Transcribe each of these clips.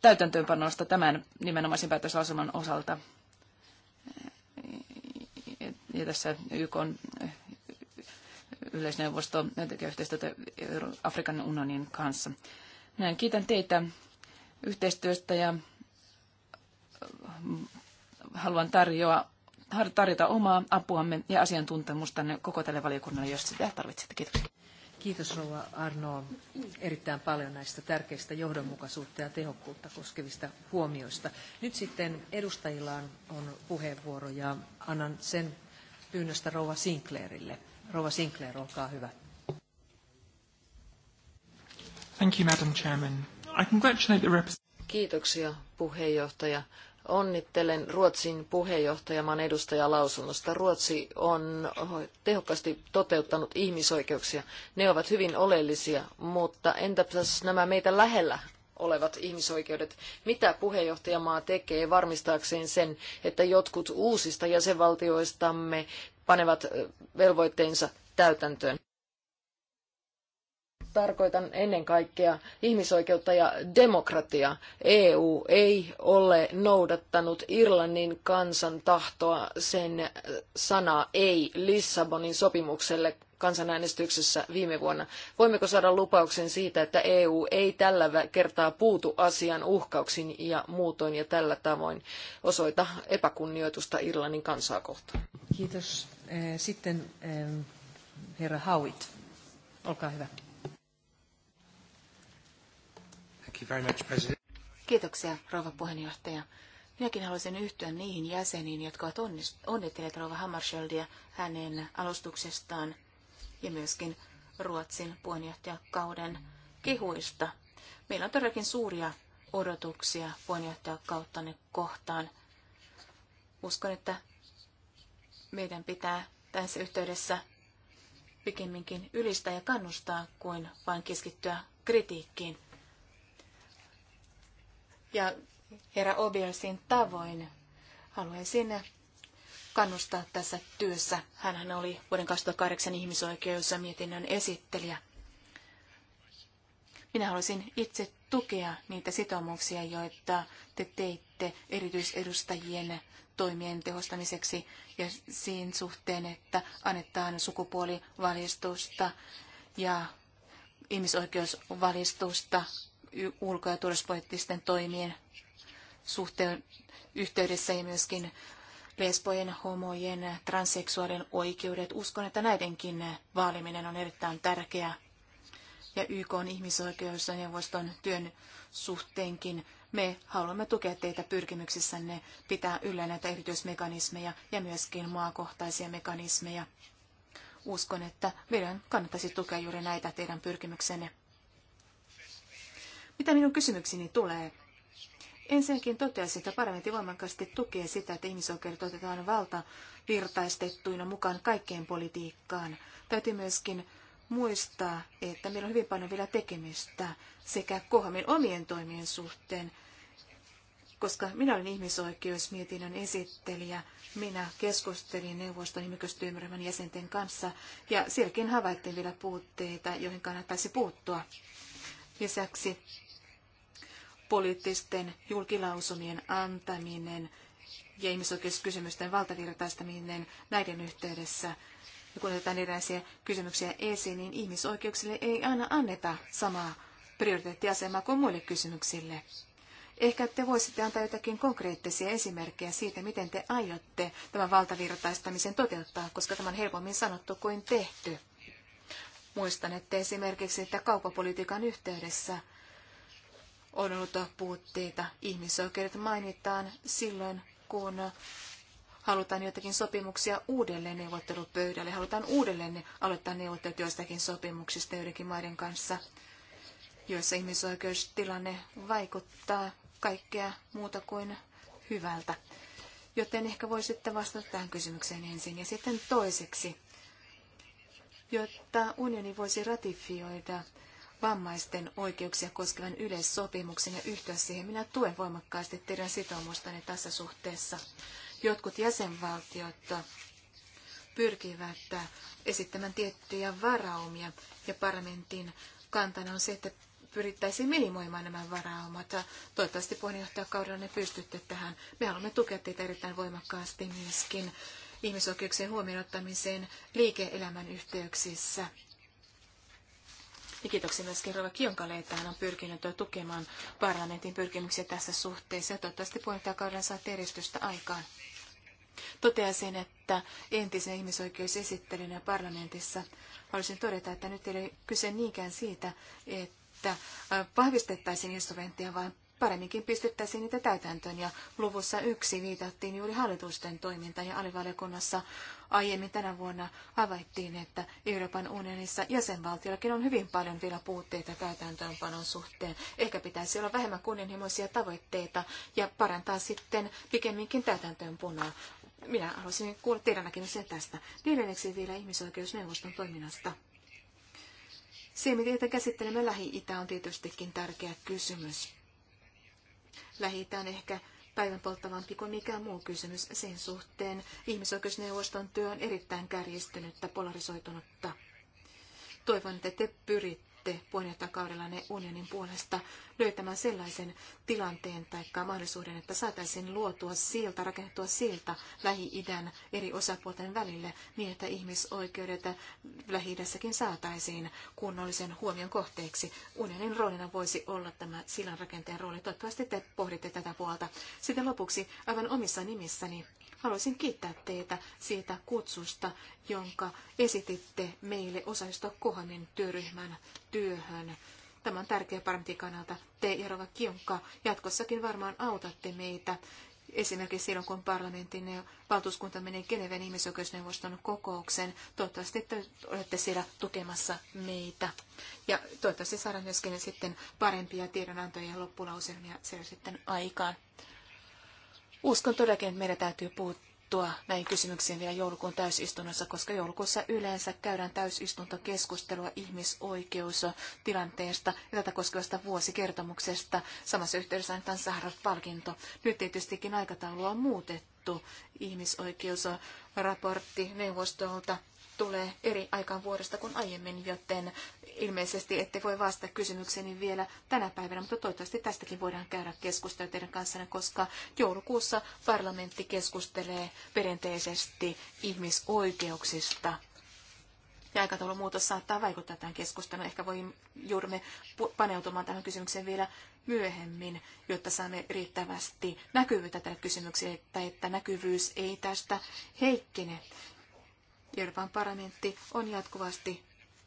täytäntöönpanosta tämän nimenomaisen päätöslauselman osalta. Ja tässä YK on yleisneuvosto tekee yhteistyötä Afrikan unionin kanssa. Näin kiitän teitä yhteistyöstä ja haluan tarjoa, tarjota omaa apuamme ja asiantuntemustanne koko tälle valiokunnalle, jos sitä tarvitsette. Kiitoksia. Kiitos Rouva Arno erittäin paljon näistä tärkeistä johdonmukaisuutta ja tehokkuutta koskevista huomioista. Nyt sitten edustajilla on, puheenvuoro ja annan sen pyynnöstä Rouva Sinclairille. Rouva Sinclair, olkaa hyvä. Thank you, Madam Chairman. I congratulate the Kiitoksia puheenjohtaja. Onnittelen Ruotsin puheenjohtajamaan edustaja lausunnosta. Ruotsi on tehokkaasti toteuttanut ihmisoikeuksia. Ne ovat hyvin oleellisia, mutta entäpäs nämä meitä lähellä olevat ihmisoikeudet. Mitä puheenjohtajamaa tekee varmistaakseen sen, että jotkut uusista jäsenvaltioistamme panevat velvoitteensa täytäntöön? tarkoitan ennen kaikkea ihmisoikeutta ja demokratiaa. EU ei ole noudattanut Irlannin kansan tahtoa sen sanaa ei Lissabonin sopimukselle kansanäänestyksessä viime vuonna. Voimmeko saada lupauksen siitä, että EU ei tällä kertaa puutu asian uhkauksin ja muutoin ja tällä tavoin osoita epäkunnioitusta Irlannin kansaa kohtaan? Kiitos. Eh, sitten eh, herra Hauit, olkaa hyvä. Thank you very much, President. Kiitoksia, rouva puheenjohtaja. Minäkin haluaisin yhtyä niihin jäseniin, jotka ovat onnitelleet rouva Hammarskjöldiä hänen alustuksestaan ja myöskin Ruotsin puheenjohtajakauden kehuista. Meillä on todellakin suuria odotuksia puheenjohtajakauttanne kohtaan. Uskon, että meidän pitää tässä yhteydessä pikemminkin ylistää ja kannustaa kuin vain keskittyä kritiikkiin. Ja herra Obielsin tavoin haluaisin kannustaa tässä työssä. Hänhän oli vuoden 2008 mietinnön esittelijä. Minä haluaisin itse tukea niitä sitoumuksia, joita te teitte erityisedustajien toimien tehostamiseksi ja siinä suhteen, että annetaan sukupuolivalistusta ja ihmisoikeusvalistusta ulko- ja turvallisuuspoliittisten toimien suhteen yhteydessä ja myöskin lesbojen, homojen, transseksuaalien oikeudet. Uskon, että näidenkin vaaliminen on erittäin tärkeää. Ja YK on ihmisoikeusneuvoston työn suhteenkin me haluamme tukea teitä pyrkimyksissänne pitää yllä näitä erityismekanismeja ja myöskin maakohtaisia mekanismeja. Uskon, että meidän kannattaisi tukea juuri näitä teidän pyrkimyksenne. Mitä minun kysymykseni tulee? Ensinnäkin toteaisin, että parlamentti voimakkaasti tukee sitä, että ihmisoikeudet otetaan valta virtaistettuina mukaan kaikkeen politiikkaan. Täytyy myöskin muistaa, että meillä on hyvin paljon vielä tekemistä sekä Kohamin omien toimien suhteen, koska minä olen ihmisoikeusmietinnön esittelijä, minä keskustelin neuvoston ihmisoikeustyöryhmän jäsenten kanssa ja sielläkin havaittiin vielä puutteita, joihin kannattaisi puuttua. Lisäksi poliittisten julkilausumien antaminen ja ihmisoikeuskysymysten valtavirtaistaminen näiden yhteydessä. Ja kun otetaan erilaisia kysymyksiä esiin, niin ihmisoikeuksille ei aina anneta samaa prioriteettiasemaa kuin muille kysymyksille. Ehkä te voisitte antaa jotakin konkreettisia esimerkkejä siitä, miten te aiotte tämän valtavirtaistamisen toteuttaa, koska tämä on helpommin sanottu kuin tehty. Muistan, että esimerkiksi, että kaupapolitiikan yhteydessä – on ollut puutteita. Ihmisoikeudet mainitaan silloin, kun halutaan jotakin sopimuksia uudelleen neuvottelupöydälle, halutaan uudelleen aloittaa neuvottelut joistakin sopimuksista joidenkin maiden kanssa, joissa ihmisoikeustilanne vaikuttaa kaikkea muuta kuin hyvältä. Joten ehkä voisitte vastata tähän kysymykseen ensin. Ja sitten toiseksi, jotta unioni voisi ratifioida vammaisten oikeuksia koskevan yleissopimuksen ja yhtyä siihen. Minä tuen voimakkaasti teidän sitoumustanne tässä suhteessa. Jotkut jäsenvaltiot pyrkivät esittämään tiettyjä varaumia ja parlamentin kantana on se, että pyrittäisiin minimoimaan nämä varaumat. Toivottavasti puheenjohtajakaudella ne pystytte tähän. Me haluamme tukea teitä erittäin voimakkaasti myöskin ihmisoikeuksien huomioon ottamiseen liike-elämän yhteyksissä. Ja kiitoksia myös kerralla Kionkalle, että hän on pyrkinyt tukemaan parlamentin pyrkimyksiä tässä suhteessa. Ja toivottavasti puheenjohtajakaudella saa teristystä aikaan. sen, että entisen ja parlamentissa haluaisin todeta, että nyt ei ole kyse niinkään siitä, että vahvistettaisiin instrumenttia, vaan paremminkin pistettäisiin niitä täytäntöön. Ja luvussa yksi viitattiin juuri hallitusten toimintaan ja alivaliokunnassa Aiemmin tänä vuonna havaittiin, että Euroopan unionissa jäsenvaltioillakin on hyvin paljon vielä puutteita täytäntöönpanon suhteen. Ehkä pitäisi olla vähemmän kunnianhimoisia tavoitteita ja parantaa sitten pikemminkin täytäntöönpanoa. Minä haluaisin kuulla teidän näkemyksiä tästä. Neljänneksi vielä ihmisoikeusneuvoston toiminnasta. Se, miten käsittelemme Lähi-Itä, on tietystikin tärkeä kysymys. Lähi-Itä on ehkä päivän polttavampi kuin mikään muu kysymys sen suhteen. Ihmisoikeusneuvoston työ on erittäin kärjistynyttä, polarisoitunutta. Toivon, että te pyritte olette puheenjohtajakaudellanne unionin puolesta löytämään sellaisen tilanteen tai mahdollisuuden, että saataisiin luotua silta, rakennettua silta Lähi-idän eri osapuolten välille niin, että ihmisoikeudet lähi saataisiin kunnollisen huomion kohteeksi. Unionin roolina voisi olla tämä sillan rakenteen rooli. Toivottavasti te pohditte tätä puolta. Sitten lopuksi aivan omissa nimissäni Haluaisin kiittää teitä siitä kutsusta, jonka esititte meille osallistua kohanin työryhmän työhön. Tämä on tärkeä parlamentin kannalta. Te, Jarova Kionka, jatkossakin varmaan autatte meitä Esimerkiksi silloin, kun parlamentin valtuuskunta menee Geneven ihmisoikeusneuvoston kokoukseen, toivottavasti te olette siellä tukemassa meitä. Ja toivottavasti saadaan myöskin sitten parempia tiedonantoja ja loppulauselmia siellä sitten aikaan. Uskon todellakin, että meidän täytyy puuttua näihin kysymyksiin vielä joulukuun täysistunnossa, koska joulukuussa yleensä käydään täysistuntokeskustelua ihmisoikeustilanteesta ja tätä koskevasta vuosikertomuksesta. Samassa yhteydessä annetaan Saharat-palkinto. Nyt tietystikin aikataulua on muutettu. Ihmisoikeusraportti neuvostolta tulee eri aikaan vuodesta kuin aiemmin, joten ilmeisesti ette voi vastata kysymykseeni vielä tänä päivänä, mutta toivottavasti tästäkin voidaan käydä keskustelua teidän kanssanne, koska joulukuussa parlamentti keskustelee perinteisesti ihmisoikeuksista. Ja aikataulun muutos saattaa vaikuttaa tähän keskusteluun. Ehkä voi joudumme paneutumaan tähän kysymykseen vielä myöhemmin, jotta saamme riittävästi näkyvyyttä tälle kysymykselle, että, että näkyvyys ei tästä heikkene. Euroopan parlamentti on jatkuvasti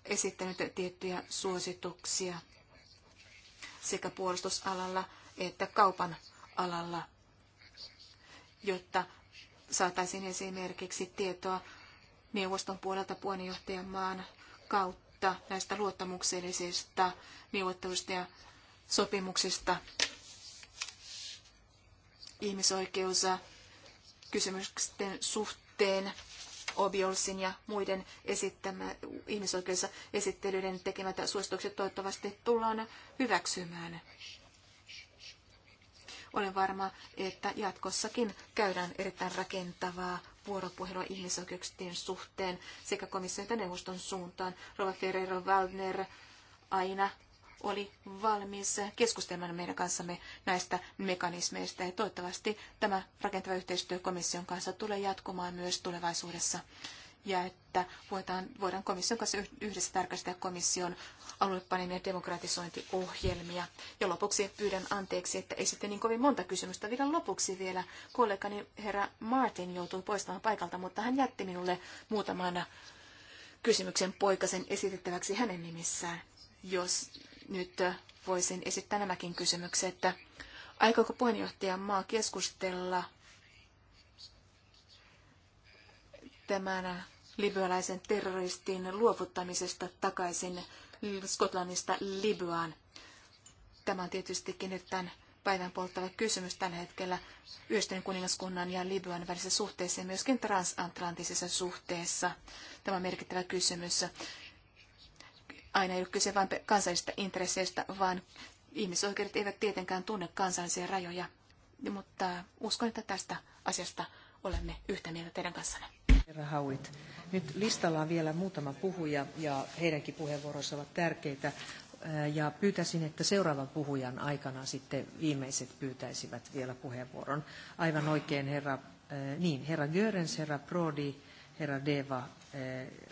esittänyt tiettyjä suosituksia sekä puolustusalalla että kaupan alalla, jotta saataisiin esimerkiksi tietoa neuvoston puolelta puheenjohtajamaan kautta näistä luottamuksellisista neuvotteluista ja sopimuksista. Ihmisoikeus kysymysten suhteen Obiolsin ja muiden esittämä, esittelyiden tekemät suositukset toivottavasti tullaan hyväksymään. Olen varma, että jatkossakin käydään erittäin rakentavaa vuoropuhelua ihmisoikeuksien suhteen sekä komission että neuvoston suuntaan. Rova Ferrero Waldner aina oli valmis keskustelemaan meidän kanssamme näistä mekanismeista. Ja toivottavasti tämä rakentava yhteistyö komission kanssa tulee jatkumaan myös tulevaisuudessa. Ja että voidaan, voidaan komission kanssa yhdessä tarkastaa komission aluepanemia demokratisointiohjelmia. Ja lopuksi pyydän anteeksi, että ei sitten niin kovin monta kysymystä. Vielä lopuksi vielä kollegani herra Martin joutui poistamaan paikalta, mutta hän jätti minulle muutaman kysymyksen poikasen esitettäväksi hänen nimissään. Jos, nyt äh, voisin esittää nämäkin kysymykset. että Aikooko puheenjohtaja maa keskustella tämän libyalaisen terroristin luovuttamisesta takaisin Skotlannista Libyaan? Tämä on tietystikin tämän päivän polttava kysymys tällä hetkellä yhdistyneen kuningaskunnan ja Libyan välisessä suhteessa ja myöskin transatlanttisessa suhteessa. Tämä on merkittävä kysymys aina ei ole kyse vain kansallisista intresseistä, vaan ihmisoikeudet eivät tietenkään tunne kansallisia rajoja. Mutta uskon, että tästä asiasta olemme yhtä mieltä teidän kanssanne. Herra Hauit, nyt listalla on vielä muutama puhuja ja heidänkin puheenvuoronsa ovat tärkeitä. Ja pyytäisin, että seuraavan puhujan aikana sitten viimeiset pyytäisivät vielä puheenvuoron. Aivan oikein herra, niin, herra Görens, herra Prodi, herra Deva,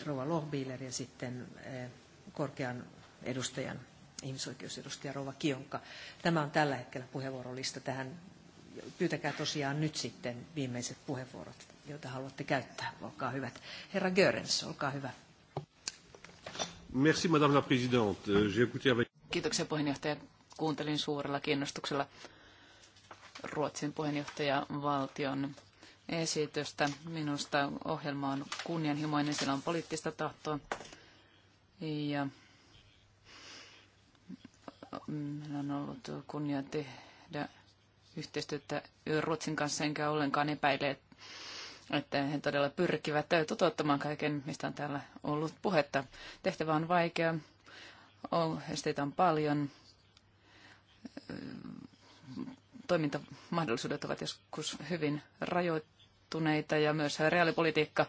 rouva Lohbiler ja sitten korkean edustajan, ihmisoikeusedustaja Rova Kionka. Tämä on tällä hetkellä puheenvuorolista tähän. Pyytäkää tosiaan nyt sitten viimeiset puheenvuorot, joita haluatte käyttää. Olkaa hyvät. Herra Görens, olkaa hyvä. Merci, Madame la Présidente. Avec... Kiitoksia puheenjohtaja. Kuuntelin suurella kiinnostuksella Ruotsin puheenjohtajavaltion esitystä. Minusta ohjelma on kunnianhimoinen, sillä on poliittista tahtoa ja meillä mm, on ollut kunnia tehdä yhteistyötä Ruotsin kanssa, enkä ollenkaan epäile, että he todella pyrkivät toteuttamaan kaiken, mistä on täällä ollut puhetta. Tehtävä on vaikea, esteitä on paljon, toimintamahdollisuudet ovat joskus hyvin rajoittuneita ja myös reaalipolitiikka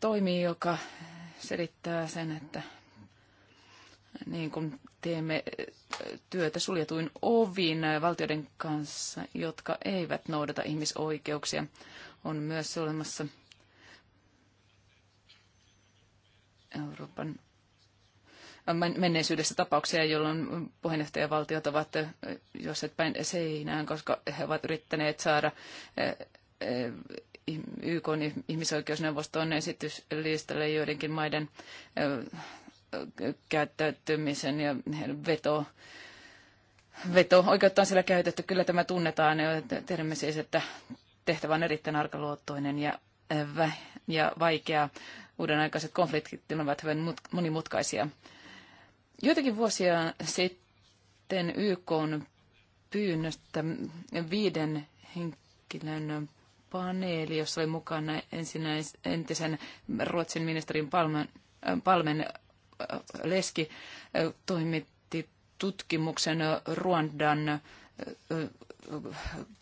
toimii, joka selittää sen, että niin kun teemme työtä suljetuin ovin valtioiden kanssa, jotka eivät noudata ihmisoikeuksia, on myös olemassa Euroopan menneisyydessä tapauksia, jolloin puheenjohtajavaltiot ovat jossain päin seinään, koska he ovat yrittäneet saada YK ihmisoikeusneuvoston esityslistalle joidenkin maiden käyttäytymisen ja veto veto oikeutta on siellä käytetty. Kyllä tämä tunnetaan. Tiedämme siis, että tehtävä on erittäin arkaluottoinen ja, ja vaikea. Uuden aikaiset konfliktit ovat hyvin monimutkaisia. Joitakin vuosia sitten YK on pyynnöstä viiden henkilön paneeli, jossa oli mukana ensinäis, entisen Ruotsin ministerin Palmen, äh, Palmen äh, leski, äh, toimitti tutkimuksen Ruandan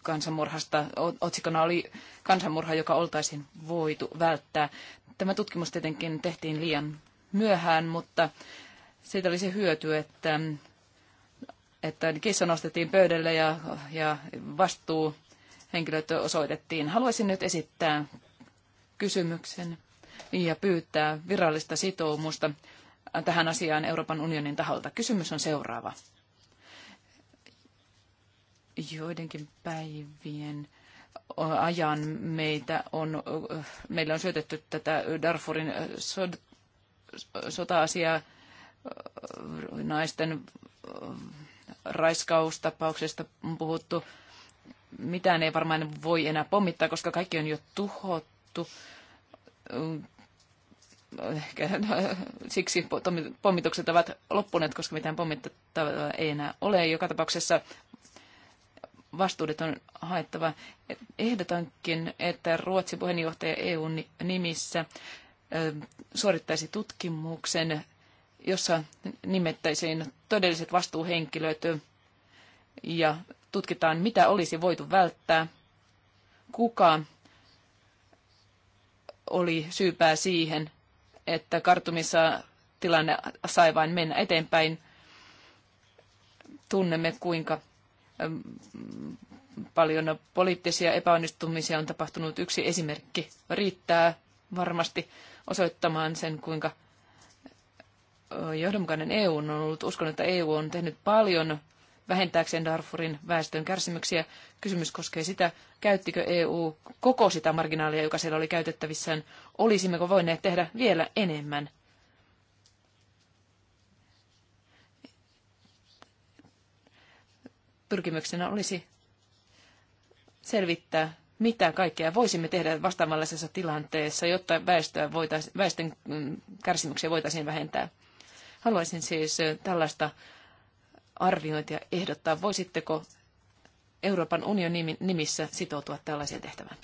kansanmurhasta. Otsikona oli kansanmurha, joka oltaisiin voitu välttää. Tämä tutkimus tietenkin tehtiin liian myöhään, mutta siitä oli se hyöty, että, että kissa nostettiin pöydälle ja, ja vastuu henkilöt osoitettiin. Haluaisin nyt esittää kysymyksen ja pyytää virallista sitoumusta tähän asiaan Euroopan unionin taholta. Kysymys on seuraava. Joidenkin päivien ajan meitä on, meillä on syötetty tätä Darfurin sod, sota-asiaa naisten raiskaustapauksesta on puhuttu mitään ei varmaan voi enää pommittaa, koska kaikki on jo tuhottu. Ehkä siksi pommitukset ovat loppuneet, koska mitään pommittavaa ei enää ole. Joka tapauksessa vastuudet on haettava. Ehdotankin, että Ruotsin puheenjohtaja EUn nimissä suorittaisi tutkimuksen, jossa nimettäisiin todelliset vastuuhenkilöt ja tutkitaan, mitä olisi voitu välttää, kuka oli syypää siihen, että kartumissa tilanne sai vain mennä eteenpäin. Tunnemme, kuinka ähm, paljon poliittisia epäonnistumisia on tapahtunut. Yksi esimerkki riittää varmasti osoittamaan sen, kuinka äh, johdonmukainen EU on ollut. Uskon, että EU on tehnyt paljon vähentääkseen Darfurin väestön kärsimyksiä. Kysymys koskee sitä, käyttikö EU koko sitä marginaalia, joka siellä oli käytettävissään. Olisimmeko voineet tehdä vielä enemmän? Pyrkimyksenä olisi selvittää, mitä kaikkea voisimme tehdä vastaavanlaisessa tilanteessa, jotta väestöä väestön mm, kärsimyksiä voitaisiin vähentää. Haluaisin siis tällaista arviointia ehdottaa? Voisitteko Euroopan unionin nimissä sitoutua tällaiseen tehtävään?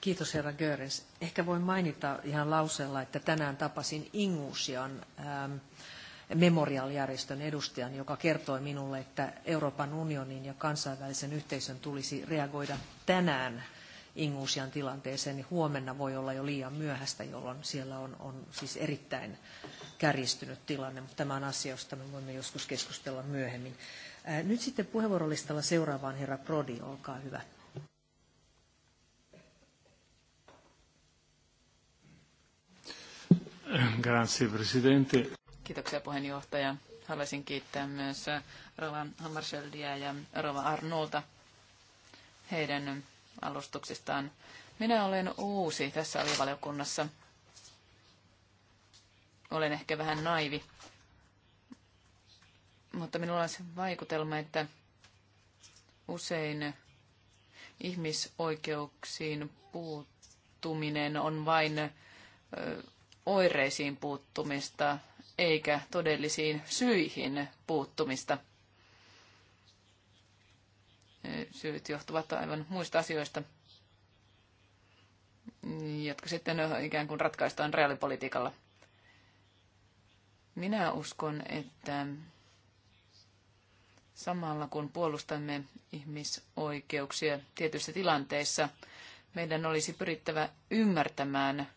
Kiitos herra Görens. Ehkä voin mainita ihan lauseella, että tänään tapasin Ingusian ähm, edustajan, joka kertoi minulle, että Euroopan unionin ja kansainvälisen yhteisön tulisi reagoida tänään Ingusian tilanteeseen, niin huomenna voi olla jo liian myöhäistä, jolloin siellä on, on siis erittäin kärjistynyt tilanne, mutta tämä on asia, josta me voimme joskus keskustella myöhemmin. Nyt sitten puheenvuorolistalla seuraavaan herra Prodi, olkaa hyvä. Grazie, Presidente. Kiitoksia puheenjohtaja. Haluaisin kiittää myös Rova Hammarskjöldiä ja Rova Arnolta heidän alustuksistaan. Minä olen uusi tässä alivaliokunnassa olen ehkä vähän naivi, mutta minulla on se vaikutelma, että usein ihmisoikeuksiin puuttuminen on vain oireisiin puuttumista eikä todellisiin syihin puuttumista. Syyt johtuvat aivan muista asioista, jotka sitten ikään kuin ratkaistaan reaalipolitiikalla. Minä uskon, että samalla kun puolustamme ihmisoikeuksia tietyissä tilanteissa, meidän olisi pyrittävä ymmärtämään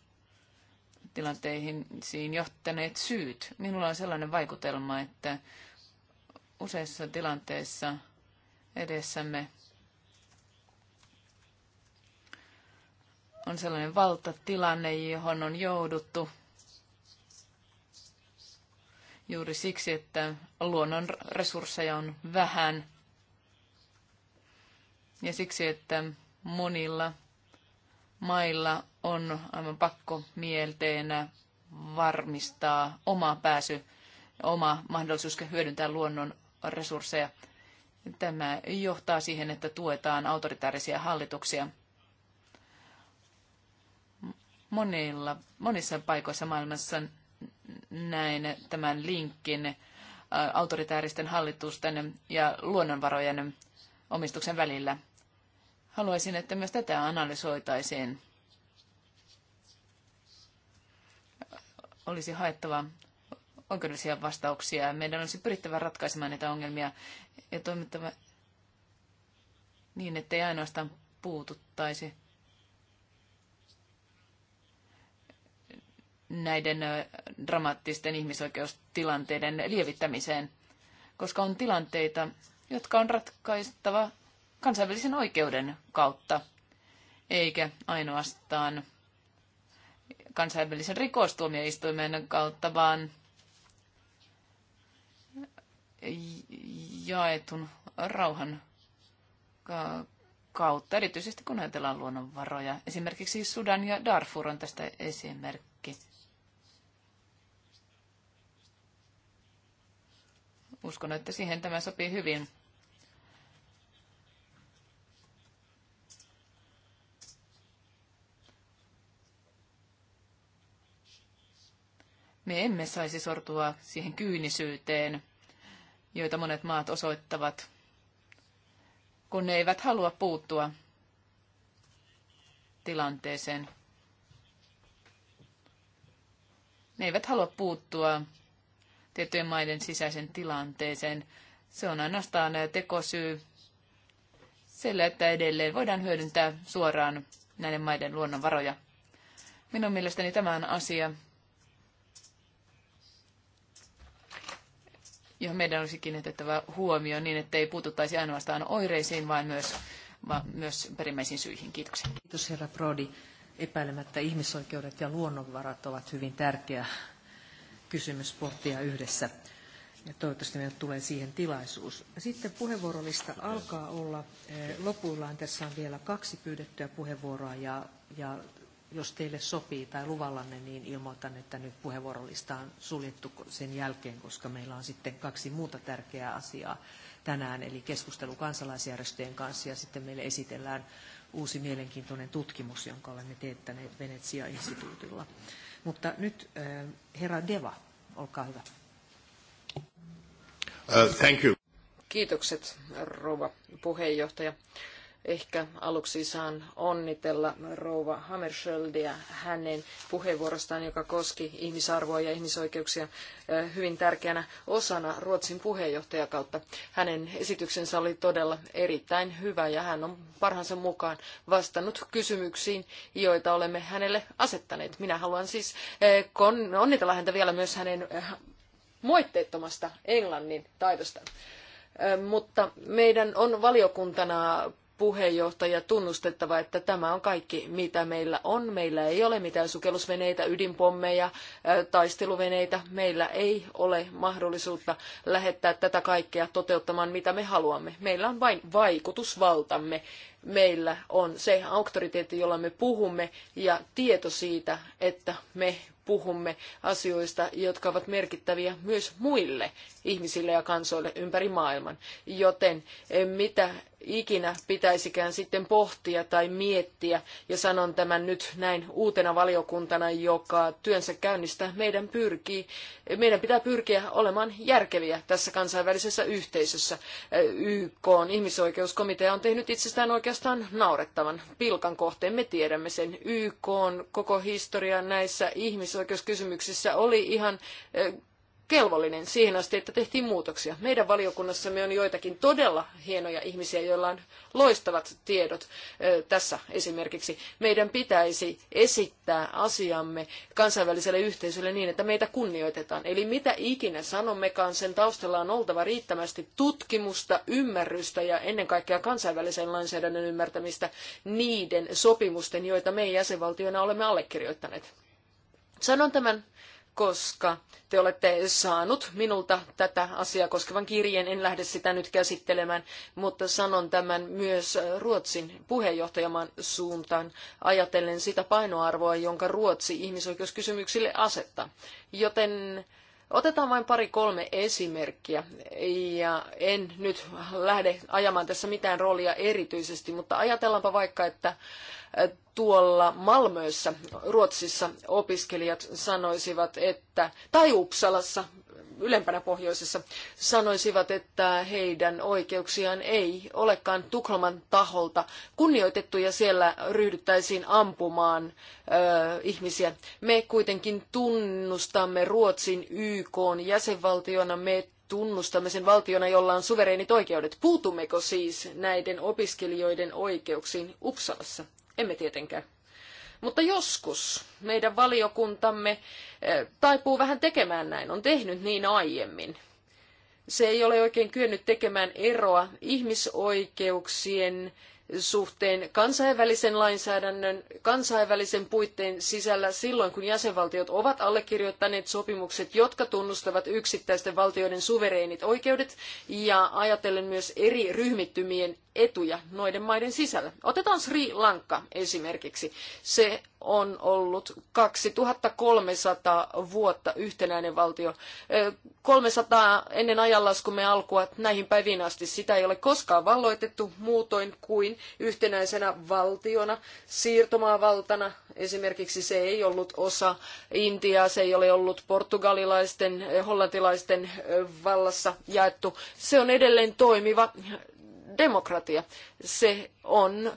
tilanteisiin johtaneet syyt. Minulla on sellainen vaikutelma, että useissa tilanteissa edessämme on sellainen valtatilanne, johon on jouduttu juuri siksi, että luonnon resursseja on vähän ja siksi, että monilla mailla on aivan pakko mielteenä varmistaa oma pääsy, oma mahdollisuus hyödyntää luonnon resursseja. Tämä johtaa siihen, että tuetaan autoritaarisia hallituksia. Monilla, monissa paikoissa maailmassa näin tämän linkin äh, autoritääristen hallitusten ja luonnonvarojen omistuksen välillä. Haluaisin, että myös tätä analysoitaisiin. Olisi haettava oikeudellisia vastauksia. Meidän olisi pyrittävä ratkaisemaan näitä ongelmia ja toimittava niin, ettei ainoastaan puututtaisi näiden dramaattisten ihmisoikeustilanteiden lievittämiseen, koska on tilanteita, jotka on ratkaistava kansainvälisen oikeuden kautta, eikä ainoastaan kansainvälisen rikostuomioistuimen kautta, vaan jaetun rauhan kautta, erityisesti kun ajatellaan luonnonvaroja. Esimerkiksi Sudan ja Darfur on tästä esimerkki. Uskon, että siihen tämä sopii hyvin. Me emme saisi sortua siihen kyynisyyteen, joita monet maat osoittavat, kun ne eivät halua puuttua tilanteeseen. Ne eivät halua puuttua tiettyjen maiden sisäisen tilanteeseen. Se on ainoastaan tekosyy sille, että edelleen voidaan hyödyntää suoraan näiden maiden luonnonvaroja. Minun mielestäni tämä on asia, johon meidän olisi kiinnitettävä huomio niin, että ei puututtaisi ainoastaan oireisiin, vaan myös, vaan myös perimmäisiin syihin. Kiitoksia. Kiitos herra Prodi. Epäilemättä ihmisoikeudet ja luonnonvarat ovat hyvin tärkeä kysymys pohtia yhdessä. Ja toivottavasti meillä tulee siihen tilaisuus. Sitten puheenvuorolista alkaa olla eh, lopuillaan. Tässä on vielä kaksi pyydettyä puheenvuoroa ja, ja jos teille sopii tai luvallanne, niin ilmoitan, että nyt puheenvuorolista on suljettu sen jälkeen, koska meillä on sitten kaksi muuta tärkeää asiaa tänään, eli keskustelu kansalaisjärjestöjen kanssa ja sitten meille esitellään uusi mielenkiintoinen tutkimus, jonka olemme teettäneet Venetsia-instituutilla. Mutta nyt herra Deva, olkaa hyvä. Uh, thank you. Kiitokset, rouva puheenjohtaja. Ehkä aluksi saan onnitella rouva Hammerschöldiä hänen puheenvuorostaan, joka koski ihmisarvoa ja ihmisoikeuksia hyvin tärkeänä osana Ruotsin puheenjohtajakautta. Hänen esityksensä oli todella erittäin hyvä ja hän on parhaansa mukaan vastannut kysymyksiin, joita olemme hänelle asettaneet. Minä haluan siis onnitella häntä vielä myös hänen moitteettomasta englannin taidosta mutta meidän on valiokuntana puheenjohtaja tunnustettava, että tämä on kaikki, mitä meillä on. Meillä ei ole mitään sukellusveneitä, ydinpommeja, taisteluveneitä. Meillä ei ole mahdollisuutta lähettää tätä kaikkea toteuttamaan, mitä me haluamme. Meillä on vain vaikutusvaltamme. Meillä on se auktoriteetti, jolla me puhumme ja tieto siitä, että me puhumme asioista, jotka ovat merkittäviä myös muille ihmisille ja kansoille ympäri maailman. Joten e, mitä ikinä pitäisikään sitten pohtia tai miettiä. Ja sanon tämän nyt näin uutena valiokuntana, joka työnsä käynnistä meidän pyrkii. Meidän pitää pyrkiä olemaan järkeviä tässä kansainvälisessä yhteisössä. YK on ihmisoikeuskomitea on tehnyt itsestään oikeastaan naurettavan pilkan kohteen. Me tiedämme sen. YK on koko historia näissä ihmisoikeuskysymyksissä oli ihan kelvollinen siihen asti, että tehtiin muutoksia. Meidän valiokunnassamme on joitakin todella hienoja ihmisiä, joilla on loistavat tiedot. Tässä esimerkiksi meidän pitäisi esittää asiamme kansainväliselle yhteisölle niin, että meitä kunnioitetaan. Eli mitä ikinä sanommekaan, sen taustalla on oltava riittävästi tutkimusta, ymmärrystä ja ennen kaikkea kansainvälisen lainsäädännön ymmärtämistä niiden sopimusten, joita me jäsenvaltioina olemme allekirjoittaneet. Sanon tämän koska te olette saanut minulta tätä asiaa koskevan kirjeen. En lähde sitä nyt käsittelemään, mutta sanon tämän myös Ruotsin puheenjohtajamaan suuntaan ajatellen sitä painoarvoa, jonka Ruotsi ihmisoikeuskysymyksille asettaa. Joten Otetaan vain pari-kolme esimerkkiä, ja en nyt lähde ajamaan tässä mitään roolia erityisesti, mutta ajatellaanpa vaikka, että tuolla Malmössä, Ruotsissa opiskelijat sanoisivat, että, tai Uppsalassa ylempänä pohjoisessa sanoisivat, että heidän oikeuksiaan ei olekaan Tukholman taholta kunnioitettu ja siellä ryhdyttäisiin ampumaan ö, ihmisiä. Me kuitenkin tunnustamme Ruotsin YK jäsenvaltiona, me tunnustamme sen valtiona, jolla on suvereenit oikeudet. Puutummeko siis näiden opiskelijoiden oikeuksiin Uppsalassa? Emme tietenkään. Mutta joskus meidän valiokuntamme eh, taipuu vähän tekemään näin, on tehnyt niin aiemmin. Se ei ole oikein kyennyt tekemään eroa ihmisoikeuksien suhteen kansainvälisen lainsäädännön, kansainvälisen puitteen sisällä silloin, kun jäsenvaltiot ovat allekirjoittaneet sopimukset, jotka tunnustavat yksittäisten valtioiden suvereenit oikeudet ja ajatellen myös eri ryhmittymien etuja noiden maiden sisällä. Otetaan Sri Lanka esimerkiksi. Se on ollut 2300 vuotta yhtenäinen valtio. 300 ennen ajanlaskumme alkua näihin päiviin asti sitä ei ole koskaan valloitettu muutoin kuin yhtenäisenä valtiona, siirtomaavaltana. Esimerkiksi se ei ollut osa Intiaa, se ei ole ollut portugalilaisten, hollantilaisten vallassa jaettu. Se on edelleen toimiva demokratia. Se on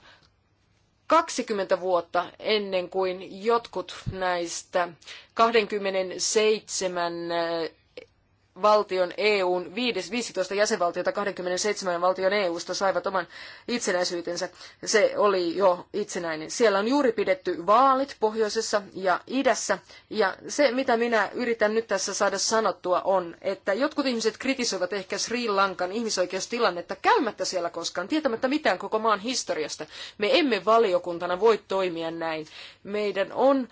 20 vuotta ennen kuin jotkut näistä 27 valtion EUn 5, 15 jäsenvaltiota 27 valtion EUsta saivat oman itsenäisyytensä. Se oli jo itsenäinen. Siellä on juuri pidetty vaalit pohjoisessa ja idässä. Ja se, mitä minä yritän nyt tässä saada sanottua, on, että jotkut ihmiset kritisoivat ehkä Sri Lankan ihmisoikeustilannetta käymättä siellä koskaan, tietämättä mitään koko maan historiasta. Me emme valiokuntana voi toimia näin. Meidän on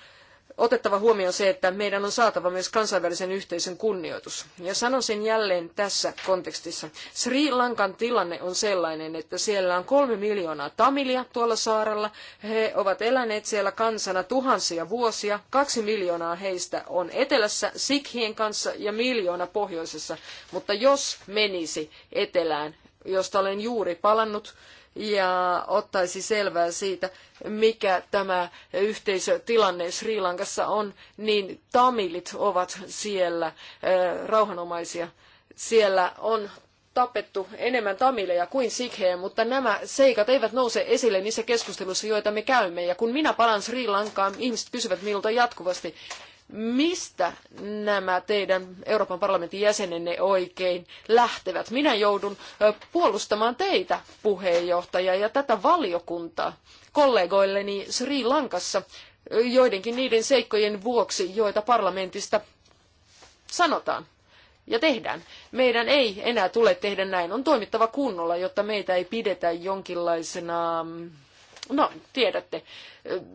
otettava huomioon se, että meidän on saatava myös kansainvälisen yhteisön kunnioitus. Ja sanon sen jälleen tässä kontekstissa. Sri Lankan tilanne on sellainen, että siellä on kolme miljoonaa tamilia tuolla saarella. He ovat eläneet siellä kansana tuhansia vuosia. Kaksi miljoonaa heistä on etelässä sikhien kanssa ja miljoona pohjoisessa. Mutta jos menisi etelään, josta olen juuri palannut, ja ottaisi selvää siitä, mikä tämä yhteisötilanne Sri Lankassa on, niin tamilit ovat siellä rauhanomaisia. Siellä on tapettu enemmän tamileja kuin sikhejä, mutta nämä seikat eivät nouse esille niissä keskusteluissa, joita me käymme. Ja kun minä palaan Sri Lankaan, ihmiset kysyvät minulta jatkuvasti, mistä nämä teidän Euroopan parlamentin jäsenenne oikein lähtevät. Minä joudun puolustamaan teitä, puheenjohtaja, ja tätä valiokuntaa kollegoilleni Sri Lankassa joidenkin niiden seikkojen vuoksi, joita parlamentista sanotaan ja tehdään. Meidän ei enää tule tehdä näin. On toimittava kunnolla, jotta meitä ei pidetä jonkinlaisena mm, No, tiedätte,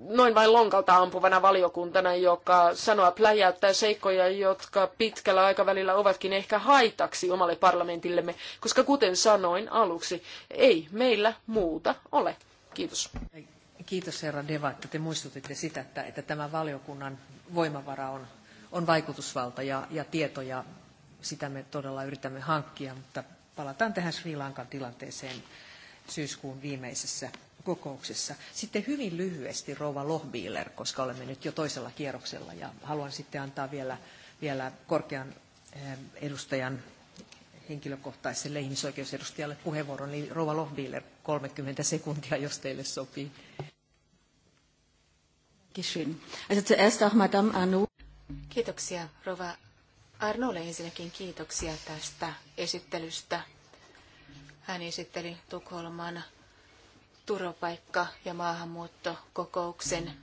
noin vain lonkalta ampuvana valiokuntana, joka sanoa pläjäyttää seikkoja, jotka pitkällä aikavälillä ovatkin ehkä haitaksi omalle parlamentillemme, koska kuten sanoin aluksi, ei meillä muuta ole. Kiitos. Kiitos herra Deva, että te muistutitte sitä, että, että tämä valiokunnan voimavara on, on vaikutusvalta ja, ja tieto, ja sitä me todella yritämme hankkia, mutta palataan tähän Sri Lankan tilanteeseen syyskuun viimeisessä kokouksessa. Sitten hyvin lyhyesti Rouva Lohbiiler, koska olemme nyt jo toisella kierroksella ja haluan sitten antaa vielä, vielä korkean eh, edustajan henkilökohtaiselle ihmisoikeusedustajalle puheenvuoron, Niin Rouva Lohbiiler, 30 sekuntia, jos teille sopii. Kiitoksia, Rova Arnolle ensinnäkin kiitoksia tästä esittelystä. Hän esitteli Tukholman turvapaikka- ja maahanmuuttokokouksen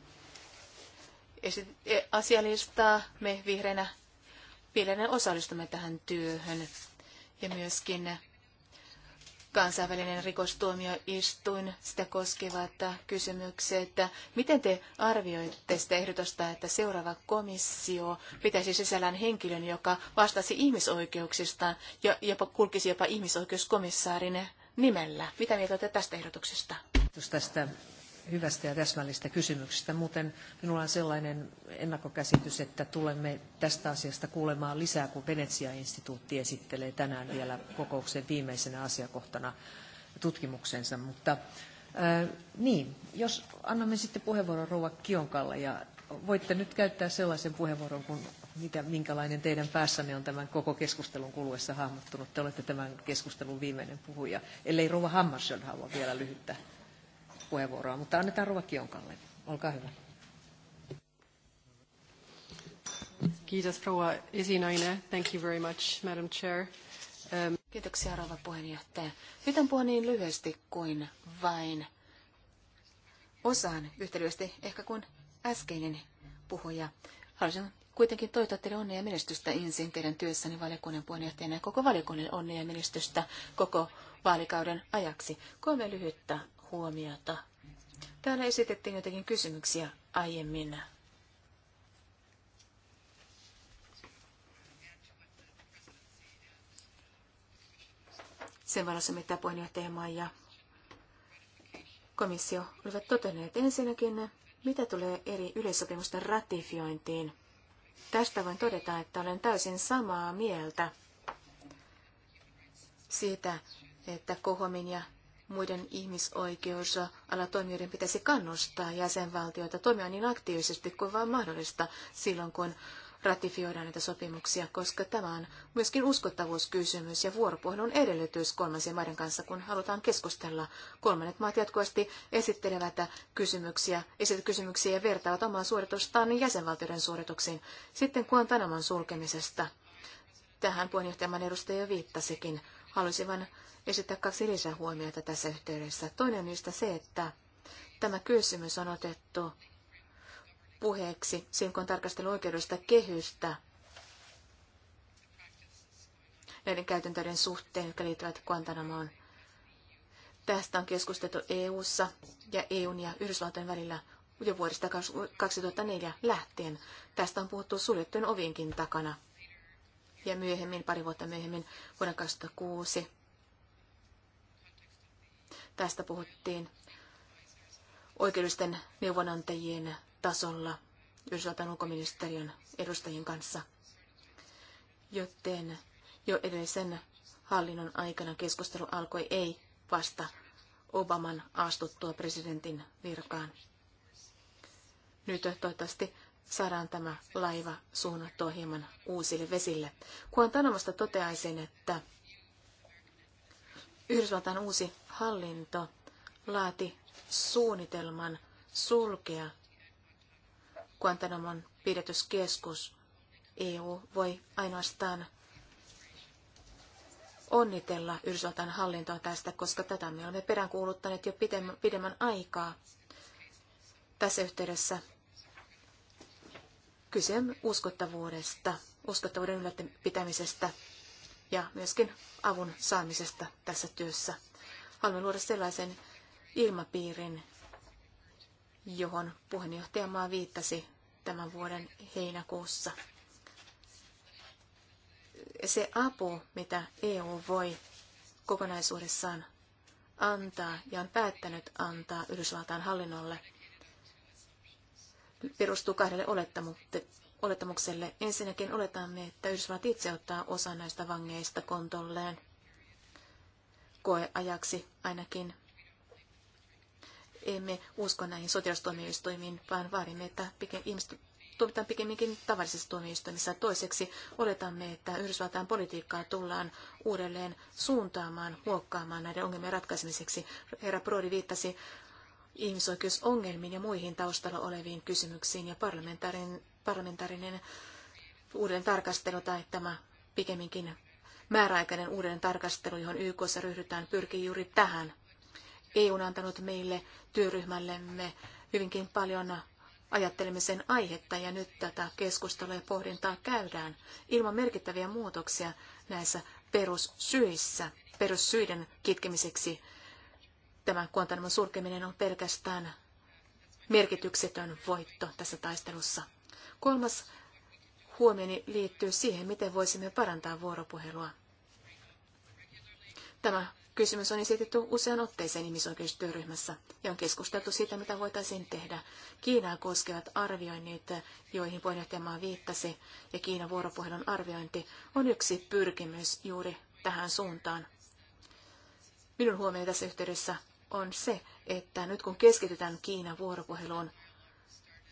e, asialistaa. Me vihreinä piilenen osallistumme tähän työhön ja myöskin kansainvälinen rikostuomioistuin, sitä koskevat kysymykset. Miten te arvioitte sitä ehdotusta, että seuraava komissio pitäisi sisällään henkilön, joka vastasi ihmisoikeuksista ja jopa kulkisi jopa ihmisoikeuskomissaarin nimellä. Mitä mieltä olette tästä ehdotuksesta? Kiitos tästä hyvästä ja täsmällistä kysymyksestä. Muuten minulla on sellainen ennakkokäsitys, että tulemme tästä asiasta kuulemaan lisää, kun Venetsia-instituutti esittelee tänään vielä kokouksen viimeisenä asiakohtana tutkimuksensa. Mutta äh, niin, jos annamme sitten puheenvuoron Rouva Kionkalle ja voitte nyt käyttää sellaisen puheenvuoron, kun mitä, minkälainen teidän päässänne on tämän koko keskustelun kuluessa hahmottunut. Te olette tämän keskustelun viimeinen puhuja, ellei Rova Hammarskjöld halua vielä lyhyttä puheenvuoroa, mutta annetaan Rova Kionkalle. Olkaa hyvä. Kiitos rouva esinainen. Thank you very much, Madam Chair. Um... Kiitoksia rouva puheenjohtaja. Yritän puhua niin lyhyesti kuin vain osaan yhtä lyhyesti ehkä kuin äskeinen puhuja. Haluaisin kuitenkin toivottaa teille onnea ja menestystä ensin teidän työssäni valiokunnan puheenjohtajana ja koko valiokunnan onnea ja menestystä koko vaalikauden ajaksi. Kolme lyhyttä huomiota. Täällä esitettiin jotenkin kysymyksiä aiemmin. Sen valossa, mitä puheenjohtajamaa ja komissio olivat todenneet ensinnäkin, mitä tulee eri yleissopimusten ratifiointiin. Tästä voin todeta, että olen täysin samaa mieltä siitä, että Kohomin ja muiden ihmisoikeusalatoimijoiden pitäisi kannustaa jäsenvaltioita toimia niin aktiivisesti kuin vain mahdollista silloin, kun ratifioidaan näitä sopimuksia, koska tämä on myöskin uskottavuuskysymys ja vuoropuhelun edellytys kolmansien maiden kanssa, kun halutaan keskustella. Kolmannet maat jatkuvasti esittelevät kysymyksiä, esitet kysymyksiä ja vertaavat omaa suoritustaan jäsenvaltioiden suorituksiin. Sitten Guantanaman sulkemisesta. Tähän puheenjohtajan edustaja viittasikin. Haluaisin vain esittää kaksi lisähuomiota tässä yhteydessä. Toinen niistä se, että tämä kysymys on otettu puheeksi, synkon tarkastelu oikeudesta kehystä näiden käytäntöiden suhteen, jotka liittyvät Guantanamoon. Tästä on keskusteltu EU:ssa ja EUn ja Yhdysvaltojen välillä jo vuodesta 2004 lähtien. Tästä on puhuttu suljettujen ovienkin takana. Ja myöhemmin, pari vuotta myöhemmin, vuonna 2006, tästä puhuttiin oikeudellisten neuvonantajien tasolla Yhdysvaltain ulkoministeriön edustajien kanssa. Joten jo edellisen hallinnon aikana keskustelu alkoi ei vasta Obaman astuttua presidentin virkaan. Nyt toivottavasti saadaan tämä laiva suunnattua hieman uusille vesille. Kuantanamosta toteaisin, että Yhdysvaltain uusi hallinto laati suunnitelman sulkea Guantanamon pidätyskeskus. EU voi ainoastaan onnitella Yhdysvaltain hallintoa tästä, koska tätä me olemme peräänkuuluttaneet jo pidemmän aikaa. Tässä yhteydessä kyse on uskottavuudesta, uskottavuuden ylläpitämisestä ja myöskin avun saamisesta tässä työssä. Haluamme luoda sellaisen ilmapiirin, johon puheenjohtajamaa viittasi tämän vuoden heinäkuussa. Se apu, mitä EU voi kokonaisuudessaan antaa ja on päättänyt antaa Yhdysvaltain hallinnolle, perustuu kahdelle olettamukselle. Ensinnäkin oletamme, että Yhdysvallat itse ottaa osa näistä vangeista kontolleen koeajaksi ainakin emme usko näihin sotilastuomioistuimiin, vaan vaadimme, että ihmiset tuomitaan pikemminkin tavallisessa tuomioistuimissa. Toiseksi oletamme, että Yhdysvaltain politiikkaa tullaan uudelleen suuntaamaan, muokkaamaan näiden ongelmien ratkaisemiseksi. Herra Prodi viittasi ihmisoikeusongelmiin ja muihin taustalla oleviin kysymyksiin ja parlamentaarinen, parlamentaarinen uuden tarkastelu tai tämä pikemminkin määräaikainen uuden tarkastelu, johon YKssa ryhdytään, pyrkii juuri tähän EU on antanut meille työryhmällemme hyvinkin paljon ajattelemisen aihetta ja nyt tätä keskustelua ja pohdintaa käydään ilman merkittäviä muutoksia näissä perussyissä, perussyiden kitkemiseksi. Tämä Guantanamon sulkeminen on pelkästään merkityksetön voitto tässä taistelussa. Kolmas huomioni liittyy siihen, miten voisimme parantaa vuoropuhelua. Tämä Kysymys on esitetty usean otteeseen ihmisoikeustyöryhmässä ja on keskusteltu siitä, mitä voitaisiin tehdä. Kiinaa koskevat arvioinnit, joihin puheenjohtajamaa viittasi, ja Kiinan vuoropuhelun arviointi on yksi pyrkimys juuri tähän suuntaan. Minun huomioni tässä yhteydessä on se, että nyt kun keskitytään Kiinan vuoropuheluun,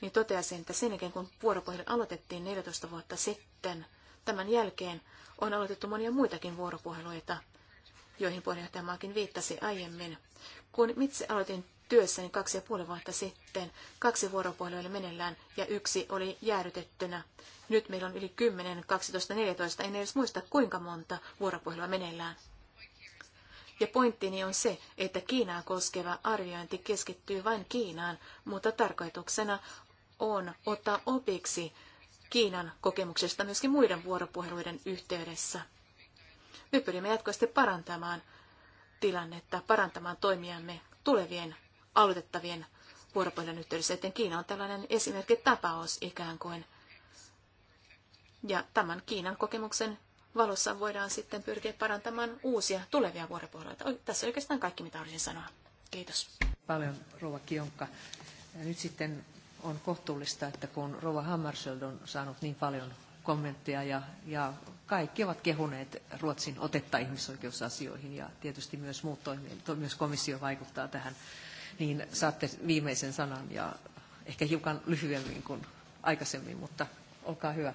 niin toteaisin, että sen jälkeen kun vuoropuhelu aloitettiin 14 vuotta sitten, tämän jälkeen on aloitettu monia muitakin vuoropuheluita, joihin Maakin viittasi aiemmin. Kun itse aloitin työssäni kaksi ja puoli vuotta sitten, kaksi vuoropuhelua oli meneillään ja yksi oli jäädytettynä. Nyt meillä on yli 10, 12, 14, en edes muista kuinka monta vuoropuhelua meneillään. Ja pointtini on se, että Kiinaa koskeva arviointi keskittyy vain Kiinaan, mutta tarkoituksena on ottaa opiksi Kiinan kokemuksesta myöskin muiden vuoropuheluiden yhteydessä. Me pyrimme jatkuvasti parantamaan tilannetta, parantamaan toimiamme tulevien aloitettavien vuoropuhelun yhteydessä, joten Kiina on tällainen esimerkki tapaus ikään kuin. Ja tämän Kiinan kokemuksen valossa voidaan sitten pyrkiä parantamaan uusia tulevia vuoropuheluita. Tässä oikeastaan kaikki, mitä haluaisin sanoa. Kiitos. Paljon, Rouva kionka Nyt sitten on kohtuullista, että kun rova Hammarskjöld on saanut niin paljon kommentteja ja, ja kaikki ovat kehuneet Ruotsin otetta ihmisoikeusasioihin ja tietysti myös muut toimijat, myös komissio vaikuttaa tähän, niin saatte viimeisen sanan ja ehkä hiukan lyhyemmin kuin aikaisemmin, mutta olkaa hyvä.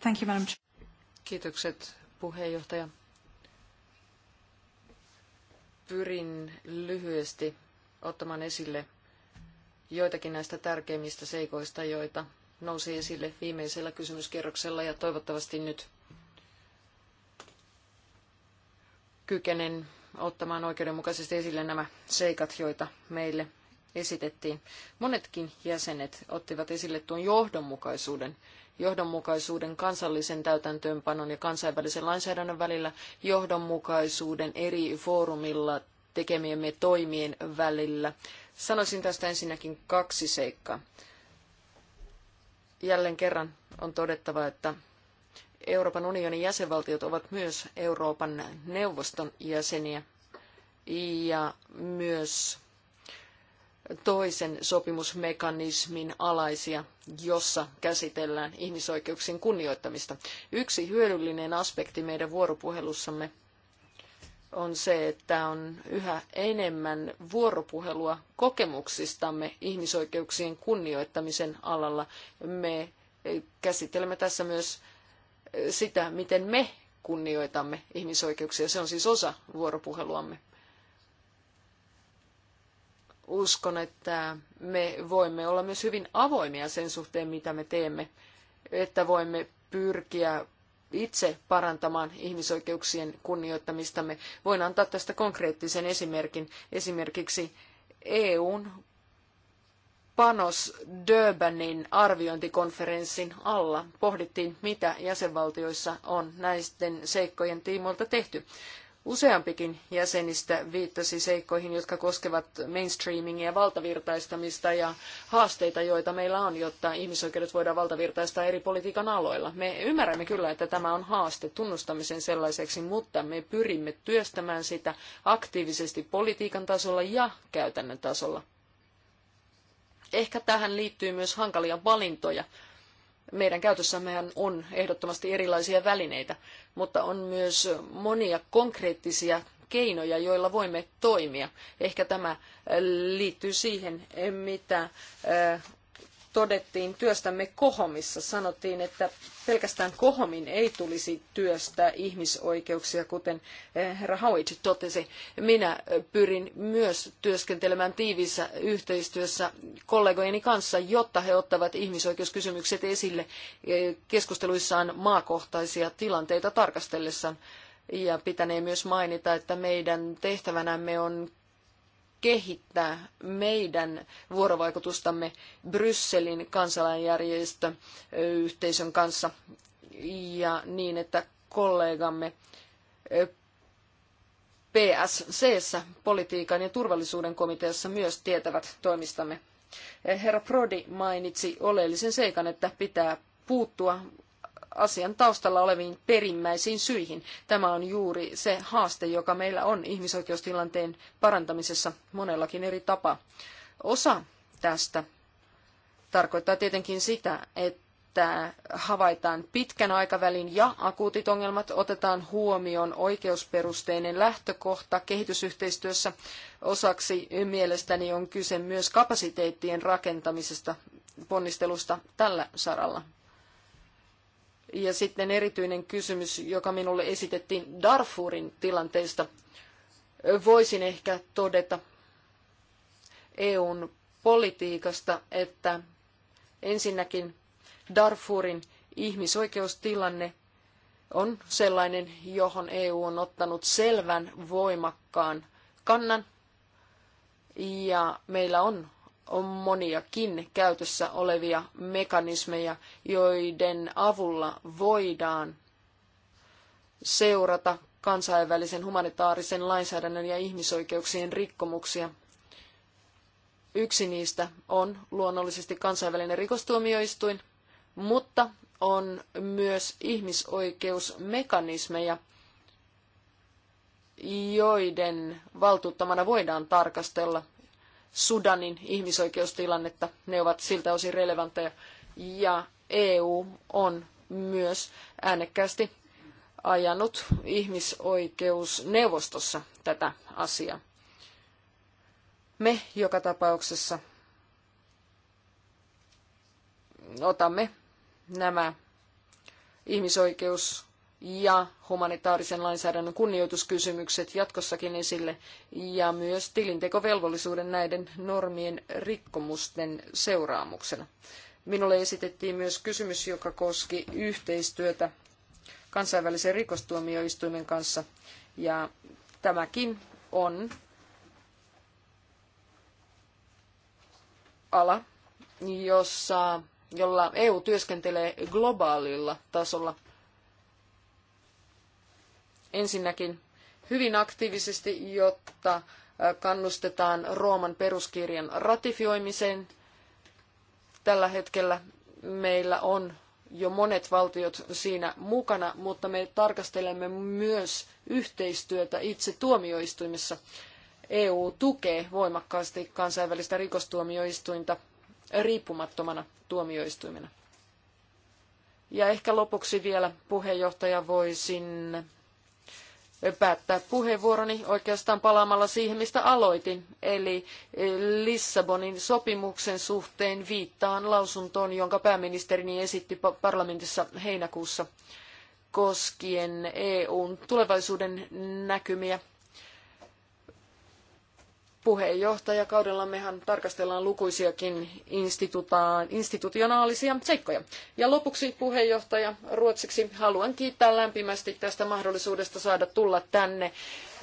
Thank you, Madam Kiitokset puheenjohtaja. Pyrin lyhyesti ottamaan esille joitakin näistä tärkeimmistä seikoista, joita nousi esille viimeisellä kysymyskierroksella ja toivottavasti nyt kykenen ottamaan oikeudenmukaisesti esille nämä seikat, joita meille esitettiin. Monetkin jäsenet ottivat esille tuon johdonmukaisuuden, johdonmukaisuuden kansallisen täytäntöönpanon ja kansainvälisen lainsäädännön välillä, johdonmukaisuuden eri foorumilla tekemiemme toimien välillä, Sanoisin tästä ensinnäkin kaksi seikkaa. Jälleen kerran on todettava, että Euroopan unionin jäsenvaltiot ovat myös Euroopan neuvoston jäseniä ja myös toisen sopimusmekanismin alaisia, jossa käsitellään ihmisoikeuksien kunnioittamista. Yksi hyödyllinen aspekti meidän vuoropuhelussamme on se, että on yhä enemmän vuoropuhelua kokemuksistamme ihmisoikeuksien kunnioittamisen alalla. Me käsittelemme tässä myös sitä, miten me kunnioitamme ihmisoikeuksia. Se on siis osa vuoropuheluamme. Uskon, että me voimme olla myös hyvin avoimia sen suhteen, mitä me teemme, että voimme pyrkiä itse parantamaan ihmisoikeuksien kunnioittamistamme. Voin antaa tästä konkreettisen esimerkin. Esimerkiksi EUn panos Durbanin arviointikonferenssin alla pohdittiin, mitä jäsenvaltioissa on näisten seikkojen tiimoilta tehty. Useampikin jäsenistä viittasi seikkoihin, jotka koskevat mainstreamingia, valtavirtaistamista ja haasteita, joita meillä on, jotta ihmisoikeudet voidaan valtavirtaistaa eri politiikan aloilla. Me ymmärrämme kyllä, että tämä on haaste tunnustamisen sellaiseksi, mutta me pyrimme työstämään sitä aktiivisesti politiikan tasolla ja käytännön tasolla. Ehkä tähän liittyy myös hankalia valintoja meidän käytössämmehän on ehdottomasti erilaisia välineitä, mutta on myös monia konkreettisia keinoja, joilla voimme toimia. Ehkä tämä liittyy siihen, mitä todettiin työstämme Kohomissa. Sanottiin, että pelkästään Kohomin ei tulisi työstää ihmisoikeuksia, kuten eh, herra Howard totesi. Minä eh, pyrin myös työskentelemään tiiviissä yhteistyössä kollegojeni kanssa, jotta he ottavat ihmisoikeuskysymykset esille eh, keskusteluissaan maakohtaisia tilanteita tarkastellessaan. Ja pitänee myös mainita, että meidän tehtävänämme on kehittää meidän vuorovaikutustamme Brysselin kansalainjärjestö yhteisön kanssa ja niin, että kollegamme PSCssä, politiikan ja turvallisuuden komiteassa myös tietävät toimistamme. Herra Prodi mainitsi oleellisen seikan, että pitää puuttua asian taustalla oleviin perimmäisiin syihin. Tämä on juuri se haaste, joka meillä on ihmisoikeustilanteen parantamisessa monellakin eri tapaa. Osa tästä tarkoittaa tietenkin sitä, että havaitaan pitkän aikavälin ja akuutit ongelmat, otetaan huomioon oikeusperusteinen lähtökohta kehitysyhteistyössä. Osaksi mielestäni on kyse myös kapasiteettien rakentamisesta ponnistelusta tällä saralla. Ja sitten erityinen kysymys, joka minulle esitettiin Darfurin tilanteesta. Voisin ehkä todeta EUn politiikasta, että ensinnäkin Darfurin ihmisoikeustilanne on sellainen, johon EU on ottanut selvän voimakkaan kannan. Ja meillä on on moniakin käytössä olevia mekanismeja, joiden avulla voidaan seurata kansainvälisen humanitaarisen lainsäädännön ja ihmisoikeuksien rikkomuksia. Yksi niistä on luonnollisesti kansainvälinen rikostuomioistuin, mutta on myös ihmisoikeusmekanismeja, joiden valtuuttamana voidaan tarkastella Sudanin ihmisoikeustilannetta. Ne ovat siltä osin relevantteja. Ja EU on myös äänekkäästi ajanut ihmisoikeusneuvostossa tätä asiaa. Me joka tapauksessa otamme nämä ihmisoikeus ja humanitaarisen lainsäädännön kunnioituskysymykset jatkossakin esille ja myös tilintekovelvollisuuden näiden normien rikkomusten seuraamuksena. Minulle esitettiin myös kysymys, joka koski yhteistyötä kansainvälisen rikostuomioistuimen kanssa ja tämäkin on ala, jossa, jolla EU työskentelee globaalilla tasolla ensinnäkin hyvin aktiivisesti, jotta kannustetaan Rooman peruskirjan ratifioimiseen. Tällä hetkellä meillä on jo monet valtiot siinä mukana, mutta me tarkastelemme myös yhteistyötä itse tuomioistuimissa. EU tukee voimakkaasti kansainvälistä rikostuomioistuinta riippumattomana tuomioistuimena. Ja ehkä lopuksi vielä puheenjohtaja voisin päättää puheenvuoroni oikeastaan palaamalla siihen, mistä aloitin, eli eh, Lissabonin sopimuksen suhteen viittaan lausuntoon, jonka pääministerini esitti parlamentissa heinäkuussa koskien EUn tulevaisuuden näkymiä puheenjohtajakaudellammehan tarkastellaan lukuisiakin institutionaalisia seikkoja. Ja lopuksi puheenjohtaja Ruotsiksi haluan kiittää lämpimästi tästä mahdollisuudesta saada tulla tänne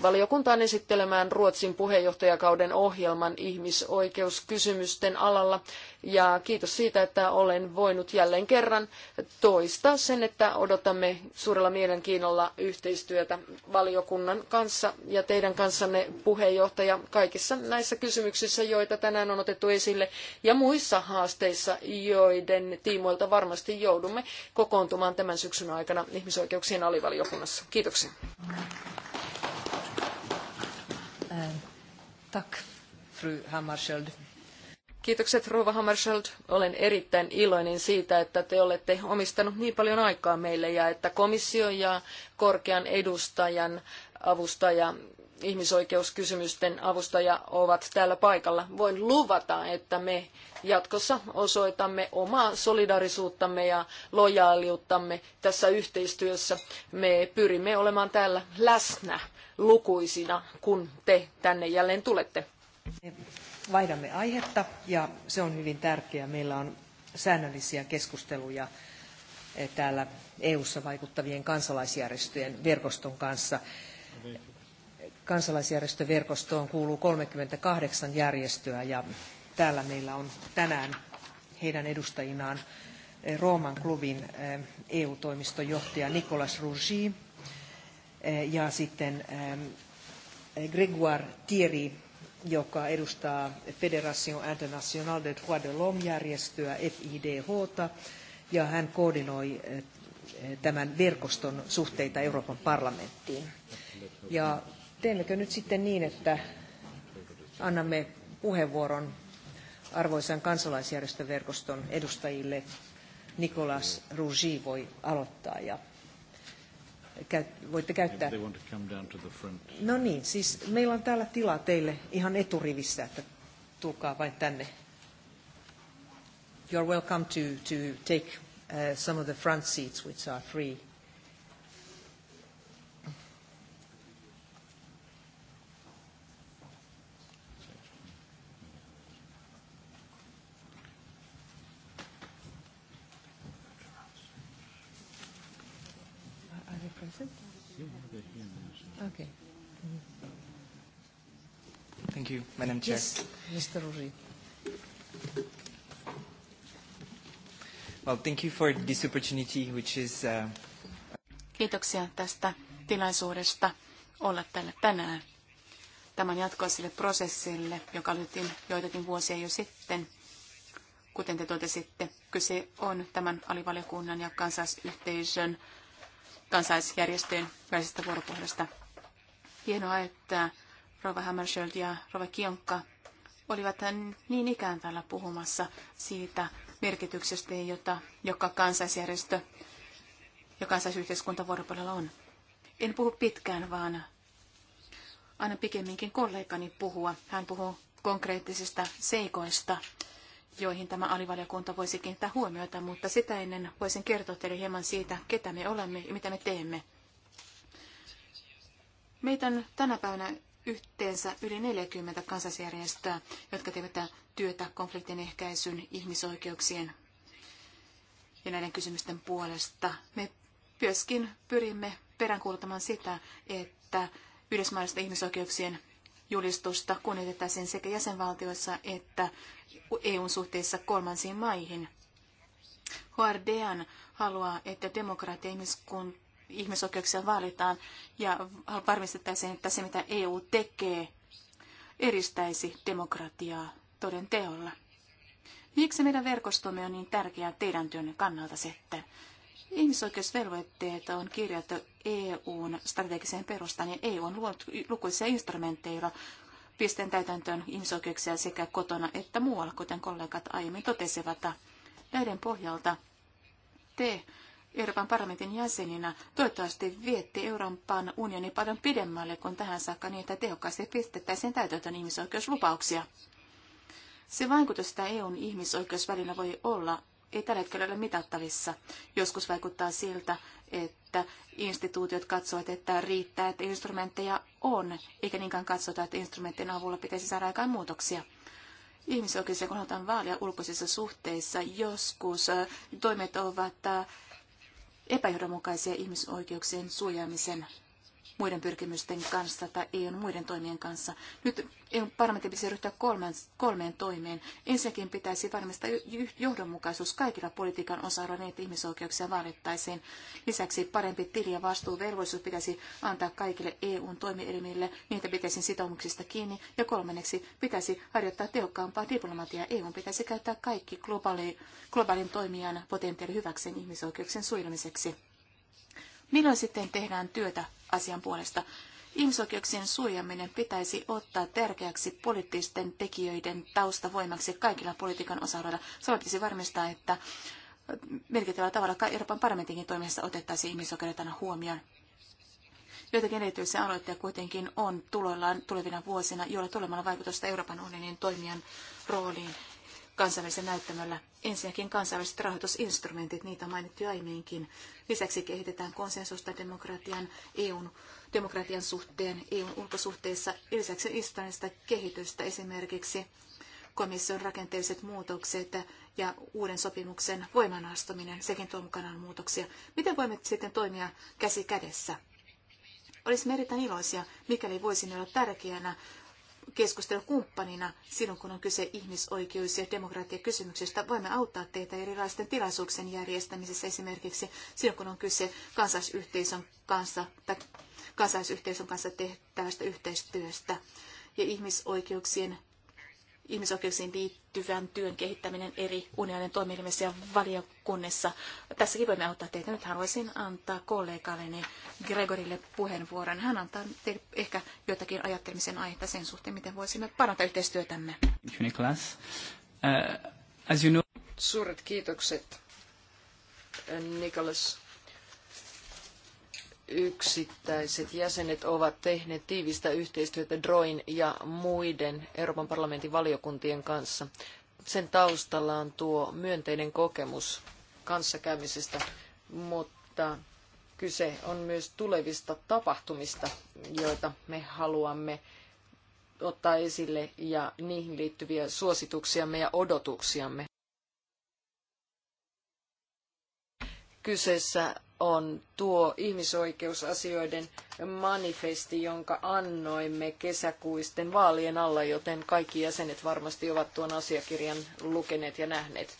valiokuntaan esittelemään Ruotsin puheenjohtajakauden ohjelman ihmisoikeuskysymysten alalla. Ja kiitos siitä, että olen voinut jälleen kerran toistaa sen, että odotamme suurella mielenkiinnolla yhteistyötä valiokunnan kanssa ja teidän kanssanne puheenjohtaja kaikissa näissä kysymyksissä, joita tänään on otettu esille ja muissa haasteissa, joiden tiimoilta varmasti joudumme kokoontumaan tämän syksyn aikana ihmisoikeuksien alivaliokunnassa. Kiitoksia. Äh, tack, fru Hammarskjöld. Kiitokset Ruova Hammarskjöld. Olen erittäin iloinen siitä, että te olette omistanut niin paljon aikaa meille ja että komissio ja korkean edustajan avustaja ihmisoikeuskysymysten avustaja ovat täällä paikalla. Voin luvata, että me jatkossa osoitamme omaa solidaarisuuttamme ja lojaaliuttamme tässä yhteistyössä. Me pyrimme olemaan täällä läsnä lukuisina, kun te tänne jälleen tulette. Vaihdamme aihetta ja se on hyvin tärkeää. Meillä on säännöllisiä keskusteluja eh, täällä EU-ssa vaikuttavien kansalaisjärjestöjen verkoston kanssa. Kansalaisjärjestöverkostoon kuuluu 38 järjestöä ja täällä meillä on tänään heidän edustajinaan eh, Rooman klubin EU-toimiston eh, e johtaja Nicolas Rougi, Eh, ja sitten ehm, Gregoire Thierry, joka edustaa Federation Internationale de Droits de l'Homme-järjestöä, FIDH, -ta, ja hän koordinoi eh, eh, tämän verkoston suhteita Euroopan parlamenttiin. Ja teemmekö nyt sitten niin, että annamme puheenvuoron arvoisan kansalaisjärjestöverkoston edustajille. Nicolas Rougi voi aloittaa ja voitte käyttää. No niin, siis meillä on täällä tilaa teille ihan eturivissä, että tulkaa vain tänne. You are welcome to, to take uh, some of the front seats, which are free. you, Madam Chair. Yes, Mr. Uri. Well, thank you for this opportunity, which is... Uh... Kiitoksia tästä tilaisuudesta olla täällä tänään. Tämän jatkoiselle prosessille, joka aloitettiin joitakin vuosia jo sitten, kuten te totesitte, kyse on tämän alivaliokunnan ja kansaisyhteisön, kansaisjärjestöjen välisestä vuoropuhelusta. Hienoa, että Rova Hammarskjöld ja Rova Kionkka olivat niin ikään täällä puhumassa siitä merkityksestä, jota, joka kansaisjärjestö ja kansaisyhteiskunta vuoropuolella on. En puhu pitkään, vaan annan pikemminkin kollegani puhua. Hän puhuu konkreettisista seikoista, joihin tämä alivaliokunta voisi kiinnittää huomiota, mutta sitä ennen voisin kertoa teille hieman siitä, ketä me olemme ja mitä me teemme. Meitä on tänä päivänä yhteensä yli 40 kansasjärjestöä, jotka tekevät työtä konfliktin ehkäisyn, ihmisoikeuksien ja näiden kysymysten puolesta. Me myöskin pyrimme peräänkuuluttamaan sitä, että yhdysmaalaista ihmisoikeuksien julistusta kunnioitettaisiin sekä jäsenvaltioissa että EUn suhteessa kolmansiin maihin. HRDN haluaa, että demokratia ja ihmisoikeuksia vaalitaan ja varmistettaisiin, että se mitä EU tekee eristäisi demokratiaa toden teolla. Miksi meidän verkostomme on niin tärkeää teidän työnne kannalta sitten? Ihmisoikeusvelvoitteet on kirjattu EUn strategiseen perustaan ja EU on luonut lukuisia instrumentteja, pisteen täytäntöön ihmisoikeuksia sekä kotona että muualla, kuten kollegat aiemmin totesivat. Näiden pohjalta te Euroopan parlamentin jäseninä toivottavasti vietti Euroopan unioni paljon pidemmälle kuin tähän saakka niin, että tehokkaasti pistettäisiin täytäntöön ihmisoikeuslupauksia. Se vaikutus, sitä EUn ihmisoikeusvälinä voi olla, ei tällä hetkellä ole mitattavissa. Joskus vaikuttaa siltä, että instituutiot katsovat, että riittää, että instrumentteja on, eikä niinkään katsota, että instrumenttien avulla pitäisi saada aikaan muutoksia ihmisoikeuksia, kun halutaan vaalia ulkoisissa suhteissa. Joskus toimet ovat epäjohdonmukaisia ihmisoikeuksien suojaamisen muiden pyrkimysten kanssa tai EUn muiden toimien kanssa. Nyt EUn parlamentti pitäisi ryhtyä kolmeen, kolmeen toimeen. Ensinnäkin pitäisi varmistaa johdonmukaisuus kaikilla politiikan osa-alueilla, niin, että ihmisoikeuksia vaadittaisiin. Lisäksi parempi tili- ja vastuuvelvollisuus pitäisi antaa kaikille EUn toimielimille, niitä pitäisi sitoumuksista kiinni. Ja kolmanneksi pitäisi harjoittaa tehokkaampaa diplomatiaa. EUn pitäisi käyttää kaikki globaali, globaalin toimijan potentiaali hyväkseen ihmisoikeuksien suojelemiseksi. Milloin sitten tehdään työtä asian puolesta. Ihmisoikeuksien suojaminen pitäisi ottaa tärkeäksi poliittisten tekijöiden taustavoimaksi kaikilla politiikan osa-alueilla. Sama pitäisi varmistaa, että merkittävällä tavalla Euroopan parlamentinkin toiminnassa otettaisiin ihmisoikeudet aina huomioon. Joitakin erityisiä aloitteita kuitenkin on tuloillaan tulevina vuosina, joilla tulemalla vaikutusta Euroopan unionin toimijan rooliin kansainvälisen näyttämöllä. Ensinnäkin kansainväliset rahoitusinstrumentit, niitä on mainittu aiemminkin. Lisäksi kehitetään konsensusta demokratian, EUn demokratian suhteen, EUn ulkosuhteissa. Lisäksi istuneista kehitystä esimerkiksi komission rakenteelliset muutokset ja uuden sopimuksen voimanastuminen, sekin tuo mukanaan muutoksia. Miten voimme sitten toimia käsi kädessä? Olisimme erittäin iloisia, mikäli voisimme olla tärkeänä keskustelukumppanina silloin, kun on kyse ihmisoikeus- ja demokratiakysymyksistä. Voimme auttaa teitä erilaisten tilaisuuksien järjestämisessä esimerkiksi silloin, kun on kyse kansaisyhteisön kanssa, tai kansaisyhteisön kanssa tehtävästä yhteistyöstä ja ihmisoikeuksien ihmisoikeuksiin liittyvän työn kehittäminen eri unionin toimielimissä ja valiokunnissa. Tässäkin voimme auttaa teitä. Nyt haluaisin antaa kollegalleni Gregorille puheenvuoron. Hän antaa teille ehkä jotakin ajattelemisen aiheita sen suhteen, miten voisimme parantaa yhteistyötämme. Niklas, uh, as you know... Suuret kiitokset, Nicholas yksittäiset jäsenet ovat tehneet tiivistä yhteistyötä DROIN ja muiden Euroopan parlamentin valiokuntien kanssa. Sen taustalla on tuo myönteinen kokemus kanssakäymisestä, mutta kyse on myös tulevista tapahtumista, joita me haluamme ottaa esille ja niihin liittyviä suosituksiamme ja odotuksiamme. Kyseessä on tuo ihmisoikeusasioiden manifesti, jonka annoimme kesäkuisten vaalien alla, joten kaikki jäsenet varmasti ovat tuon asiakirjan lukeneet ja nähneet.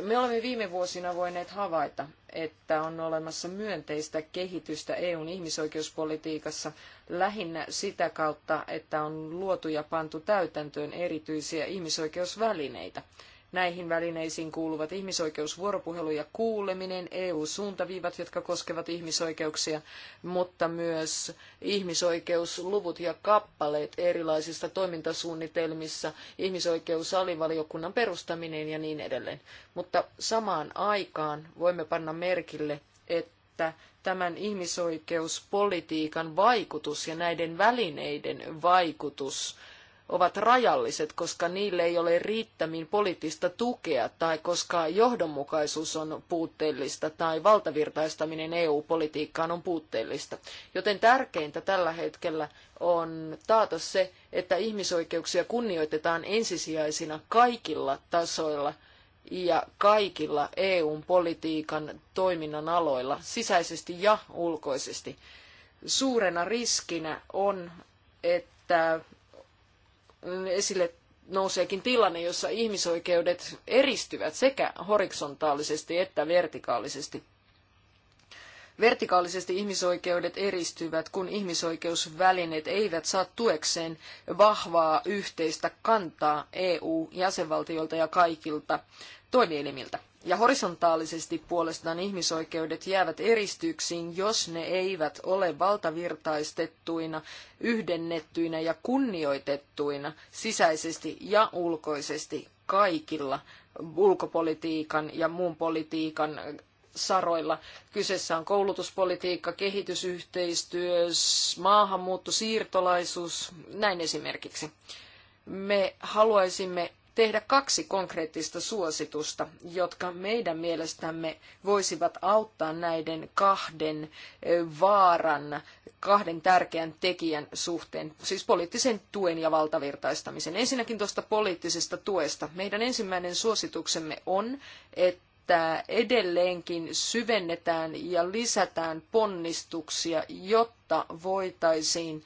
Me olemme viime vuosina voineet havaita, että on olemassa myönteistä kehitystä EUn ihmisoikeuspolitiikassa lähinnä sitä kautta, että on luotu ja pantu täytäntöön erityisiä ihmisoikeusvälineitä – Näihin välineisiin kuuluvat ihmisoikeusvuoropuhelu ja kuuleminen, EU-suuntaviivat, jotka koskevat ihmisoikeuksia, mutta myös ihmisoikeusluvut ja kappaleet erilaisissa toimintasuunnitelmissa, ihmisoikeusalivaliokunnan perustaminen ja niin edelleen. Mutta samaan aikaan voimme panna merkille, että tämän ihmisoikeuspolitiikan vaikutus ja näiden välineiden vaikutus – ovat rajalliset, koska niille ei ole riittämin poliittista tukea tai koska johdonmukaisuus on puutteellista tai valtavirtaistaminen EU-politiikkaan on puutteellista. Joten tärkeintä tällä hetkellä on taata se, että ihmisoikeuksia kunnioitetaan ensisijaisina kaikilla tasoilla ja kaikilla eu politiikan toiminnan aloilla, sisäisesti ja ulkoisesti. Suurena riskinä on, että esille nouseekin tilanne, jossa ihmisoikeudet eristyvät sekä horisontaalisesti että vertikaalisesti. Vertikaalisesti ihmisoikeudet eristyvät, kun ihmisoikeusvälineet eivät saa tuekseen vahvaa yhteistä kantaa EU-jäsenvaltioilta ja kaikilta toimielimiltä. Ja horisontaalisesti puolestaan ihmisoikeudet jäävät eristyksiin, jos ne eivät ole valtavirtaistettuina, yhdennettyinä ja kunnioitettuina sisäisesti ja ulkoisesti kaikilla ulkopolitiikan ja muun politiikan saroilla. Kyseessä on koulutuspolitiikka, kehitysyhteistyö, maahanmuutto, siirtolaisuus, näin esimerkiksi. Me haluaisimme tehdä kaksi konkreettista suositusta, jotka meidän mielestämme voisivat auttaa näiden kahden vaaran, kahden tärkeän tekijän suhteen, siis poliittisen tuen ja valtavirtaistamisen. Ensinnäkin tuosta poliittisesta tuesta. Meidän ensimmäinen suosituksemme on, että että edelleenkin syvennetään ja lisätään ponnistuksia, jotta voitaisiin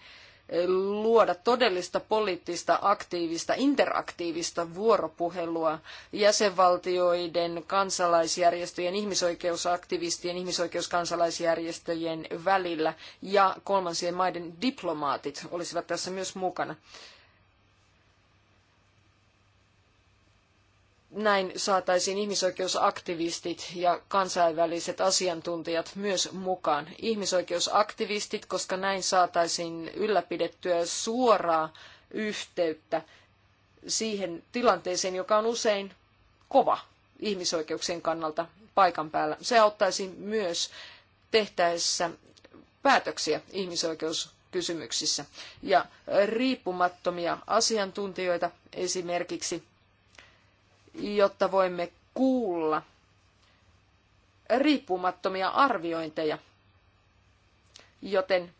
luoda todellista poliittista, aktiivista, interaktiivista vuoropuhelua jäsenvaltioiden, kansalaisjärjestöjen, ihmisoikeusaktivistien, ihmisoikeuskansalaisjärjestöjen välillä ja kolmansien maiden diplomaatit olisivat tässä myös mukana. näin saataisiin ihmisoikeusaktivistit ja kansainväliset asiantuntijat myös mukaan. Ihmisoikeusaktivistit, koska näin saataisiin ylläpidettyä suoraa yhteyttä siihen tilanteeseen, joka on usein kova ihmisoikeuksien kannalta paikan päällä. Se auttaisi myös tehtäessä päätöksiä ihmisoikeuskysymyksissä. Ja riippumattomia asiantuntijoita esimerkiksi jotta voimme kuulla riippumattomia arviointeja. Joten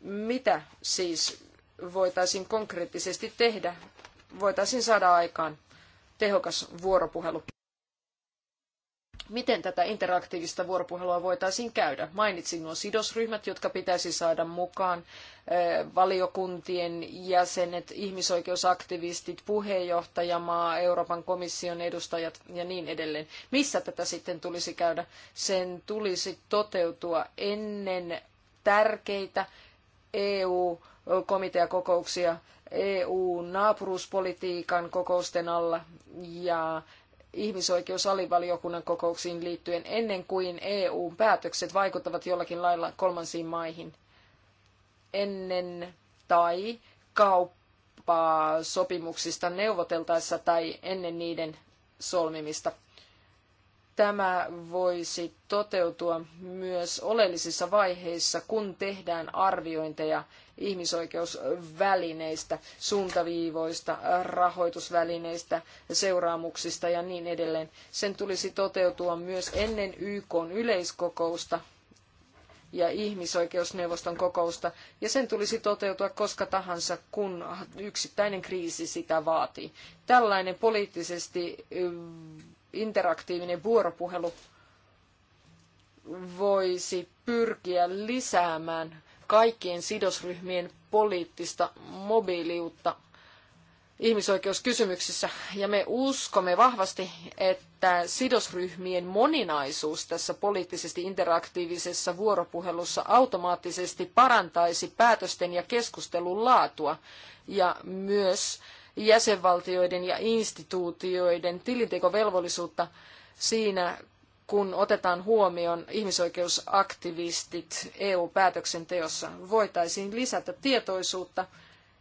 mitä siis voitaisiin konkreettisesti tehdä? Voitaisiin saada aikaan tehokas vuoropuhelu. Miten tätä interaktiivista vuoropuhelua voitaisiin käydä? Mainitsin nuo sidosryhmät, jotka pitäisi saada mukaan, eh, valiokuntien jäsenet, ihmisoikeusaktivistit, puheenjohtajamaa, Euroopan komission edustajat ja niin edelleen. Missä tätä sitten tulisi käydä? Sen tulisi toteutua ennen tärkeitä EU-komiteakokouksia, EU-naapuruuspolitiikan kokousten alla ja ihmisoikeusalivaliokunnan kokouksiin liittyen ennen kuin EU-päätökset vaikuttavat jollakin lailla kolmansiin maihin. Ennen tai kauppasopimuksista sopimuksista neuvoteltaessa tai ennen niiden solmimista tämä voisi toteutua myös oleellisissa vaiheissa, kun tehdään arviointeja ihmisoikeusvälineistä, suuntaviivoista, rahoitusvälineistä, seuraamuksista ja niin edelleen. Sen tulisi toteutua myös ennen YK yleiskokousta ja ihmisoikeusneuvoston kokousta, ja sen tulisi toteutua koska tahansa, kun yksittäinen kriisi sitä vaatii. Tällainen poliittisesti interaktiivinen vuoropuhelu voisi pyrkiä lisäämään kaikkien sidosryhmien poliittista mobiiliutta ihmisoikeuskysymyksissä. Ja me uskomme vahvasti, että sidosryhmien moninaisuus tässä poliittisesti interaktiivisessa vuoropuhelussa automaattisesti parantaisi päätösten ja keskustelun laatua ja myös jäsenvaltioiden ja instituutioiden tilintekovelvollisuutta siinä, kun otetaan huomioon ihmisoikeusaktivistit EU-päätöksenteossa. Voitaisiin lisätä tietoisuutta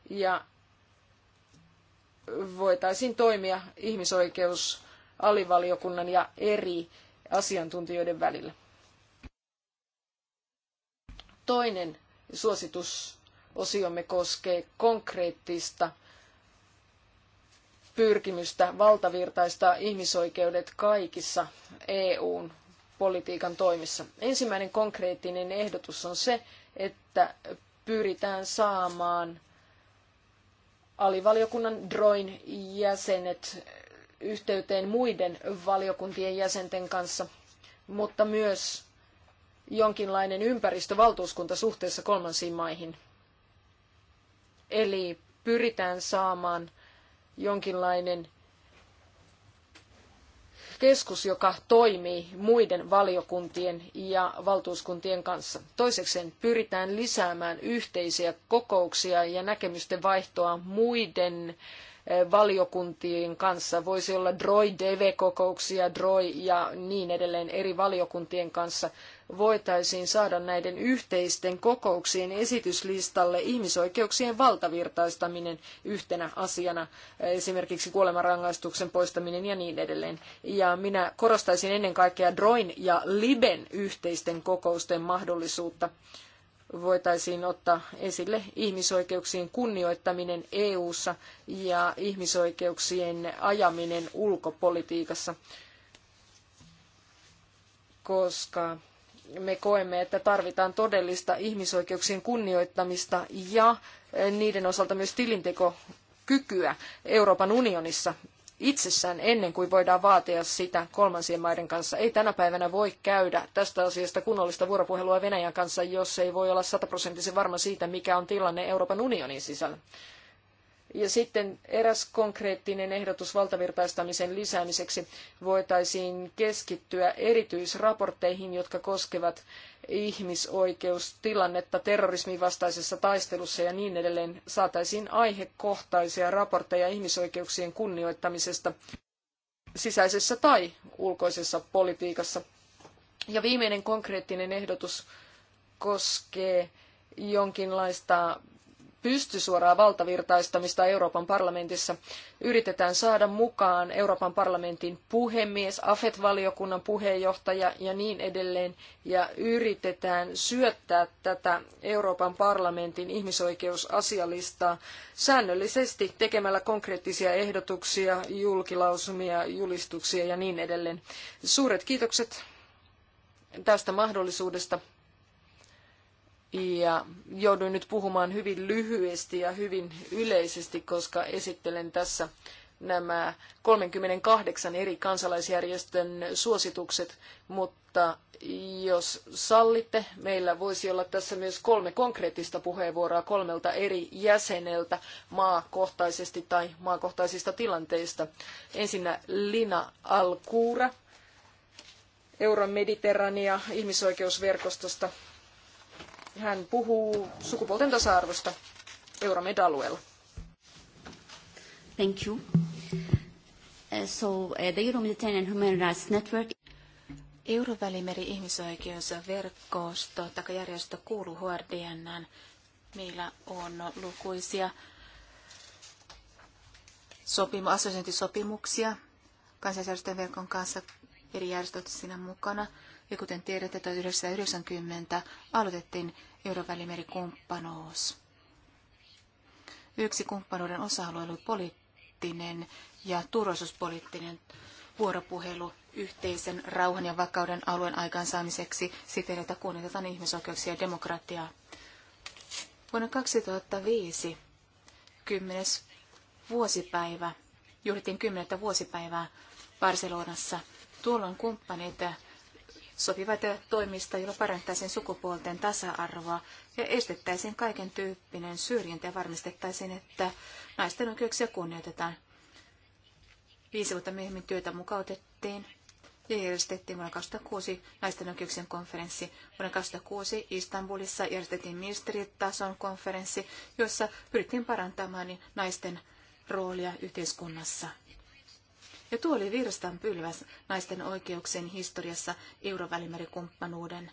ja voitaisiin toimia ihmisoikeusalivaliokunnan ja eri asiantuntijoiden välillä. Toinen suositusosiomme koskee konkreettista pyrkimystä valtavirtaistaa ihmisoikeudet kaikissa EUn politiikan toimissa. Ensimmäinen konkreettinen ehdotus on se, että pyritään saamaan alivaliokunnan DROIN jäsenet yhteyteen muiden valiokuntien jäsenten kanssa, mutta myös jonkinlainen ympäristövaltuuskunta suhteessa kolmansiin maihin. Eli pyritään saamaan jonkinlainen keskus, joka toimii muiden valiokuntien ja valtuuskuntien kanssa. Toisekseen pyritään lisäämään yhteisiä kokouksia ja näkemysten vaihtoa muiden Eh, valiokuntien kanssa. Voisi olla DROI-DV-kokouksia, DROI ja niin edelleen eri valiokuntien kanssa voitaisiin saada näiden yhteisten kokouksien esityslistalle ihmisoikeuksien valtavirtaistaminen yhtenä asiana, eh, esimerkiksi kuolemanrangaistuksen poistaminen ja niin edelleen. Ja minä korostaisin ennen kaikkea Droin ja Liben yhteisten kokousten mahdollisuutta voitaisiin ottaa esille ihmisoikeuksien kunnioittaminen EU:ssa ja ihmisoikeuksien ajaminen ulkopolitiikassa, koska me koemme, että tarvitaan todellista ihmisoikeuksien kunnioittamista ja eh, niiden osalta myös tilintekokykyä Euroopan unionissa itsessään ennen kuin voidaan vaatia sitä kolmansien maiden kanssa. Ei tänä päivänä voi käydä tästä asiasta kunnollista vuoropuhelua Venäjän kanssa, jos ei voi olla sataprosenttisen varma siitä, mikä on tilanne Euroopan unionin sisällä. Ja sitten eräs konkreettinen ehdotus valtavirtaistamisen lisäämiseksi voitaisiin keskittyä erityisraportteihin, jotka koskevat ihmisoikeustilannetta terrorismin vastaisessa taistelussa ja niin edelleen. Saataisiin aihekohtaisia raportteja ihmisoikeuksien kunnioittamisesta sisäisessä tai ulkoisessa politiikassa. Ja viimeinen konkreettinen ehdotus koskee jonkinlaista pysty suoraa valtavirtaistamista Euroopan parlamentissa. Yritetään saada mukaan Euroopan parlamentin puhemies, AFET-valiokunnan puheenjohtaja ja niin edelleen. Ja yritetään syöttää tätä Euroopan parlamentin ihmisoikeusasialistaa säännöllisesti tekemällä konkreettisia ehdotuksia, julkilausumia, julistuksia ja niin edelleen. Suuret kiitokset tästä mahdollisuudesta ja jouduin nyt puhumaan hyvin lyhyesti ja hyvin yleisesti, koska esittelen tässä nämä 38 eri kansalaisjärjestön suositukset, mutta jos sallitte, meillä voisi olla tässä myös kolme konkreettista puheenvuoroa kolmelta eri jäseneltä maakohtaisesti tai maakohtaisista tilanteista. Ensinnä Lina Alkuura, Euromediterrania ihmisoikeusverkostosta hän puhuu sukupuolten tasa-arvosta Euromed-alueella. Thank you. Uh, so, uh, the euro Human Rights Network Eurovälimeri ihmisoikeusverkosto tai järjestö kuuluu HRDNään. Meillä on lukuisia sopimu- assosiointisopimuksia kansallisjärjestön verkon kanssa eri järjestöt siinä mukana. Ja kuten tiedätte, 1990 aloitettiin Eurovälimerikumppanuus. Yksi kumppanuuden osa-alue oli poliittinen ja turvallisuuspoliittinen vuoropuhelu yhteisen rauhan ja vakauden alueen aikaansaamiseksi siten, että kunnioitetaan ihmisoikeuksia ja demokratiaa. Vuonna 2005, 10. vuosipäivä, juhlittiin 10. vuosipäivää Barcelonassa. Tuolloin kumppanit sopivat toimista, joilla parantaisiin sukupuolten tasa-arvoa ja estettäisiin kaiken tyyppinen syrjintä ja varmistettaisiin, että naisten oikeuksia kunnioitetaan. Viisi vuotta myöhemmin työtä mukautettiin ja järjestettiin vuonna 2006 naisten oikeuksien konferenssi. Vuonna 2006 Istanbulissa järjestettiin ministeritason konferenssi, jossa pyrittiin parantamaan naisten roolia yhteiskunnassa. Ja tuo oli pylväs naisten oikeuksien historiassa eurovälimerikumppanuuden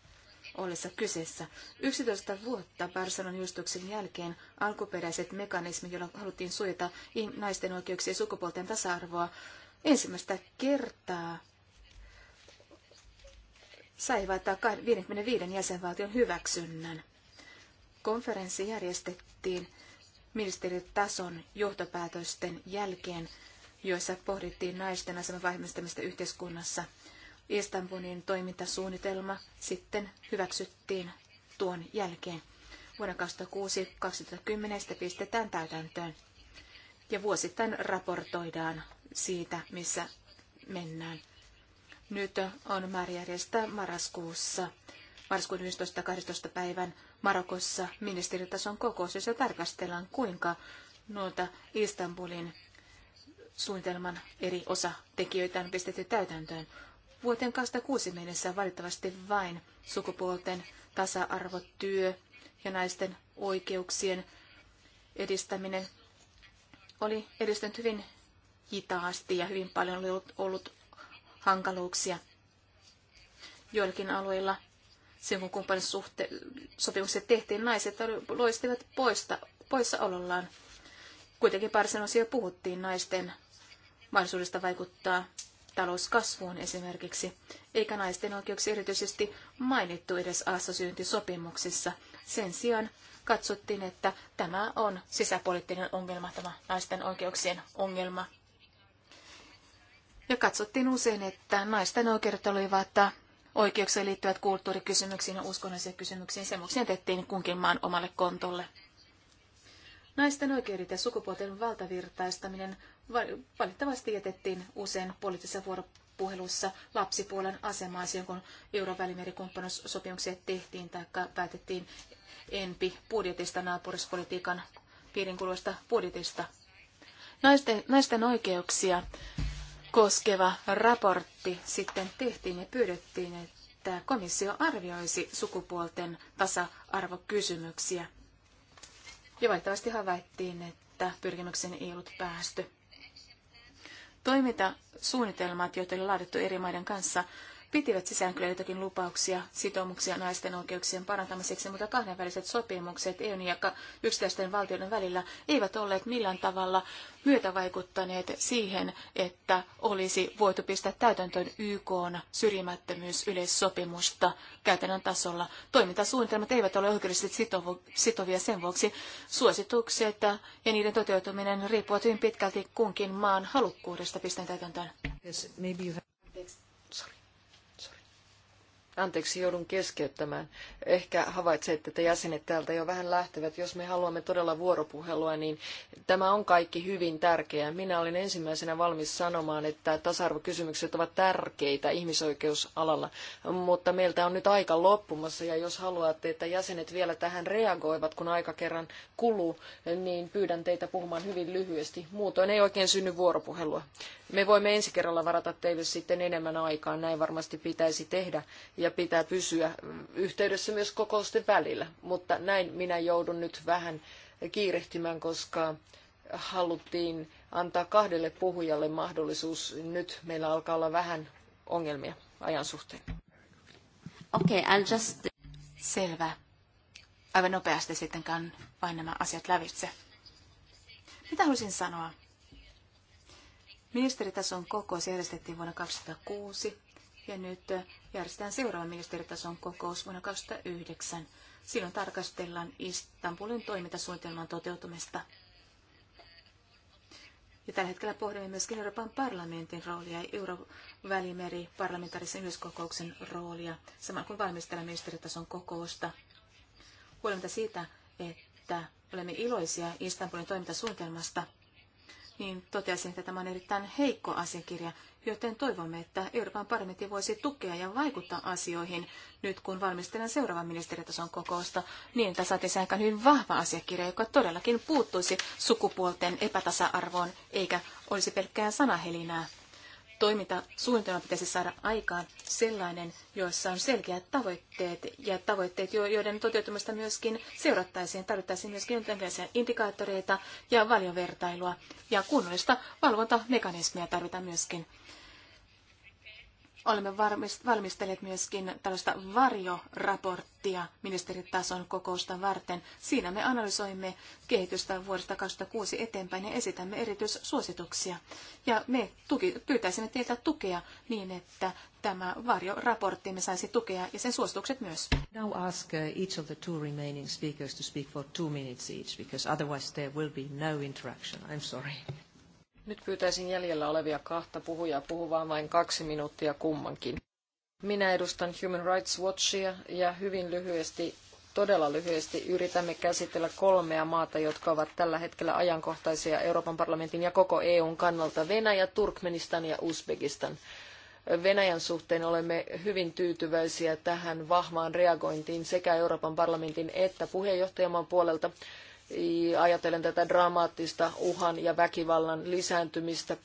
ollessa kyseessä. 11 vuotta Barcelonan julistuksen jälkeen alkuperäiset mekanismit, joilla haluttiin suojata naisten oikeuksia ja sukupuolten tasa-arvoa, ensimmäistä kertaa sai 55 jäsenvaltion hyväksynnän. Konferenssi järjestettiin ministeritason johtopäätösten jälkeen joissa pohdittiin naisten aseman vahvistamista yhteiskunnassa. Istanbulin toimintasuunnitelma sitten hyväksyttiin tuon jälkeen. Vuonna 2006-2010 pistetään täytäntöön ja vuosittain raportoidaan siitä, missä mennään. Nyt on määrä järjestää marraskuussa, marraskuun 11.12. päivän Marokossa ministeritason kokous, jossa tarkastellaan, kuinka noita Istanbulin suunnitelman eri osatekijöitä on pistetty täytäntöön. Vuoteen 2006 mennessä valitettavasti vain sukupuolten tasa-arvotyö ja naisten oikeuksien edistäminen oli edistynyt hyvin hitaasti ja hyvin paljon oli ollut, ollut hankaluuksia. Joillakin alueilla silloin kun kumppanisopimukset tehtiin, naiset loistivat poista, poissaolollaan Kuitenkin parisen osia puhuttiin naisten mahdollisuudesta vaikuttaa talouskasvuun esimerkiksi, eikä naisten oikeuksia erityisesti mainittu edes assosyyntisopimuksissa. Sen sijaan katsottiin, että tämä on sisäpoliittinen ongelma, tämä naisten oikeuksien ongelma. Ja katsottiin usein, että naisten oikeudet olivat oikeuksia liittyvät kulttuurikysymyksiin ja uskonnollisiin kysymyksiin. Semmoisia tehtiin kunkin maan omalle kontolle. Naisten oikeudet ja sukupuolten valtavirtaistaminen valitettavasti jätettiin usein poliittisessa vuoropuhelussa lapsipuolen asemaan silloin, kun Eurovälimerikumppanuussopimuksia tehtiin tai päätettiin enpi budjetista naapurispolitiikan piirin kuluvasta budjetista. Naisten, naisten oikeuksia koskeva raportti sitten tehtiin ja pyydettiin, että komissio arvioisi sukupuolten tasa-arvokysymyksiä ja valitettavasti havaittiin, että pyrkimyksen ei ollut päästy. Toimintasuunnitelmat, joita oli laadittu eri maiden kanssa, pitivät sisään kyllä jotakin lupauksia, sitoumuksia naisten oikeuksien parantamiseksi, mutta kahdenväliset sopimukset EUn ja yksittäisten valtioiden välillä eivät olleet millään tavalla myötävaikuttaneet siihen, että olisi voitu pistää täytäntöön YK syrjimättömyysyleissopimusta käytännön tasolla. Toimintasuunnitelmat eivät ole oikeudellisesti sitovia sen vuoksi. Suositukset ja niiden toteutuminen riippuvat hyvin pitkälti kunkin maan halukkuudesta pistää täytäntöön. Yes, Anteeksi, joudun keskeyttämään. Ehkä havaitsette, että jäsenet täältä jo vähän lähtevät. Jos me haluamme todella vuoropuhelua, niin tämä on kaikki hyvin tärkeää. Minä olin ensimmäisenä valmis sanomaan, että tasa-arvokysymykset ovat tärkeitä ihmisoikeusalalla, mutta meiltä on nyt aika loppumassa, ja jos haluatte, että jäsenet vielä tähän reagoivat, kun aika kerran kuluu, niin pyydän teitä puhumaan hyvin lyhyesti. Muutoin ei oikein synny vuoropuhelua. Me voimme ensi kerralla varata teille sitten enemmän aikaa, näin varmasti pitäisi tehdä ja pitää pysyä yhteydessä myös kokousten välillä. Mutta näin minä joudun nyt vähän kiirehtimään, koska haluttiin antaa kahdelle puhujalle mahdollisuus. Nyt meillä alkaa olla vähän ongelmia ajan suhteen. Okei, okay, I'll just... Selvä. Aivan nopeasti vain nämä asiat lävitse. Mitä haluaisin sanoa? Ministeritason kokous järjestettiin vuonna 2006 ja nyt järjestetään seuraava ministeritason kokous vuonna 2009. Silloin tarkastellaan Istanbulin toimintasuunnitelman toteutumista. Ja tällä hetkellä pohdimme myöskin Euroopan parlamentin roolia ja Eurovälimeri parlamentaarisen yhdyskokouksen roolia, samalla kun valmistellaan ministeritason kokousta. Huolimatta siitä, että olemme iloisia Istanbulin toimintasuunnitelmasta, niin toteaisin, että tämä on erittäin heikko asiakirja, joten toivomme, että Euroopan parlamentti voisi tukea ja vaikuttaa asioihin nyt, kun valmistellaan seuraavan ministeritason kokousta, niin että saataisiin aika hyvin vahva asiakirja, joka todellakin puuttuisi sukupuolten epätasa-arvoon, eikä olisi pelkkää sanahelinää toimintasuunnitelma pitäisi saada aikaan sellainen, jossa on selkeät tavoitteet ja tavoitteet, joiden toteutumista myöskin seurattaisiin. Tarvittaisiin myöskin jonkinlaisia indikaattoreita ja valiovertailua ja kunnollista valvontamekanismia tarvitaan myöskin. Olemme valmistelleet myöskin tällaista varjoraporttia ministeritason kokousta varten. Siinä me analysoimme kehitystä vuodesta 2006 eteenpäin ja esitämme erityissuosituksia. Ja me tuki, pyytäisimme teiltä tukea niin, että tämä varjoraportti me saisi tukea ja sen suositukset myös. Now ask uh, each of the two remaining speakers to speak for two minutes each, because otherwise there will be no interaction. I'm sorry. Nyt pyytäisin jäljellä olevia kahta puhujaa puhuvaa vain kaksi minuuttia kummankin. Minä edustan Human Rights Watchia ja hyvin lyhyesti, todella lyhyesti yritämme käsitellä kolmea maata, jotka ovat tällä hetkellä ajankohtaisia Euroopan parlamentin ja koko EUn kannalta. Venäjä, Turkmenistan ja Uzbekistan. Venäjän suhteen olemme hyvin tyytyväisiä tähän vahvaan reagointiin sekä Euroopan parlamentin että puheenjohtajamaan puolelta ajatellen tätä dramaattista uhan ja väkivallan lisääntymistä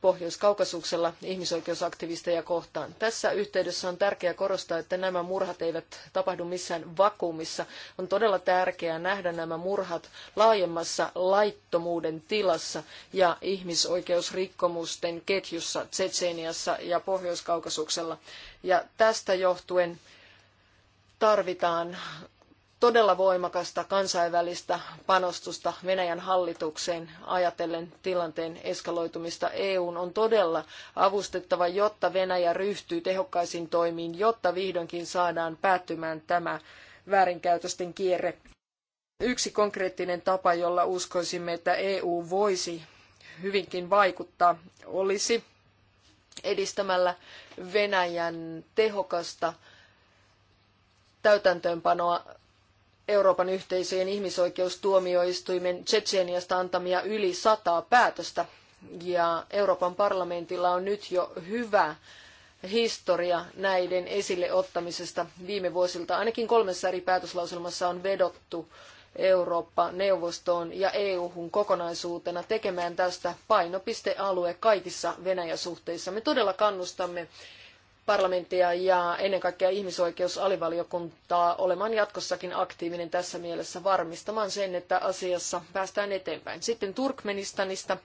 Pohjois-Kaukasuksella ihmisoikeusaktivisteja kohtaan. Tässä yhteydessä on tärkeää korostaa, että nämä murhat eivät tapahdu missään vakuumissa. On todella tärkeää nähdä nämä murhat laajemmassa laittomuuden tilassa ja ihmisoikeusrikkomusten ketjussa Tsetseeniassa ja Pohjois-Kaukasuksella. Ja tästä johtuen tarvitaan todella voimakasta kansainvälistä panostusta Venäjän hallitukseen ajatellen tilanteen eskaloitumista. EUn on todella avustettava, jotta Venäjä ryhtyy tehokkaisiin toimiin, jotta vihdoinkin saadaan päättymään tämä väärinkäytösten kierre. Yksi konkreettinen tapa, jolla uskoisimme, että EU voisi hyvinkin vaikuttaa, olisi edistämällä Venäjän tehokasta täytäntöönpanoa Euroopan yhteisöjen ihmisoikeustuomioistuimen Tsetseeniasta antamia yli sataa päätöstä. Ja Euroopan parlamentilla on nyt jo hyvä historia näiden esille ottamisesta viime vuosilta. Ainakin kolmessa eri päätöslauselmassa on vedottu Eurooppa-neuvostoon ja EU-hun kokonaisuutena tekemään tästä painopistealue kaikissa Venäjä-suhteissa. Me todella kannustamme parlamenttia ja ennen kaikkea ihmisoikeusalivaliokuntaa olemaan jatkossakin aktiivinen tässä mielessä varmistamaan sen, että asiassa päästään eteenpäin. Sitten Turkmenistanista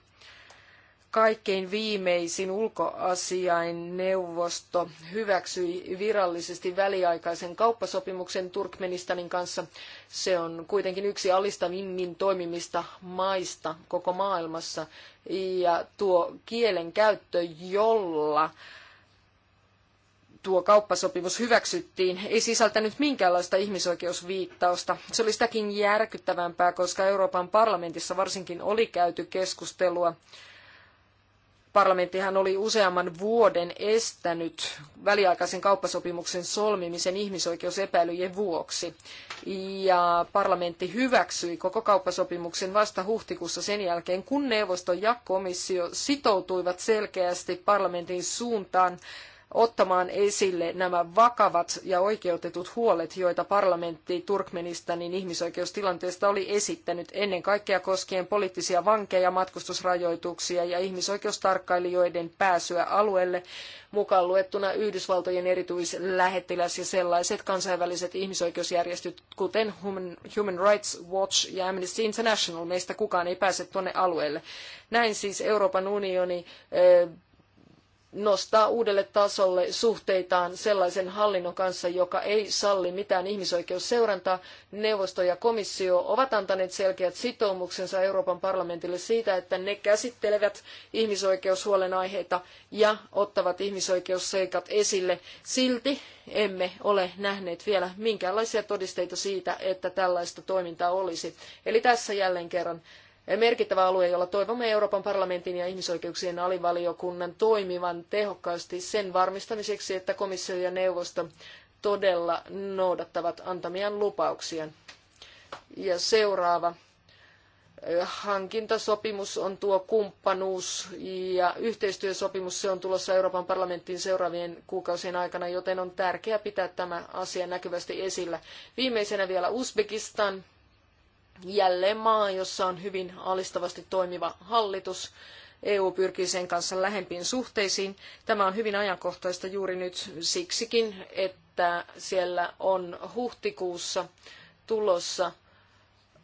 kaikkein viimeisin ulkoasiainneuvosto hyväksyi virallisesti väliaikaisen kauppasopimuksen Turkmenistanin kanssa. Se on kuitenkin yksi alistavimmin toimimista maista koko maailmassa. Ja tuo kielen käyttö, jolla tuo kauppasopimus hyväksyttiin, ei sisältänyt minkäänlaista ihmisoikeusviittausta. Se oli sitäkin järkyttävämpää, koska Euroopan parlamentissa varsinkin oli käyty keskustelua Parlamenttihan oli useamman vuoden estänyt väliaikaisen kauppasopimuksen solmimisen ihmisoikeusepäilyjen vuoksi. Ja parlamentti hyväksyi koko kauppasopimuksen vasta huhtikuussa sen jälkeen, kun neuvosto ja komissio sitoutuivat selkeästi parlamentin suuntaan ottamaan esille nämä vakavat ja oikeutetut huolet, joita parlamentti Turkmenistanin ihmisoikeustilanteesta oli esittänyt ennen kaikkea koskien poliittisia vankeja, matkustusrajoituksia ja ihmisoikeustarkkailijoiden pääsyä alueelle, mukaan luettuna Yhdysvaltojen erityislähettiläs ja sellaiset kansainväliset ihmisoikeusjärjestöt, kuten Human Rights Watch ja Amnesty International. Meistä kukaan ei pääse tuonne alueelle. Näin siis Euroopan unioni nostaa uudelle tasolle suhteitaan sellaisen hallinnon kanssa, joka ei salli mitään ihmisoikeusseurantaa. Neuvosto ja komissio ovat antaneet selkeät sitoumuksensa Euroopan parlamentille siitä, että ne käsittelevät ihmisoikeushuolenaiheita ja ottavat ihmisoikeusseikat esille. Silti emme ole nähneet vielä minkäänlaisia todisteita siitä, että tällaista toimintaa olisi. Eli tässä jälleen kerran merkittävä alue, jolla toivomme Euroopan parlamentin ja ihmisoikeuksien alivaliokunnan toimivan tehokkaasti sen varmistamiseksi, että komissio ja neuvosto todella noudattavat antamiaan lupauksia. Ja seuraava hankintasopimus on tuo kumppanuus ja yhteistyösopimus, se on tulossa Euroopan parlamenttiin seuraavien kuukausien aikana, joten on tärkeää pitää tämä asia näkyvästi esillä. Viimeisenä vielä Uzbekistan jälleen maa, jossa on hyvin alistavasti toimiva hallitus. EU pyrkii sen kanssa lähempiin suhteisiin. Tämä on hyvin ajankohtaista juuri nyt siksikin, että siellä on huhtikuussa tulossa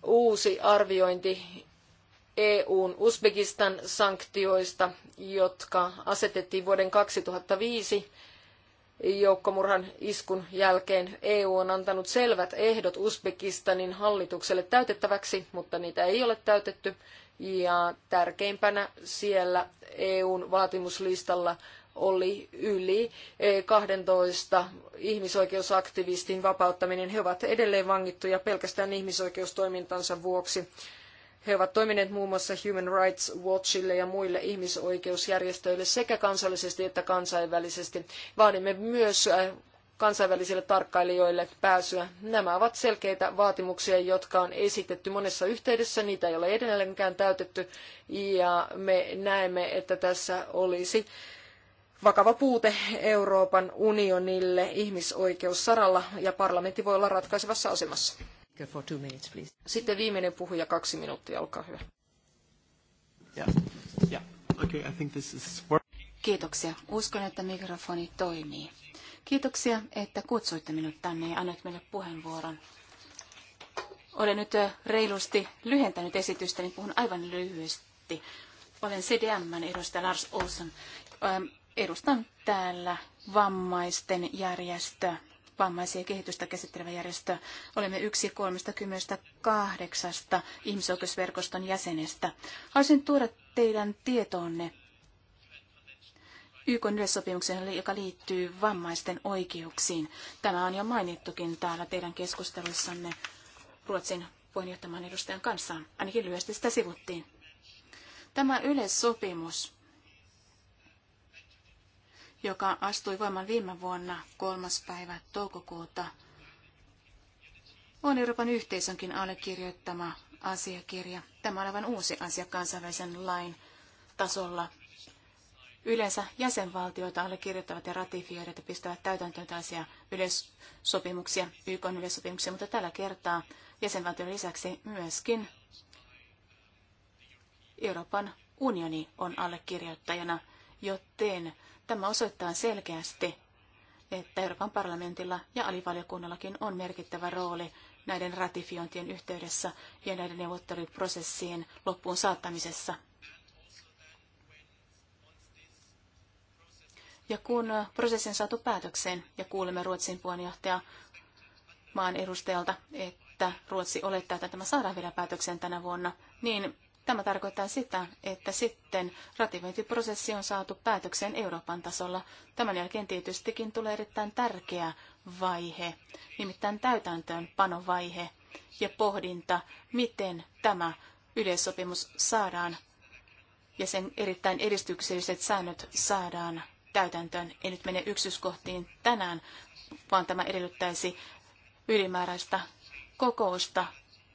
uusi arviointi EUn Uzbekistan sanktioista, jotka asetettiin vuoden 2005 joukkomurhan iskun jälkeen EU on antanut selvät ehdot Uzbekistanin hallitukselle täytettäväksi, mutta niitä ei ole täytetty. Ja tärkeimpänä siellä EUn vaatimuslistalla oli yli 12 e, ihmisoikeusaktivistin vapauttaminen. He ovat edelleen vangittuja pelkästään ihmisoikeustoimintansa vuoksi. He ovat toimineet muun muassa Human Rights Watchille ja muille ihmisoikeusjärjestöille sekä kansallisesti että kansainvälisesti. Vaadimme myös äh, kansainvälisille tarkkailijoille pääsyä. Nämä ovat selkeitä vaatimuksia, jotka on esitetty monessa yhteydessä, niitä ei ole edelleenkään täytetty ja me näemme, että tässä olisi vakava puute Euroopan unionille ihmisoikeussaralla ja parlamentti voi olla ratkaisevassa asemassa. For two minutes, please. Sitten viimeinen puhuja, kaksi minuuttia, olkaa hyvä. Yeah. Yeah. Okay, I think this is Kiitoksia. Uskon, että mikrofoni toimii. Kiitoksia, että kutsuitte minut tänne ja annoit meille puheenvuoron. Olen nyt reilusti lyhentänyt esitystäni niin puhun aivan lyhyesti. Olen CDMn edustaja Lars Olsson. Edustan täällä vammaisten järjestöä vammaisia kehitystä käsittelevä järjestö. Olemme yksi 38 ihmisoikeusverkoston jäsenestä. Haluaisin tuoda teidän tietoonne YK yleissopimuksen, joka liittyy vammaisten oikeuksiin. Tämä on jo mainittukin täällä teidän keskusteluissanne Ruotsin puheenjohtaman edustajan kanssa. Ainakin lyhyesti sitä sivuttiin. Tämä yleissopimus joka astui voimaan viime vuonna kolmas päivä toukokuuta, on Euroopan yhteisönkin allekirjoittama asiakirja. Tämä on aivan uusi asia kansainvälisen lain tasolla. Yleensä jäsenvaltioita allekirjoittavat ja ratifioivat ja pistävät täytäntöön tällaisia yleissopimuksia, YK yleissopimuksia, mutta tällä kertaa jäsenvaltion lisäksi myöskin Euroopan unioni on allekirjoittajana, joten Tämä osoittaa selkeästi, että Euroopan parlamentilla ja alivaliokunnallakin on merkittävä rooli näiden ratifiointien yhteydessä ja näiden neuvotteluprosessien loppuun saattamisessa. Ja kun prosessin saatu päätökseen ja kuulemme Ruotsin puheenjohtaja maan edustajalta, että Ruotsi olettaa, että tämä saadaan vielä päätökseen tänä vuonna, niin Tämä tarkoittaa sitä, että sitten ratifiointiprosessi on saatu päätökseen Euroopan tasolla. Tämän jälkeen tietystikin tulee erittäin tärkeä vaihe, nimittäin täytäntöönpanovaihe ja pohdinta, miten tämä yleissopimus saadaan ja sen erittäin edistykselliset säännöt saadaan täytäntöön. En nyt mene yksityiskohtiin tänään, vaan tämä edellyttäisi ylimääräistä kokousta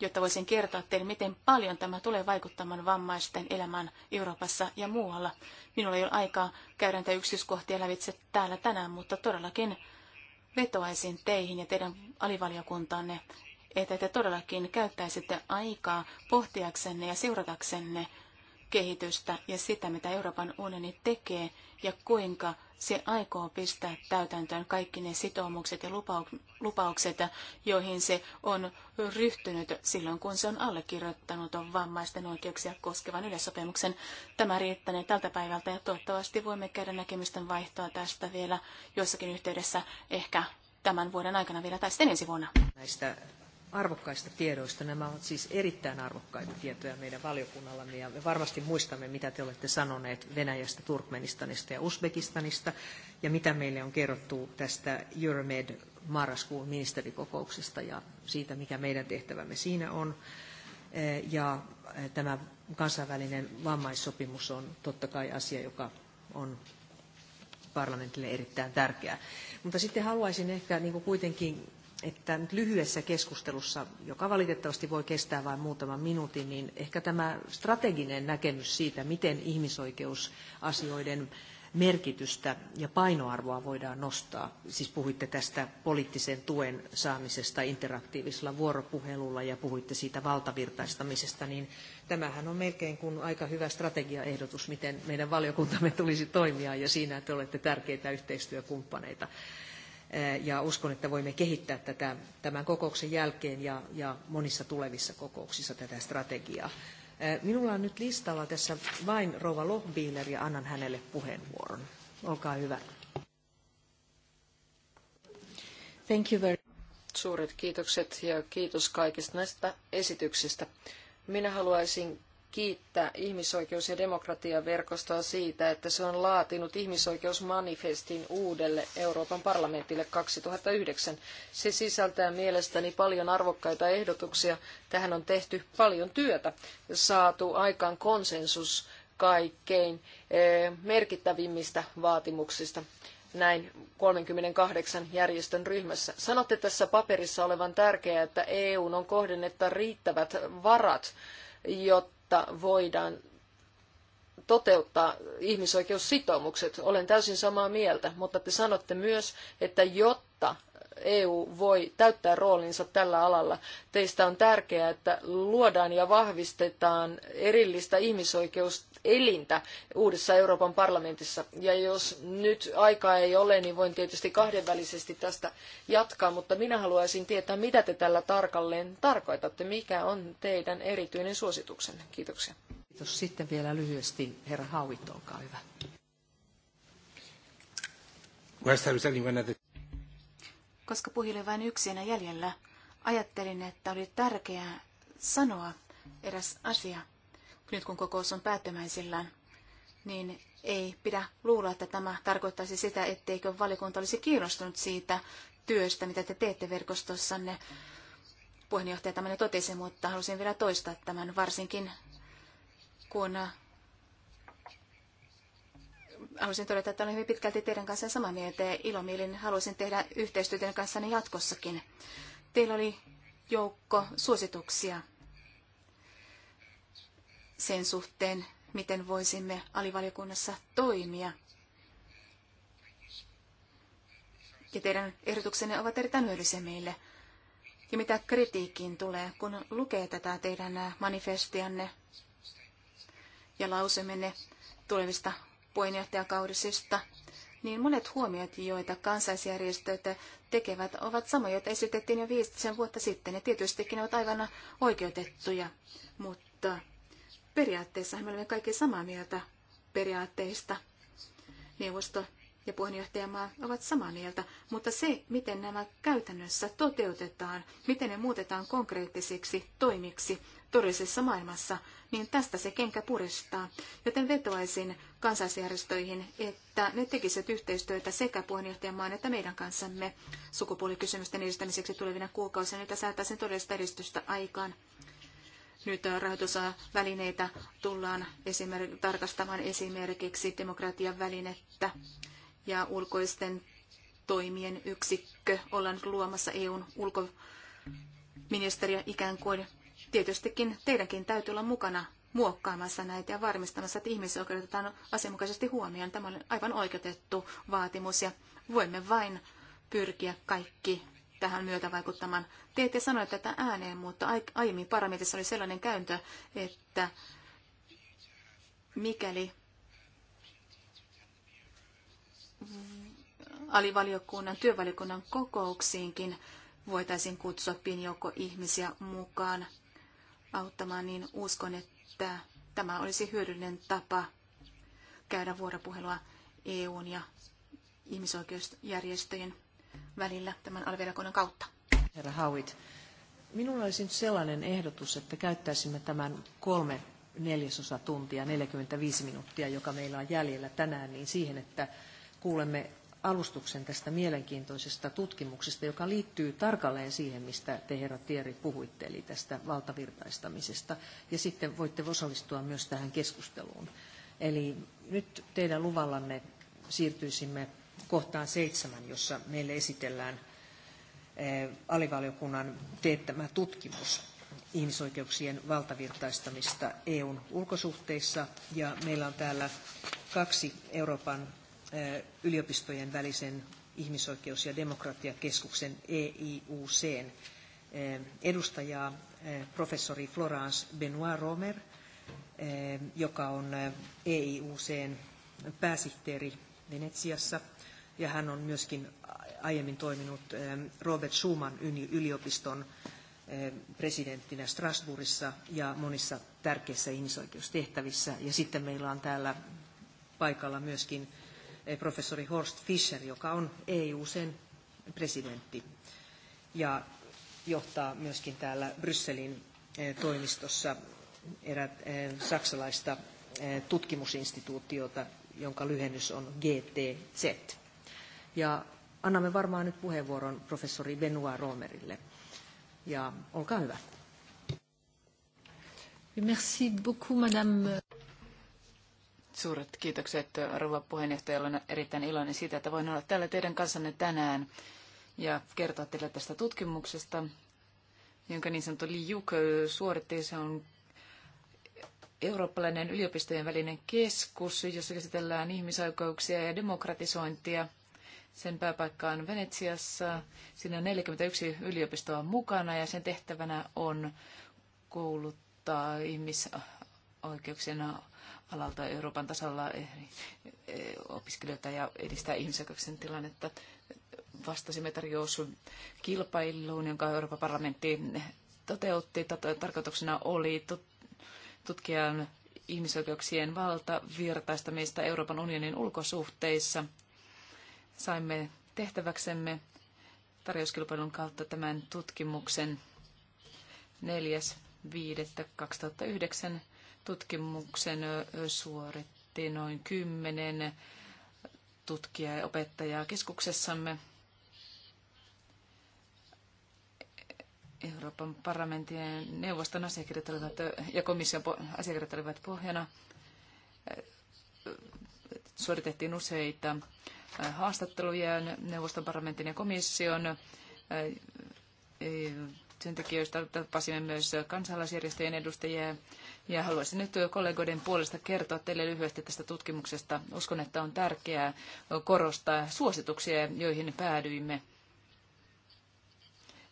jotta voisin kertoa teille, miten paljon tämä tulee vaikuttamaan vammaisten elämään Euroopassa ja muualla. Minulla ei ole aikaa käydä näitä yksityiskohtia lävitse täällä tänään, mutta todellakin vetoaisin teihin ja teidän alivaliokuntanne, että te todellakin käyttäisitte aikaa pohtiaksenne ja seurataksenne kehitystä ja sitä, mitä Euroopan unioni tekee ja kuinka se aikoo pistää täytäntöön kaikki ne sitoumukset ja lupaukset, joihin se on ryhtynyt silloin, kun se on allekirjoittanut vammaisten oikeuksia koskevan yleissopimuksen. Tämä riittänee tältä päivältä ja toivottavasti voimme käydä näkemysten vaihtoa tästä vielä jossakin yhteydessä ehkä tämän vuoden aikana vielä tai sitten ensi vuonna. Näistä arvokkaista tiedoista. Nämä ovat siis erittäin arvokkaita tietoja meidän valiokunnallamme ja me varmasti muistamme, mitä te olette sanoneet Venäjästä, Turkmenistanista ja Uzbekistanista ja mitä meille on kerrottu tästä Euromed marraskuun ministerikokouksesta ja siitä, mikä meidän tehtävämme siinä on. Eh, ja eh, tämä kansainvälinen vammaissopimus on totta kai asia, joka on parlamentille erittäin tärkeää. Mutta sitten haluaisin ehkä niin kuin kuitenkin että nyt lyhyessä keskustelussa, joka valitettavasti voi kestää vain muutaman minuutin, niin ehkä tämä strateginen näkemys siitä, miten ihmisoikeusasioiden merkitystä ja painoarvoa voidaan nostaa. Siis puhuitte tästä poliittisen tuen saamisesta interaktiivisella vuoropuhelulla ja puhuitte siitä valtavirtaistamisesta, niin tämähän on melkein kuin aika hyvä strategiaehdotus, miten meidän valiokuntamme tulisi toimia ja siinä, että olette tärkeitä yhteistyökumppaneita ja uskon, että voimme kehittää tätä tämän kokouksen jälkeen ja, ja monissa tulevissa kokouksissa tätä strategiaa. Minulla on nyt listalla tässä vain rouva Lohbiiler ja annan hänelle puheenvuoron. Olkaa hyvä. Thank you very Suuret kiitokset ja kiitos kaikista näistä esityksistä. Minä haluaisin kiittää ihmisoikeus- ja demokratiaverkostoa siitä, että se on laatinut ihmisoikeusmanifestin uudelle Euroopan parlamentille 2009. Se sisältää mielestäni paljon arvokkaita ehdotuksia. Tähän on tehty paljon työtä ja saatu aikaan konsensus kaikkein eh, merkittävimmistä vaatimuksista näin 38 järjestön ryhmässä. Sanotte tässä paperissa olevan tärkeää, että EU on kohdennettava riittävät varat jotta jotta voidaan toteuttaa ihmisoikeussitoumukset. Olen täysin samaa mieltä, mutta te sanotte myös, että jotta EU voi täyttää roolinsa tällä alalla. Teistä on tärkeää, että luodaan ja vahvistetaan erillistä ihmisoikeuselintä uudessa Euroopan parlamentissa. Ja jos nyt aikaa ei ole, niin voin tietysti kahdenvälisesti tästä jatkaa, mutta minä haluaisin tietää, mitä te tällä tarkalleen tarkoitatte. Mikä on teidän erityinen suosituksenne? Kiitoksia. Kiitos. Sitten vielä lyhyesti herra Hauitto olkaa hyvä. West koska puhille vain yksinä jäljellä, ajattelin, että oli tärkeää sanoa eräs asia. Nyt kun kokous on päättämäisillään, niin ei pidä luulla, että tämä tarkoittaisi sitä, etteikö valikunta olisi kiinnostunut siitä työstä, mitä te teette verkostossanne. Puheenjohtaja tämän totesi, mutta halusin vielä toistaa tämän varsinkin, kun haluaisin todeta, että olen hyvin pitkälti teidän kanssa samaa mieltä ja ilomielin haluaisin tehdä yhteistyötä teidän kanssanne jatkossakin. Teillä oli joukko suosituksia sen suhteen, miten voisimme alivaliokunnassa toimia. Ja teidän ehdotuksenne ovat erittäin hyödyllisiä meille. Ja mitä kritiikkiin tulee, kun lukee tätä teidän manifestianne ja lausumenne tulevista puheenjohtajakaudisista, niin monet huomiot, joita kansaisjärjestöt tekevät, ovat samoja, joita esitettiin jo viitisen vuotta sitten, ja tietystikin ne ovat aivan oikeutettuja. Mutta periaatteessa me olemme kaikki samaa mieltä periaatteista. Neuvosto ja puheenjohtajamaa ovat samaa mieltä, mutta se, miten nämä käytännössä toteutetaan, miten ne muutetaan konkreettisiksi toimiksi, todellisessa maailmassa, niin tästä se kenkä puristaa. Joten vetoaisin kansalaisjärjestöihin, että ne tekisivät yhteistyötä sekä puheenjohtajamaan että meidän kanssamme sukupuolikysymysten edistämiseksi tulevina kuukausina, että saataisiin todellista edistystä aikaan. Nyt äh, rahoitusvälineitä tullaan esimerk- tarkastamaan esimerkiksi demokratian välinettä ja ulkoisten toimien yksikkö ollaan luomassa EUn ulkoministeriä ikään kuin tietystikin teidänkin täytyy olla mukana muokkaamassa näitä ja varmistamassa, että ihmisoikeudet otetaan asianmukaisesti huomioon. Tämä on aivan oikeutettu vaatimus ja voimme vain pyrkiä kaikki tähän myötä vaikuttamaan. Te ette sano tätä ääneen, mutta aiemmin parametissa oli sellainen käyntö, että mikäli alivaliokunnan, työvaliokunnan kokouksiinkin voitaisiin kutsua pieni joukko ihmisiä mukaan auttamaan, niin uskon, että tämä olisi hyödyllinen tapa käydä vuoropuhelua EUn ja ihmisoikeusjärjestöjen välillä tämän alvirakonnan kautta. Herra Hauit, minulla olisi nyt sellainen ehdotus, että käyttäisimme tämän kolme neljäsosa tuntia, 45 minuuttia, joka meillä on jäljellä tänään, niin siihen, että kuulemme alustuksen tästä mielenkiintoisesta tutkimuksesta, joka liittyy tarkalleen siihen, mistä te herra Tieri puhuitte, eli tästä valtavirtaistamisesta. Ja sitten voitte osallistua myös tähän keskusteluun. Eli nyt teidän luvallanne siirtyisimme kohtaan seitsemän, jossa meille esitellään eh, alivaliokunnan teettämä tutkimus ihmisoikeuksien valtavirtaistamista EUn ulkosuhteissa. Ja meillä on täällä kaksi Euroopan Eh, yliopistojen välisen ihmisoikeus- ja demokratiakeskuksen EIUCn eh, edustajaa, eh, professori Florence Benoit-Romer, joka on EIUCn e pääsihteeri Venetsiassa, ja hän on myöskin aiemmin toiminut Robert Schumann yliopiston presidenttinä Strasbourgissa ja monissa tärkeissä ihmisoikeustehtävissä. Ja sitten meillä on täällä paikalla myöskin Eh, professori Horst Fischer, joka on EU-sen presidentti ja johtaa myöskin täällä Brysselin eh, toimistossa erät eh, saksalaista tutkimusinstituutiota, jonka lyhennys on GTZ. Ja annamme varmaan nyt puheenvuoron professori Benoit Romerille. Ja olkaa hyvä. Merci beaucoup, madame. Suuret kiitokset rouva Olen erittäin iloinen siitä, että voin olla täällä teidän kanssanne tänään ja kertoa teille tästä tutkimuksesta, jonka niin sanottu Liuk suoritti. Se on eurooppalainen yliopistojen välinen keskus, jossa käsitellään ihmisoikeuksia ja demokratisointia. Sen pääpaikka on Venetsiassa. Siinä on 41 yliopistoa mukana ja sen tehtävänä on kouluttaa ihmisoikeuksien alalta Euroopan tasolla eh, eh, opiskelijoita ja edistää ihmisoikeuksien tilannetta. Vastasimme tarjous kilpailuun, jonka Euroopan parlamentti toteutti. Tarkoituksena oli tutkia ihmisoikeuksien valtavirtaistamista Euroopan unionin ulkosuhteissa. Saimme tehtäväksemme tarjouskilpailun kautta tämän tutkimuksen 4.5.2009 tutkimuksen suoritti noin kymmenen tutkijaa ja opettajaa keskuksessamme. Euroopan parlamentin neuvoston asiakirjat olivat, ja komission asiakirjat olivat pohjana. Suoritettiin useita haastatteluja neuvoston parlamentin ja komission työntekijöistä. Tapasimme myös kansalaisjärjestöjen edustajia ja haluaisin nyt kollegoiden puolesta kertoa teille lyhyesti tästä tutkimuksesta. Uskon, että on tärkeää korostaa suosituksia, joihin päädyimme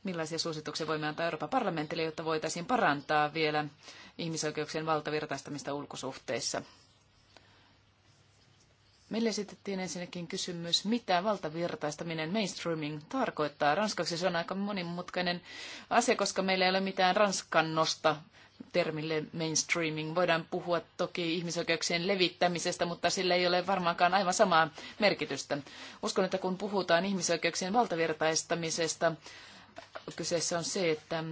millaisia suosituksia voimme antaa Euroopan parlamentille, jotta voitaisiin parantaa vielä ihmisoikeuksien valtavirtaistamista ulkosuhteissa. Meille esitettiin ensinnäkin kysymys, mitä valtavirtaistaminen, mainstreaming, tarkoittaa. Ranskaksi se on aika monimutkainen asia, koska meillä ei ole mitään ranskannosta termille mainstreaming. Voidaan puhua toki ihmisoikeuksien levittämisestä, mutta sillä ei ole varmaankaan aivan samaa merkitystä. Uskon, että kun puhutaan ihmisoikeuksien valtavirtaistamisesta, kyseessä on se, että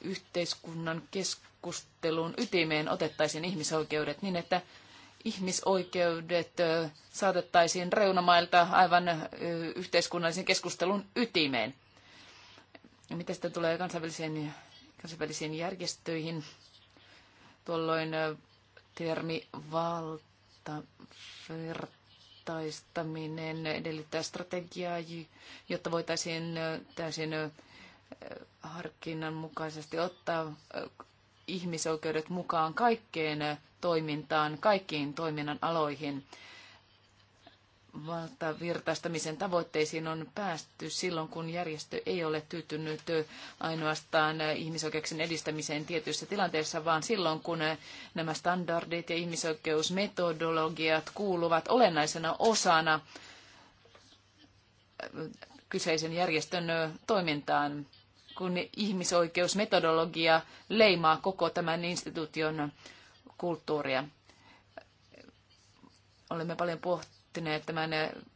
yhteiskunnan keskustelun ytimeen otettaisiin ihmisoikeudet niin, että ihmisoikeudet saatettaisiin reunamailta aivan yhteiskunnallisen keskustelun ytimeen. Ja mitä sitten tulee kansainväliseen kansainvälisiin järjestöihin. Tuolloin termi vertaistaminen edellyttää strategiaa, jotta voitaisiin täysin harkinnan mukaisesti ottaa ihmisoikeudet mukaan kaikkeen toimintaan, kaikkiin toiminnan aloihin valtavirtaistamisen tavoitteisiin on päästy silloin, kun järjestö ei ole tyytynyt ainoastaan ihmisoikeuksien edistämiseen tietyissä tilanteissa, vaan silloin, kun nämä standardit ja ihmisoikeusmetodologiat kuuluvat olennaisena osana kyseisen järjestön toimintaan, kun ihmisoikeusmetodologia leimaa koko tämän instituution kulttuuria. Olemme paljon pohtineet miettineet tämän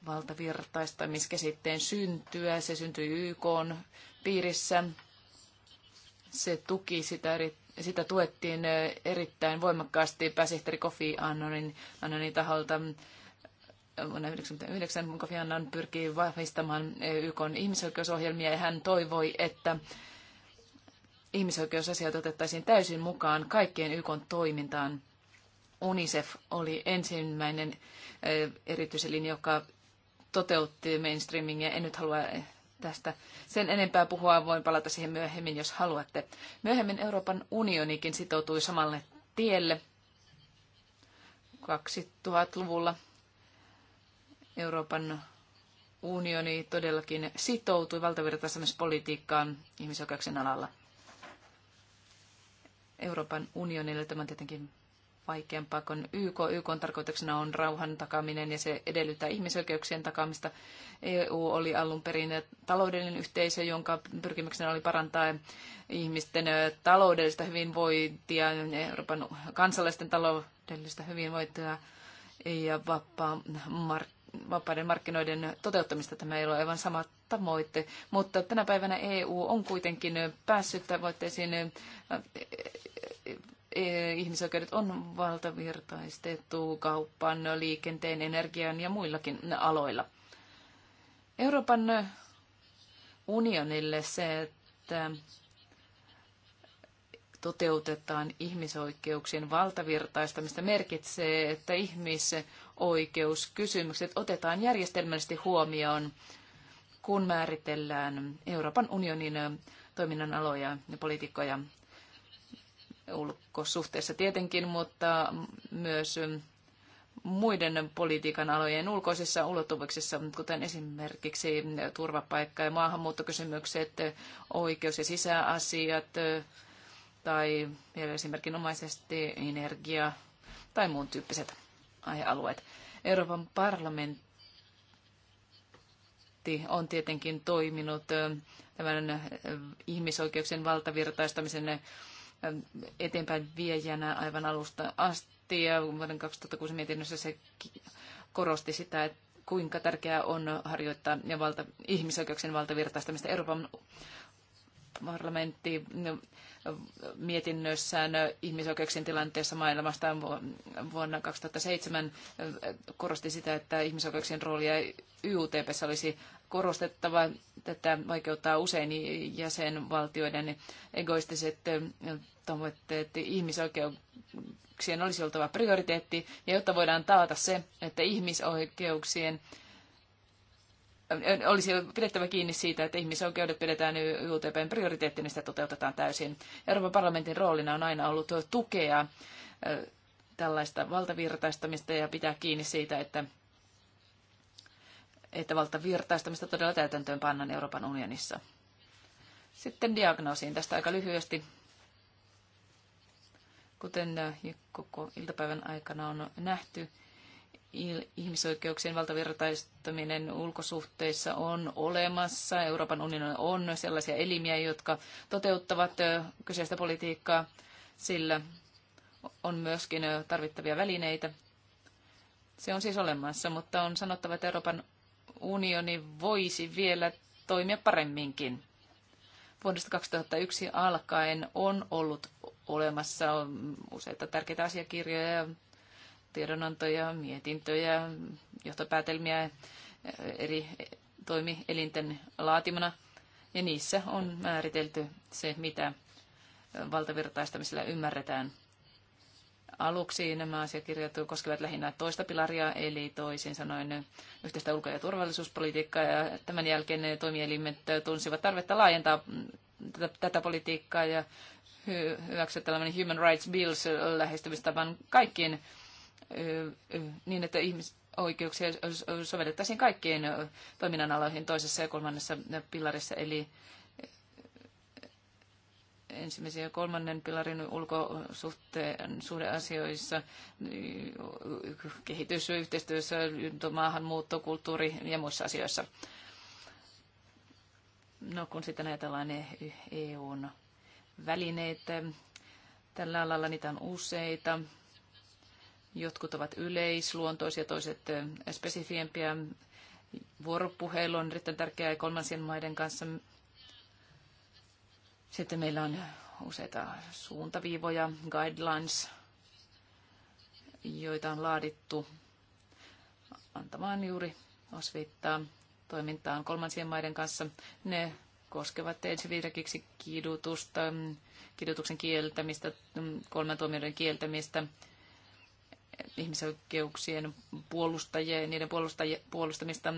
valtavirtaistamiskäsitteen syntyä. Se syntyi YK piirissä. Se tuki sitä, eri sitä tuettiin erittäin voimakkaasti pääsihteeri Kofi Annonin, Annonin taholta vuonna 1999 Kofi Annan pyrkii vahvistamaan YK ihmisoikeusohjelmia ja hän toivoi, että ihmisoikeusasiat otettaisiin täysin mukaan kaikkien YK toimintaan. UNICEF oli ensimmäinen erityiselin, joka toteutti mainstreamingia. En nyt halua tästä sen enempää puhua, voin palata siihen myöhemmin, jos haluatte. Myöhemmin Euroopan unionikin sitoutui samalle tielle 2000-luvulla. Euroopan unioni todellakin sitoutui politiikkaan ihmisoikeuksien alalla. Euroopan unionille tämä on tietenkin vaikeampaa kuin YK. YK on tarkoituksena on rauhan takaminen ja se edellyttää ihmisoikeuksien takaamista. EU oli alun perin taloudellinen yhteisö, jonka pyrkimyksenä oli parantaa ihmisten taloudellista hyvinvointia, Euroopan kansalaisten taloudellista hyvinvointia ja vapaa markkinointia vapaiden markkinoiden toteuttamista tämä ei ole aivan sama tavoite, mutta tänä päivänä EU on kuitenkin päässyt tavoitteisiin E, ihmisoikeudet on valtavirtaistettu kauppan, liikenteen, energian ja muillakin aloilla. Euroopan unionille se, että toteutetaan ihmisoikeuksien valtavirtaistamista merkitsee, että ihmisoikeuskysymykset otetaan järjestelmällisesti huomioon, kun määritellään Euroopan unionin toiminnan aloja ja politiikkoja ulkosuhteessa tietenkin, mutta myös muiden politiikan alojen ulkoisissa ulottuvuuksissa, kuten esimerkiksi turvapaikka- ja maahanmuuttokysymykset, oikeus- ja sisäasiat tai vielä esimerkinomaisesti energia tai muun tyyppiset aihealueet. Euroopan parlamentti on tietenkin toiminut tämän ihmisoikeuksien valtavirtaistamisen eteenpäin viejänä aivan alusta asti. Ja vuoden 2006 mietinnössä se korosti sitä, että kuinka tärkeää on harjoittaa ja valta, ihmisoikeuksien valtavirtaistamista. Euroopan parlamentti no, mietinnössään ihmisoikeuksien tilanteessa maailmasta vuonna 2007 korosti sitä, että ihmisoikeuksien roolia YUTPssä olisi korostettava tätä vaikeuttaa usein jäsenvaltioiden egoistiset tavoitteet. Ihmisoikeuksien olisi oltava prioriteetti, ja jotta voidaan taata se, että ihmisoikeuksien olisi pidettävä kiinni siitä, että ihmisoikeudet pidetään YUTPn prioriteettina, sitä toteutetaan täysin. Euroopan parlamentin roolina on aina ollut tukea tällaista valtavirtaistamista ja pitää kiinni siitä, että että valtavirtaistamista todella täytäntöön pannaan Euroopan unionissa. Sitten diagnoosiin tästä aika lyhyesti. Kuten äh, koko iltapäivän aikana on nähty, ihmisoikeuksien valtavirtaistaminen ulkosuhteissa on olemassa. Euroopan unionilla on sellaisia elimiä, jotka toteuttavat äh, kyseistä politiikkaa. Sillä on myöskin äh, tarvittavia välineitä. Se on siis olemassa, mutta on sanottava, että Euroopan unioni voisi vielä toimia paremminkin. Vuodesta 2001 alkaen on ollut olemassa useita tärkeitä asiakirjoja, tiedonantoja, mietintöjä, johtopäätelmiä eri toimielinten laatimana. Ja niissä on määritelty se, mitä valtavirtaistamisella ymmärretään – Aluksi nämä asiakirjat koskevat lähinnä toista pilaria, eli toisin sanoen yhteistä ulko- ja turvallisuuspolitiikkaa. Ja tämän jälkeen toimielimet tunsivat tarvetta laajentaa tätä politiikkaa ja hyväksyä tällainen Human Rights Bills lähestymistavan kaikkiin niin, että ihmisoikeuksia sovellettaisiin kaikkiin toiminnan aloihin toisessa ja kolmannessa pilarissa, eli ensimmäisen ja kolmannen pilarin ulkosuhteen suhdeasioissa, kehitysyhteistyössä, maahanmuutto, kulttuuri ja muissa asioissa. No kun sitten ajatellaan ne EUn välineitä, tällä alalla niitä on useita. Jotkut ovat yleisluontoisia, toiset spesifiempiä. Vuoropuhelu on erittäin tärkeää kolmansien maiden kanssa sitten meillä on useita suuntaviivoja, guidelines, joita on laadittu antamaan juuri osviittaa toimintaan kolmansien maiden kanssa. Ne koskevat esimerkiksi kidutusta, kidutuksen kieltämistä, kolmen tuomioiden kieltämistä, ihmisoikeuksien puolustajia, niiden puolustajia, puolustamista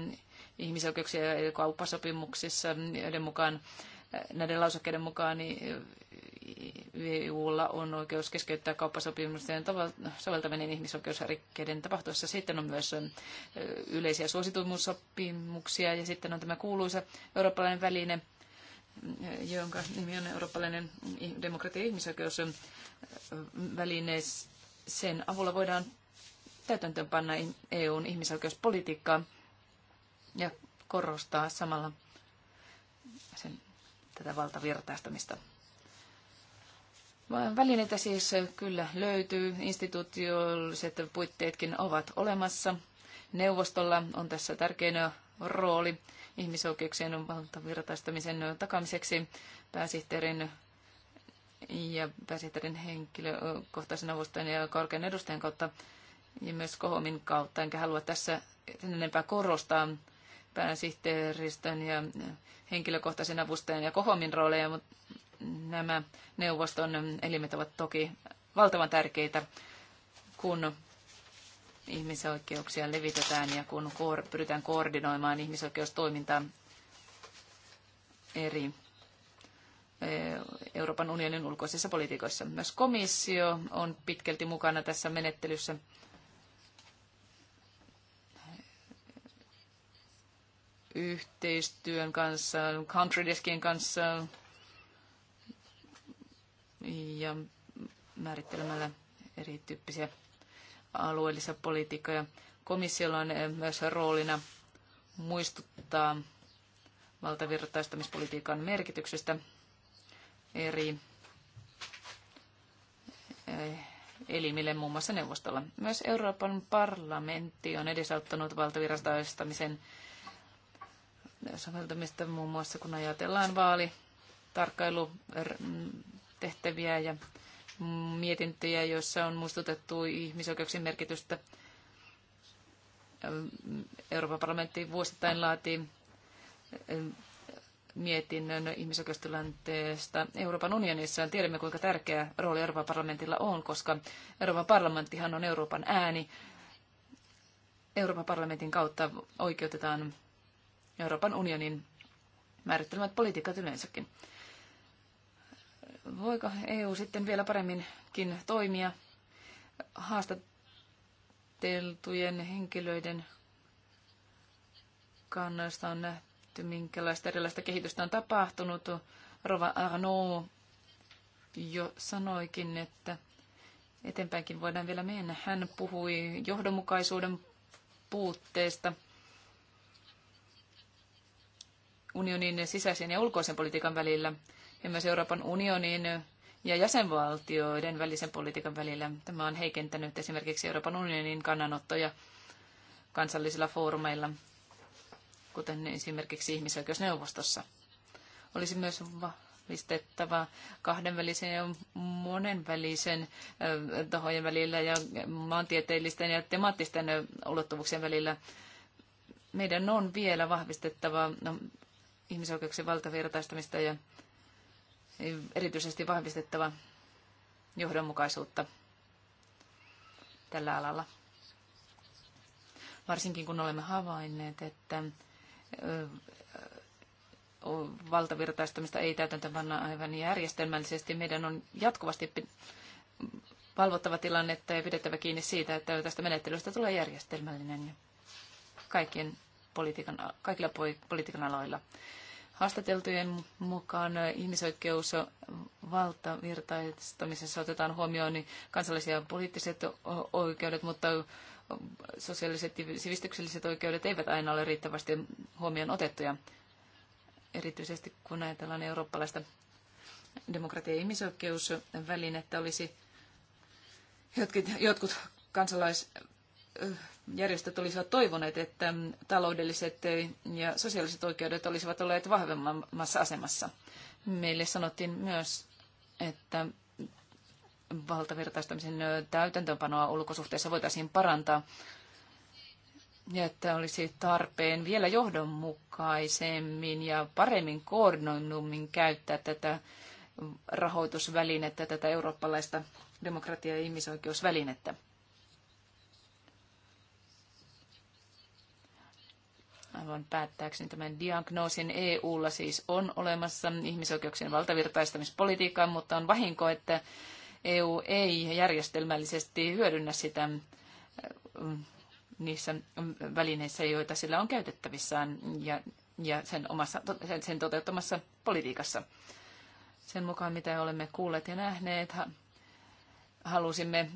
ihmisoikeuksia kauppasopimuksissa, joiden mukaan näiden lausakkeiden mukaan niin EUlla on oikeus keskeyttää kauppasopimusten soveltaminen ihmisoikeusrikkeiden tapahtuessa. Sitten on myös yleisiä suositumussopimuksia ja sitten on tämä kuuluisa eurooppalainen väline, jonka nimi on eurooppalainen demokratia- ja ihmisoikeusväline. Sen avulla voidaan täytäntöönpanna EUn ihmisoikeuspolitiikkaa ja korostaa samalla tätä valtavirtaistamista. Välineitä siis kyllä löytyy, instituutiolliset puitteetkin ovat olemassa. Neuvostolla on tässä tärkein rooli ihmisoikeuksien valtavirtaistamisen takamiseksi pääsihteerin ja pääsihteerin henkilökohtaisen avustajan ja korkean edustajan kautta ja myös Kohomin kautta, enkä halua tässä enempää korostaa pääsihteeristön ja henkilökohtaisen avustajan ja kohomin rooleja, mutta nämä neuvoston elimet ovat toki valtavan tärkeitä, kun ihmisoikeuksia levitetään ja kun koor- pyritään koordinoimaan ihmisoikeustoimintaa eri eh, Euroopan unionin ulkoisissa politiikoissa. Myös komissio on pitkälti mukana tässä menettelyssä yhteistyön kanssa, Country Deskin kanssa ja määrittelemällä erityyppisiä alueellisia politiikkoja. Komissiolla on eh, myös roolina muistuttaa valtavirtaistamispolitiikan merkityksestä eri eh, elimille, muun muassa neuvostolla. Myös Euroopan parlamentti on edesauttanut valtavirtaistamisen soveltamista muun muassa, kun ajatellaan vaali tarkkailutehtäviä ja mietintöjä, joissa on muistutettu ihmisoikeuksien merkitystä. Euroopan parlamentti vuosittain laatii eh, mietinnön ihmisoikeustilanteesta Euroopan unionissa. Tiedämme, kuinka tärkeä rooli Euroopan parlamentilla on, koska Euroopan parlamenttihan on Euroopan ääni. Euroopan parlamentin kautta oikeutetaan Euroopan unionin määrittelemät politiikat yleensäkin. Voiko EU sitten vielä paremminkin toimia haastateltujen henkilöiden kannasta on nähty, minkälaista erilaista kehitystä on tapahtunut. Rova Arnaud jo sanoikin, että eteenpäinkin voidaan vielä mennä. Hän puhui johdonmukaisuuden puutteesta – unionin sisäisen ja ulkoisen politiikan välillä ja myös Euroopan unionin ja jäsenvaltioiden välisen politiikan välillä. Tämä on heikentänyt esimerkiksi Euroopan unionin kannanottoja kansallisilla foorumeilla, kuten esimerkiksi ihmisoikeusneuvostossa. Olisi myös vahvistettava kahdenvälisen ja monenvälisen tahojen välillä ja maantieteellisten ja temaattisten ulottuvuuksien välillä. Meidän on vielä vahvistettava no, ihmisoikeuksien valtavirtaistamista ja erityisesti vahvistettava johdonmukaisuutta tällä alalla. Varsinkin kun olemme havainneet, että valtavirtaistamista ei täytäntöpanna aivan järjestelmällisesti. Meidän on jatkuvasti valvottava tilannetta ja pidettävä kiinni siitä, että tästä menettelystä tulee järjestelmällinen kaikkien politiikan, kaikilla politiikan aloilla. Haastateltujen mukaan ihmisoikeusvaltavirtaistamisessa valtavirtaistamisessa otetaan huomioon niin kansallisia poliittiset oikeudet, mutta sosiaaliset ja sivistykselliset oikeudet eivät aina ole riittävästi huomioon otettuja. Erityisesti kun ajatellaan eurooppalaista demokratia- ja ihmisoikeusvälinettä, olisi jotkut, jotkut kansalais järjestöt olisivat toivoneet, että taloudelliset ja sosiaaliset oikeudet olisivat olleet vahvemmassa asemassa. Meille sanottiin myös, että valtavirtaistamisen täytäntöönpanoa ulkosuhteessa voitaisiin parantaa ja että olisi tarpeen vielä johdonmukaisemmin ja paremmin koordinoinnummin käyttää tätä rahoitusvälinettä, tätä eurooppalaista demokratia- ja ihmisoikeusvälinettä. aivan päättääkseni tämän diagnoosin EUlla siis on olemassa ihmisoikeuksien valtavirtaistamispolitiikkaa, mutta on vahinko, että EU ei järjestelmällisesti hyödynnä sitä äh, niissä välineissä, joita sillä on käytettävissään ja, ja sen, omassa, sen toteuttamassa politiikassa. Sen mukaan, mitä olemme kuulleet ja nähneet, halusimme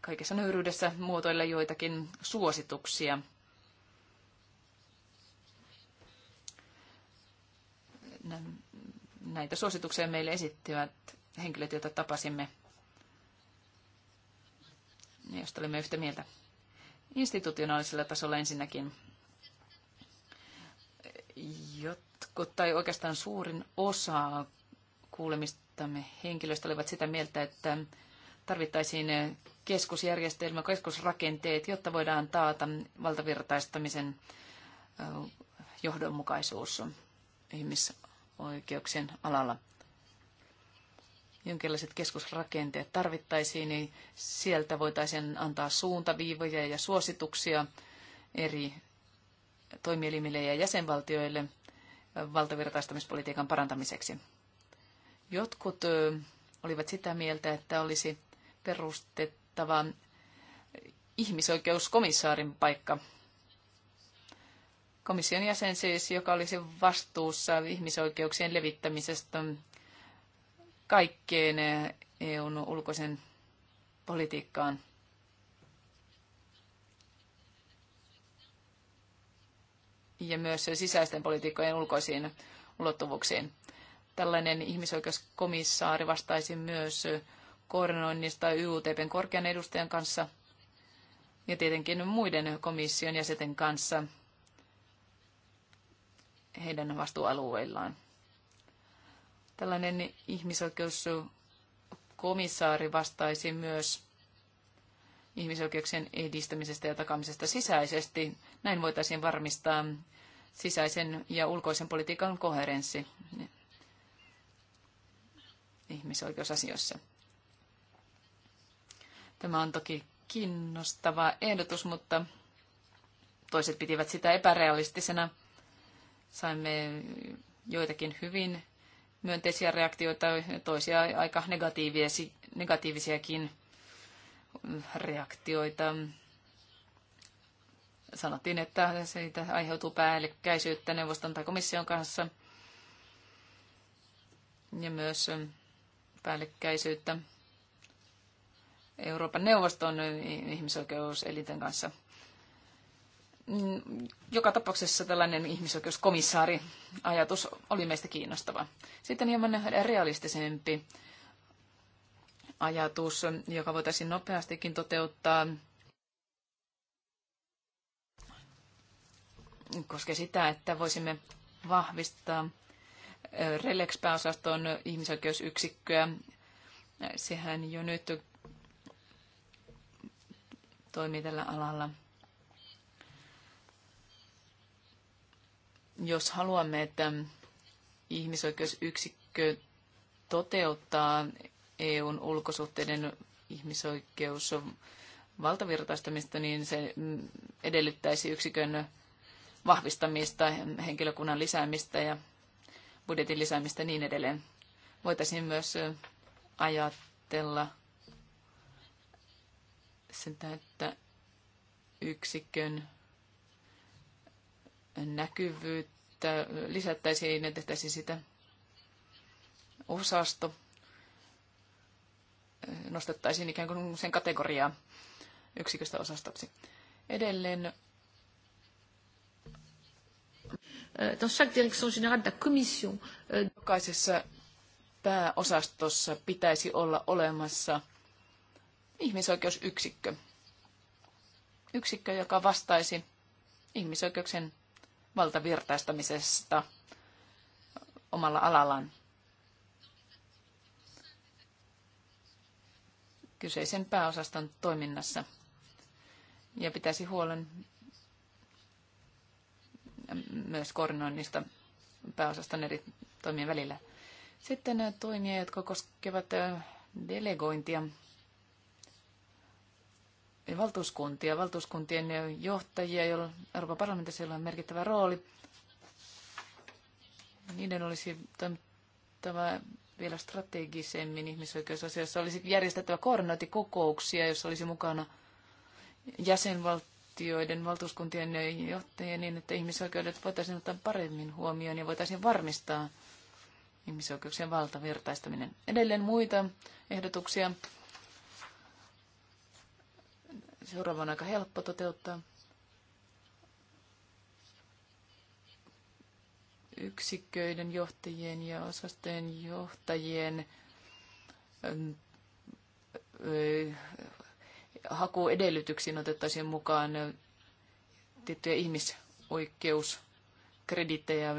kaikessa nöyryydessä muotoilla joitakin suosituksia – näitä suosituksia meille esittivät henkilöt, joita tapasimme, josta olimme yhtä mieltä. Institutionaalisella tasolla ensinnäkin jotkut, tai oikeastaan suurin osa kuulemistamme henkilöistä olivat sitä mieltä, että tarvittaisiin keskusjärjestelmä, keskusrakenteet, jotta voidaan taata valtavirtaistamisen johdonmukaisuus ihmis- oikeuksien alalla. Jonkinlaiset keskusrakenteet tarvittaisiin, niin sieltä voitaisiin antaa suuntaviivoja ja suosituksia eri toimielimille ja jäsenvaltioille valtavirtaistamispolitiikan parantamiseksi. Jotkut olivat sitä mieltä, että olisi perustettava ihmisoikeuskomissaarin paikka komission jäsen siis, joka olisi vastuussa ihmisoikeuksien levittämisestä kaikkeen eh, EUn ulkoisen politiikkaan. Ja myös sisäisten politiikkojen ulkoisiin ulottuvuuksiin. Tällainen ihmisoikeuskomissaari vastaisi myös koordinoinnista YUTPn korkean edustajan kanssa ja tietenkin muiden komission jäsenten kanssa – heidän vastuualueillaan. Tällainen ihmisoikeuskomissaari vastaisi myös ihmisoikeuksien edistämisestä ja takamisesta sisäisesti. Näin voitaisiin varmistaa sisäisen ja ulkoisen politiikan koherenssi ihmisoikeusasioissa. Tämä on toki kiinnostava ehdotus, mutta toiset pitivät sitä epärealistisena – Saimme joitakin hyvin myönteisiä reaktioita, toisia aika negatiivisiakin reaktioita. Sanottiin, että siitä aiheutuu päällekkäisyyttä neuvoston tai komission kanssa ja myös päällekkäisyyttä Euroopan neuvoston ihmisoikeuselinten kanssa. Mm, joka tapauksessa tällainen ihmisoikeuskomissaari ajatus oli meistä kiinnostava. Sitten hieman realistisempi ajatus, joka voitaisiin nopeastikin toteuttaa, koskee sitä, että voisimme vahvistaa Relex-pääosaston ihmisoikeusyksikköä. Sehän jo nyt toimii tällä alalla – Jos haluamme, että ihmisoikeusyksikkö toteuttaa EUn ulkosuhteiden ihmisoikeus valtavirtaistamista, niin se edellyttäisi yksikön vahvistamista, henkilökunnan lisäämistä ja budjetin lisäämistä ja niin edelleen. Voitaisiin myös ajatella sitä, että yksikön näkyvyyttä lisättäisiin ja tehtäisiin sitä osasto. Nostettaisiin ikään kuin sen kategoriaa yksiköstä osastoksi. Edelleen euh, dans chaque direction générale de la commission. Euh, jokaisessa pääosastossa pitäisi olla olemassa ihmisoikeusyksikkö. Yksikkö, joka vastaisi ihmisoikeuksien valtavirtaistamisesta omalla alallaan. kyseisen pääosaston toiminnassa. Ja pitäisi huolen myös koordinoinnista pääosaston eri toimien välillä. Sitten toimia, jotka koskevat delegointia valtuuskuntia, valtuuskuntien johtajia, joilla Euroopan parlamentissa joilla on merkittävä rooli. Niiden olisi toimittava vielä strategisemmin ihmisoikeusasioissa. Olisi järjestettävä koordinointikokouksia, jossa olisi mukana jäsenvaltioiden, valtuuskuntien johtajia niin, että ihmisoikeudet voitaisiin ottaa paremmin huomioon ja voitaisiin varmistaa ihmisoikeuksien valtavirtaistaminen. Edelleen muita ehdotuksia Seuraava on aika helppo toteuttaa. Yksiköiden johtajien ja osastojen johtajien ähm, äh, hakuedellytyksiin otettaisiin mukaan äh, tiettyjä ihmisoikeuskredittejä.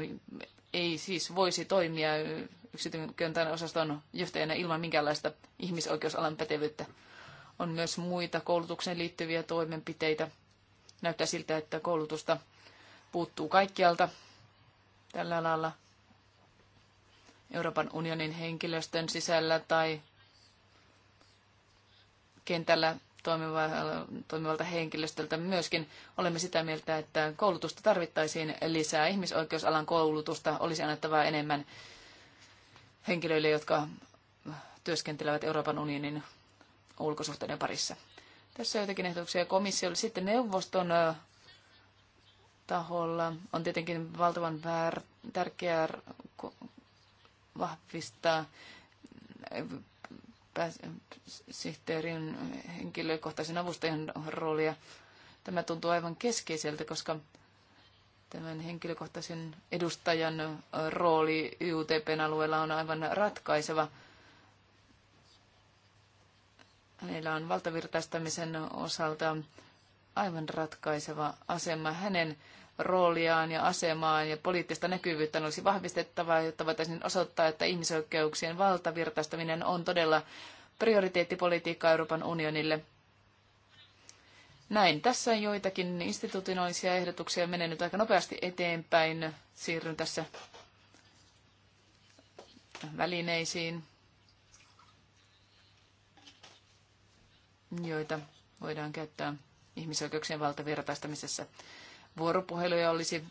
Ei siis voisi toimia yksityisen osaston johtajana ilman minkäänlaista ihmisoikeusalan pätevyyttä. On myös muita koulutukseen liittyviä toimenpiteitä. Näyttää siltä, että koulutusta puuttuu kaikkialta tällä alalla Euroopan unionin henkilöstön sisällä tai kentällä toimivalta henkilöstöltä myöskin olemme sitä mieltä, että koulutusta tarvittaisiin lisää. Ihmisoikeusalan koulutusta olisi annettava enemmän henkilöille, jotka työskentelevät Euroopan unionin ulkosuhteiden parissa. Tässä on joitakin ehdotuksia komissiolle. Sitten neuvoston taholla on tietenkin valtavan väär, tärkeää vahvistaa sihteerin henkilökohtaisen avustajan roolia. Tämä tuntuu aivan keskeiseltä, koska tämän henkilökohtaisen edustajan rooli UTPn alueella on aivan ratkaiseva – Hänellä on valtavirtaistamisen osalta aivan ratkaiseva asema. Hänen rooliaan ja asemaan ja poliittista näkyvyyttä olisi vahvistettava, jotta voitaisiin osoittaa, että ihmisoikeuksien valtavirtaistaminen on todella prioriteettipolitiikka Euroopan unionille. Näin. Tässä on joitakin institutionaalisia ehdotuksia. Menen nyt aika nopeasti eteenpäin. Siirryn tässä välineisiin. joita voidaan käyttää ihmisoikeuksien valtavirtaistamisessa. Vuoropuheluja olisi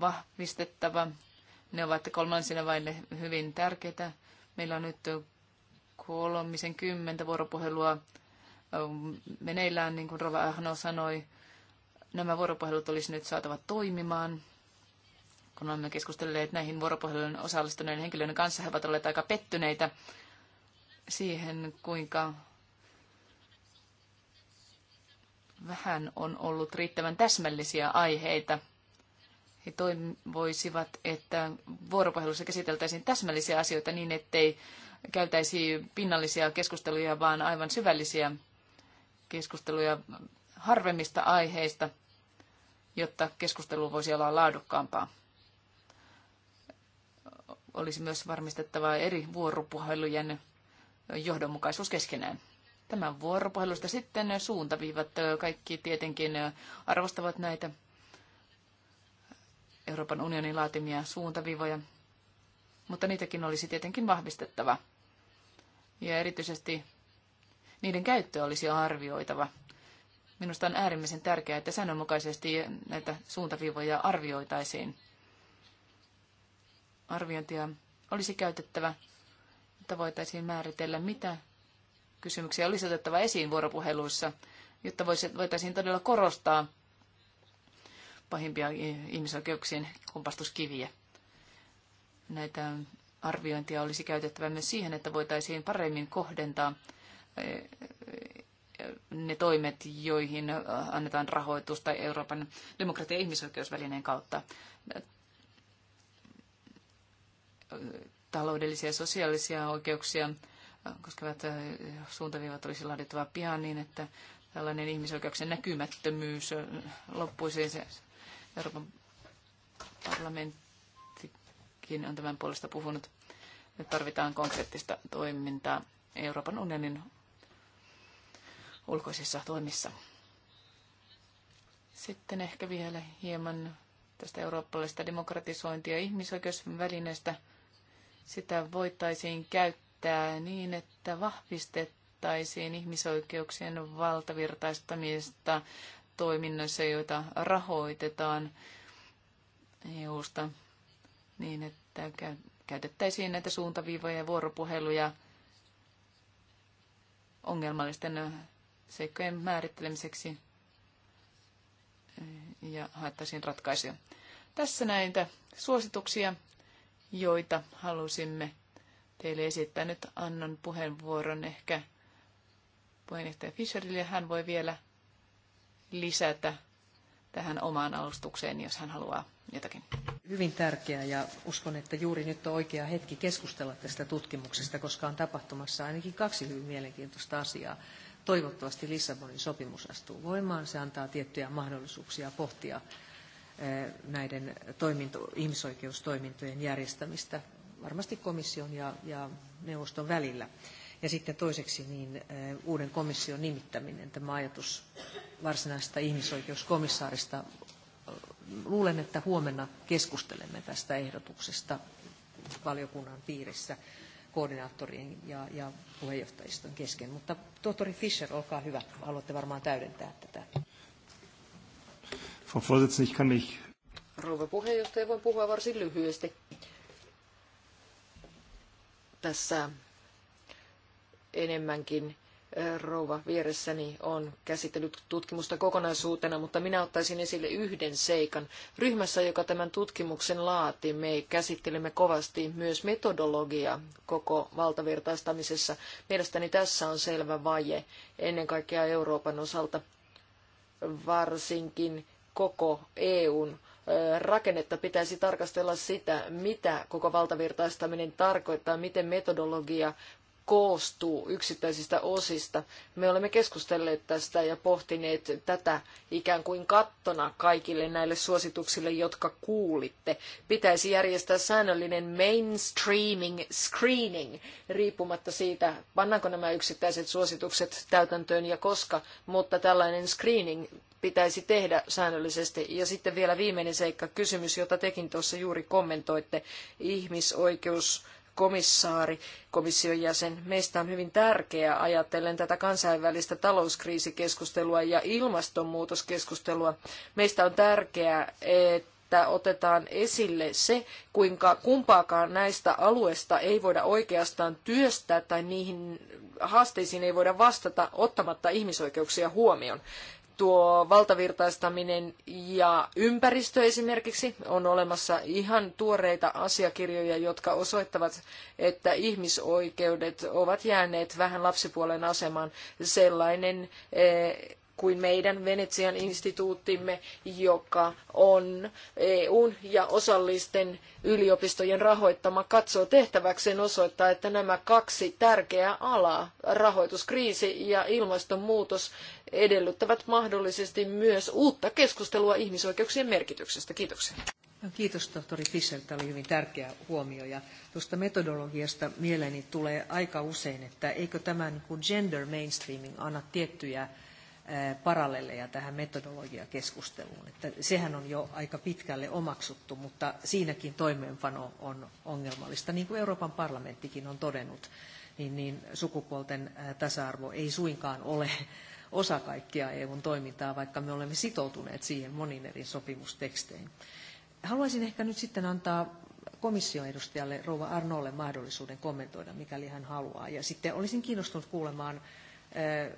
vahvistettava. Ne ovat kolmansina vaille hyvin tärkeitä. Meillä on nyt kolmisen kymmentä vuoropuhelua ähm, meneillään, niin kuin Rova Ahno sanoi. Nämä vuoropuhelut olisi nyt saatava toimimaan. Kun olemme keskustelleet näihin vuoropuhelujen osallistuneiden henkilöiden kanssa, he ovat olleet aika pettyneitä siihen, kuinka vähän on ollut riittävän täsmällisiä aiheita. He toivoisivat, että vuoropuhelussa käsiteltäisiin täsmällisiä asioita niin, ettei käytäisi pinnallisia keskusteluja, vaan aivan syvällisiä keskusteluja harvemmista aiheista, jotta keskustelu voisi olla laadukkaampaa. Olisi myös varmistettava eri vuoropuhelujen johdonmukaisuus keskenään tämän vuoropuhelusta sitten suuntaviivat. Kaikki tietenkin arvostavat näitä Euroopan unionin laatimia suuntaviivoja, mutta niitäkin olisi tietenkin vahvistettava. Ja erityisesti niiden käyttö olisi arvioitava. Minusta on äärimmäisen tärkeää, että säännönmukaisesti näitä suuntaviivoja arvioitaisiin. Arviointia olisi käytettävä, että voitaisiin määritellä, mitä kysymyksiä olisi otettava esiin vuoropuheluissa, jotta voitaisiin todella korostaa pahimpia ihmisoikeuksien kompastuskiviä. Näitä arviointia olisi käytettävä myös siihen, että voitaisiin paremmin kohdentaa eh, ne toimet, joihin annetaan rahoitusta Euroopan demokratia- ja ihmisoikeusvälineen kautta. Taloudellisia ja sosiaalisia oikeuksia koskevat suuntaviivat olisi laadittava pian niin, että tällainen ihmisoikeuksien näkymättömyys loppuisi. Se Euroopan parlamenttikin on tämän puolesta puhunut. Nyt tarvitaan konkreettista toimintaa Euroopan unionin ulkoisissa toimissa. Sitten ehkä vielä hieman tästä eurooppalaisesta demokratisointia ja ihmisoikeusvälineestä. Sitä voitaisiin käyttää kehittää niin, että vahvistettaisiin ihmisoikeuksien valtavirtaistamista toiminnassa, joita rahoitetaan EUsta niin, että käytettäisiin näitä suuntaviivoja ja vuoropuheluja ongelmallisten seikkojen määrittelemiseksi eh, ja haettaisiin ratkaisuja. Tässä näitä suosituksia, joita halusimme teille esittää. Nyt annan puheenvuoron ehkä puheenjohtaja Fischerille. Hän voi vielä lisätä tähän omaan alustukseen, jos hän haluaa jotakin. Hyvin tärkeää ja uskon, että juuri nyt on oikea hetki keskustella tästä tutkimuksesta, koska on tapahtumassa ainakin kaksi hyvin mielenkiintoista asiaa. Toivottavasti Lissabonin sopimus astuu voimaan. Se antaa tiettyjä mahdollisuuksia pohtia eh, näiden toiminto, ihmisoikeustoimintojen järjestämistä varmasti komission ja, ja neuvoston välillä. Ja sitten toiseksi niin uuden komission nimittäminen, tämä ajatus varsinaisesta ihmisoikeuskomissaarista. Luulen, että huomenna keskustelemme tästä ehdotuksesta valiokunnan piirissä koordinaattorien ja, ja puheenjohtajiston kesken. Mutta tohtori Fischer, olkaa hyvä. Haluatte varmaan täydentää tätä. Frau Vorsitzende, ich kann mich... Rouva puheenjohtaja, voin puhua varsin lyhyesti tässä enemmänkin rouva vieressäni on käsitellyt tutkimusta kokonaisuutena, mutta minä ottaisin esille yhden seikan. Ryhmässä, joka tämän tutkimuksen laati, me käsittelemme kovasti myös metodologiaa koko valtavirtaistamisessa. Mielestäni tässä on selvä vaje ennen kaikkea Euroopan osalta, varsinkin koko EUn rakennetta pitäisi tarkastella sitä, mitä koko valtavirtaistaminen tarkoittaa, miten metodologia koostuu yksittäisistä osista. Me olemme keskustelleet tästä ja pohtineet tätä ikään kuin kattona kaikille näille suosituksille, jotka kuulitte. Pitäisi järjestää säännöllinen mainstreaming screening, riippumatta siitä, pannaanko nämä yksittäiset suositukset täytäntöön ja koska, mutta tällainen screening pitäisi tehdä säännöllisesti. Ja sitten vielä viimeinen seikka, kysymys, jota tekin tuossa juuri kommentoitte, ihmisoikeus komissaari, komission jäsen. Meistä on hyvin tärkeää ajatellen tätä kansainvälistä talouskriisikeskustelua ja ilmastonmuutoskeskustelua. Meistä on tärkeää, että otetaan esille se, kuinka kumpaakaan näistä alueista ei voida oikeastaan työstää tai niihin haasteisiin ei voida vastata ottamatta ihmisoikeuksia huomioon tuo valtavirtaistaminen ja ympäristö esimerkiksi. On olemassa ihan tuoreita asiakirjoja, jotka osoittavat, että ihmisoikeudet ovat jääneet vähän lapsipuolen asemaan. Sellainen eh, kuin meidän Venetsian instituuttimme, joka on EUn ja osallisten yliopistojen rahoittama, katsoo tehtäväkseen osoittaa, että nämä kaksi tärkeää alaa, rahoituskriisi ja ilmastonmuutos, edellyttävät mahdollisesti myös uutta keskustelua ihmisoikeuksien merkityksestä. Kiitoksia. No, kiitos tohtori Fischer, tämä oli hyvin tärkeä huomio. Ja tuosta metodologiasta mieleeni tulee aika usein, että eikö tämä niin kuin gender mainstreaming anna tiettyjä paralleleja tähän metodologiakeskusteluun. Että sehän on jo aika pitkälle omaksuttu, mutta siinäkin toimeenpano on ongelmallista. Niin kuin Euroopan parlamenttikin on todennut, niin, niin sukupuolten tasa-arvo ei suinkaan ole osa kaikkia EUn toimintaa, vaikka me olemme sitoutuneet siihen monin eri sopimustekstein. Haluaisin ehkä nyt sitten antaa komission edustajalle Rouva Arnolle mahdollisuuden kommentoida, mikäli hän haluaa. Ja sitten olisin kiinnostunut kuulemaan eh,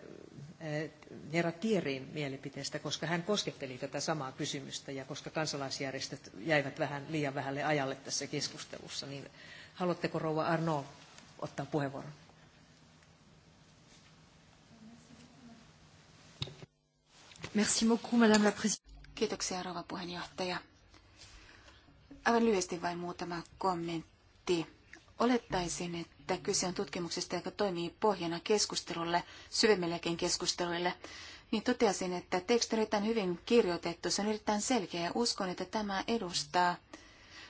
eh, herra Tierin mielipiteestä, koska hän kosketteli tätä samaa kysymystä ja koska kansalaisjärjestöt jäivät vähän liian vähälle ajalle tässä keskustelussa, niin haluatteko rouva Arno ottaa puheenvuoron? Merci beaucoup, Madame la Kiitoksia, rouva puheenjohtaja. Aivan lyhyesti vain muutama kommentti. Olettaisin, että kyse on tutkimuksesta, joka toimii pohjana keskustelulle, syvemmillekin keskusteluille, niin toteasin, että teksti on erittäin hyvin kirjoitettu, se on erittäin selkeä ja uskon, että tämä edustaa,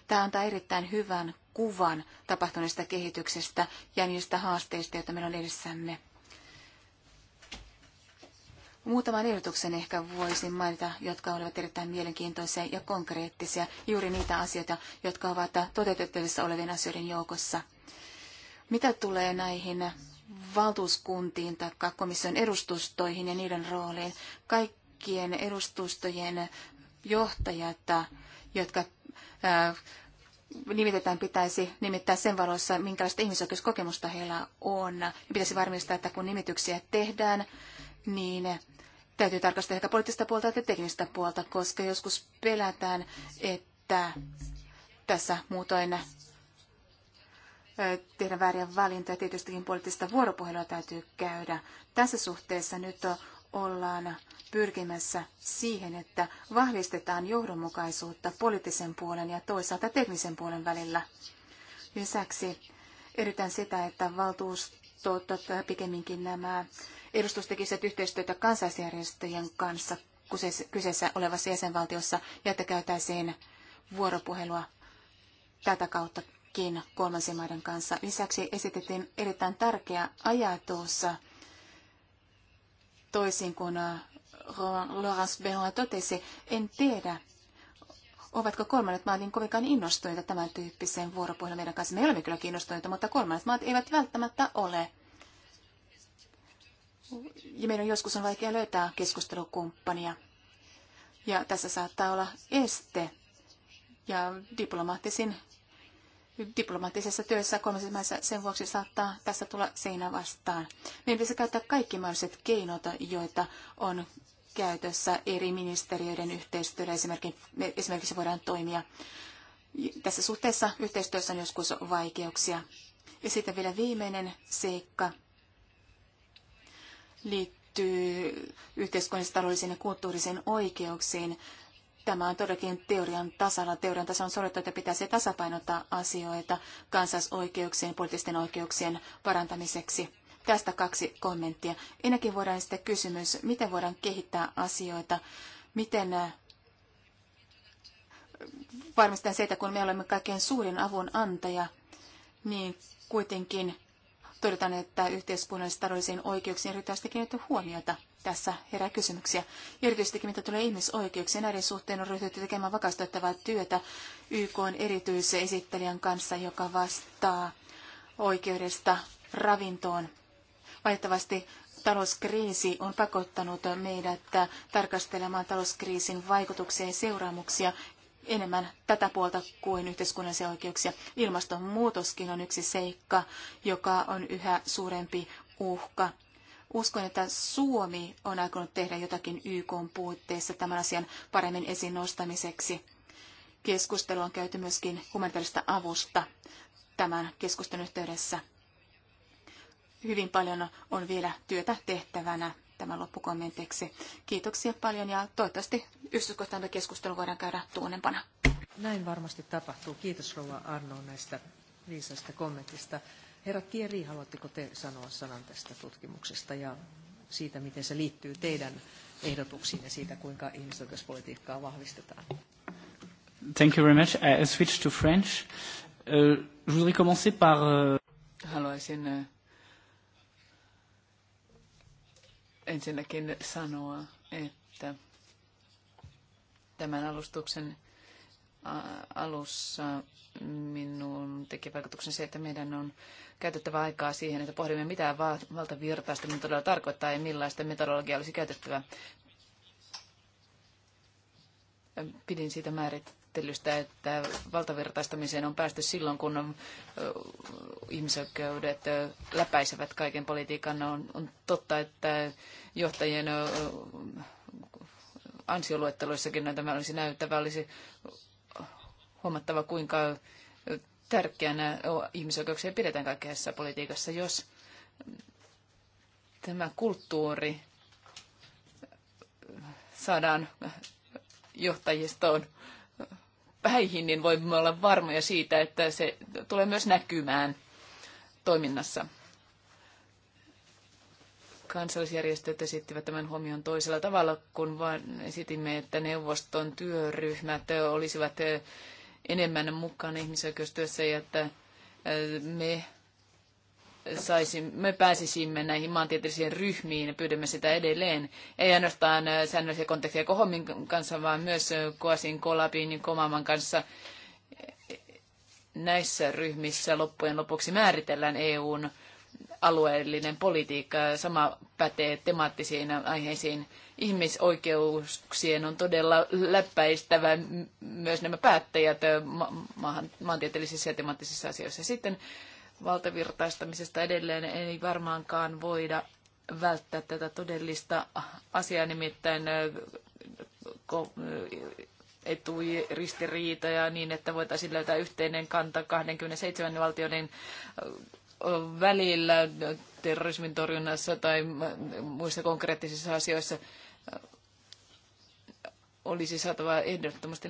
tämä antaa erittäin hyvän kuvan tapahtuneesta kehityksestä ja niistä haasteista, joita meillä on edessämme. Muutaman ehdotuksen ehkä voisin mainita, jotka olivat erittäin mielenkiintoisia ja konkreettisia, juuri niitä asioita, jotka ovat toteutettavissa olevien asioiden joukossa. Mitä tulee näihin valtuuskuntiin tai komission edustustoihin ja niiden rooliin, kaikkien edustustojen johtajat, jotka nimitetään pitäisi nimittää sen valossa, minkälaista ihmisoikeuskokemusta heillä on. pitäisi varmistaa, että kun nimityksiä tehdään, niin Täytyy tarkastella ehkä poliittista puolta ja teknistä puolta, koska joskus pelätään, että tässä muutoin tehdä vääriä valintoja. Tietystikin poliittista vuoropuhelua täytyy käydä. Tässä suhteessa nyt ollaan pyrkimässä siihen, että vahvistetaan johdonmukaisuutta poliittisen puolen ja toisaalta teknisen puolen välillä. Lisäksi edetään sitä, että valtuustot, pikemminkin nämä edustus tekisi yhteistyötä kansalaisjärjestöjen kanssa kyseessä olevassa jäsenvaltiossa ja että käytäisiin vuoropuhelua tätä kauttakin kolmansien maiden kanssa. Lisäksi esitettiin erittäin tärkeä ajatus toisin kuin äh, Laurence Benoit totesi, en tiedä, ovatko kolmannet maat niin kovinkaan innostuneita tämän tyyppiseen vuoropuheluun meidän kanssa. Me olemme kyllä kiinnostuneita, mutta kolmannet maat eivät välttämättä ole ja meidän joskus on vaikea löytää keskustelukumppania. Ja tässä saattaa olla este. Ja diplomaattisin, diplomaattisessa työssä kolmessa sen vuoksi saattaa tässä tulla seinä vastaan. Meidän pitäisi käyttää kaikki mahdolliset keinot, joita on käytössä eri ministeriöiden yhteistyöllä. Esimerkiksi, esimerkiksi voidaan toimia. Tässä suhteessa yhteistyössä on joskus vaikeuksia. Ja sitten vielä viimeinen seikka liittyy yhteiskunnallisiin, taloudellisiin ja kulttuurisiin oikeuksiin. Tämä on todellakin teorian tasalla. Teorian tasolla on sorjattu, että pitäisi tasapainottaa asioita kansalaisoikeuksien, poliittisten oikeuksien parantamiseksi. Tästä kaksi kommenttia. Ennenkin voidaan sitten kysymys, miten voidaan kehittää asioita, miten äh, varmistetaan se, että kun me olemme kaikkein suurin avun antaja, niin kuitenkin todetaan, että yhteiskunnallisiin taloudellisiin oikeuksiin erityisesti kiinnitetty huomiota. Tässä herää kysymyksiä. Erityisesti mitä tulee ihmisoikeuksiin, näiden suhteen on ryhdytty tekemään vakastoittavaa työtä YK on esittelijän kanssa, joka vastaa oikeudesta ravintoon. Valitettavasti talouskriisi on pakottanut meidät tarkastelemaan talouskriisin vaikutuksia ja seuraamuksia enemmän tätä puolta kuin yhteiskunnallisia oikeuksia. Ilmastonmuutoskin on yksi seikka, joka on yhä suurempi uhka. Uskon, että Suomi on aikonut tehdä jotakin YK puitteissa tämän asian paremmin esiin nostamiseksi. Keskustelu on käyty myöskin humanitaarista avusta tämän keskustelun yhteydessä. Hyvin paljon on vielä työtä tehtävänä tämän loppukommentiksi. Kiitoksia paljon ja toivottavasti yksityiskohtainen keskustelu voidaan käydä tuonempana. Näin varmasti tapahtuu. Kiitos rouva Arno näistä viisaista kommentista. Herra Tieri, haluatteko te sanoa sanan tästä tutkimuksesta ja siitä, miten se liittyy teidän ehdotuksiin ja siitä, kuinka ihmisoikeuspolitiikkaa vahvistetaan? Thank you very much. I switch to French. Uh, je voudrais commencer par... Uh... Haluaisin uh, ensinnäkin sanoa, että tämän alustuksen alussa minun teki vaikutuksen se, että meidän on käytettävä aikaa siihen, että pohdimme mitä valtavirtaistaminen todella tarkoittaa ja millaista metodologiaa olisi käytettävä. Pidin siitä määrit, käsittelystä, että valtavirtaistamiseen on päästy silloin, kun ihmisoikeudet läpäisevät kaiken politiikan. On, on totta, että johtajien ansioluetteloissakin tämä olisi näyttävä, olisi huomattava, kuinka tärkeänä ihmisoikeuksia pidetään kaikessa politiikassa, jos tämä kulttuuri saadaan johtajistoon päihin, niin voimme olla varmoja siitä, että se tulee myös näkymään toiminnassa. Kansallisjärjestöt esittivät tämän huomion toisella tavalla, kun vain esitimme, että neuvoston työryhmät olisivat enemmän mukana ihmisoikeustyössä ja että me saisin, me pääsisimme näihin maantieteellisiin ryhmiin ja pyydämme sitä edelleen. Ei ainoastaan äh, säännöllisiä kontakteja Kohomin kanssa, vaan myös äh, Koasin, Kolabin ja Komaman kanssa. Näissä ryhmissä loppujen lopuksi määritellään EUn alueellinen politiikka. Sama pätee temaattisiin aiheisiin. Ihmisoikeuksien on todella läppäistävä myös nämä päättäjät äh, ma- maantieteellisissä ja temaattisissa asioissa. Sitten valtavirtaistamisesta edelleen ei varmaankaan voida välttää tätä todellista asiaa, nimittäin eturistiriitoja niin, että voitaisiin löytää yhteinen kanta 27 valtioiden välillä terrorismin torjunnassa tai muissa konkreettisissa asioissa olisi saatava ehdottomasti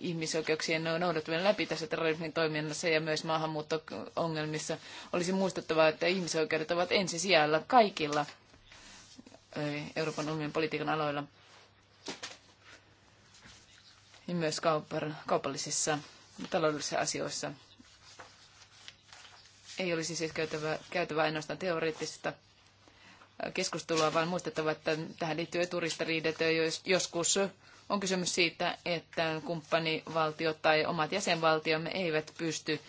ihmisoikeuksien noudattaminen läpi tässä terrorismin toiminnassa ja myös maahanmuutto-ongelmissa. Olisi muistettava, että ihmisoikeudet ovat ensisijalla kaikilla eh, Euroopan unionin politiikan aloilla ja myös kaupallisissa ja taloudellisissa asioissa. Ei olisi siis käytävä, käytävä ainoastaan teoreettista eh, keskustelua, vaan muistettava, että tähän liittyy eh, ja joskus on kysymys siitä, että kumppanivaltiot tai omat jäsenvaltiomme eivät pysty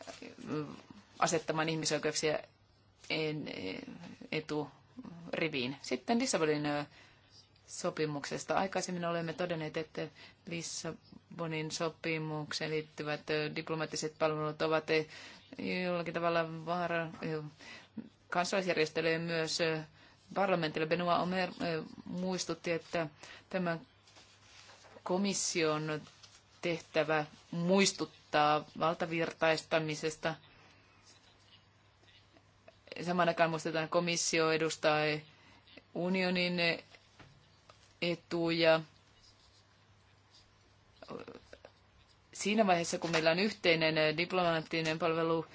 äh, asettamaan ihmisoikeuksia eh, eturiviin. Sitten Lissabonin äh, sopimuksesta. Aikaisemmin olemme todenneet, että Lissabonin sopimukseen liittyvät äh, diplomaattiset palvelut ovat eh, jollakin tavalla vaara eh, kansalaisjärjestöille myös parlamentille. Benoit Omer muistutti, että tämän komission tehtävä muistuttaa valtavirtaistamisesta. Samaan aikaan muistetaan, että komissio edustaa unionin etuja. Siinä vaiheessa, kun meillä on yhteinen diplomaattinen palvelu,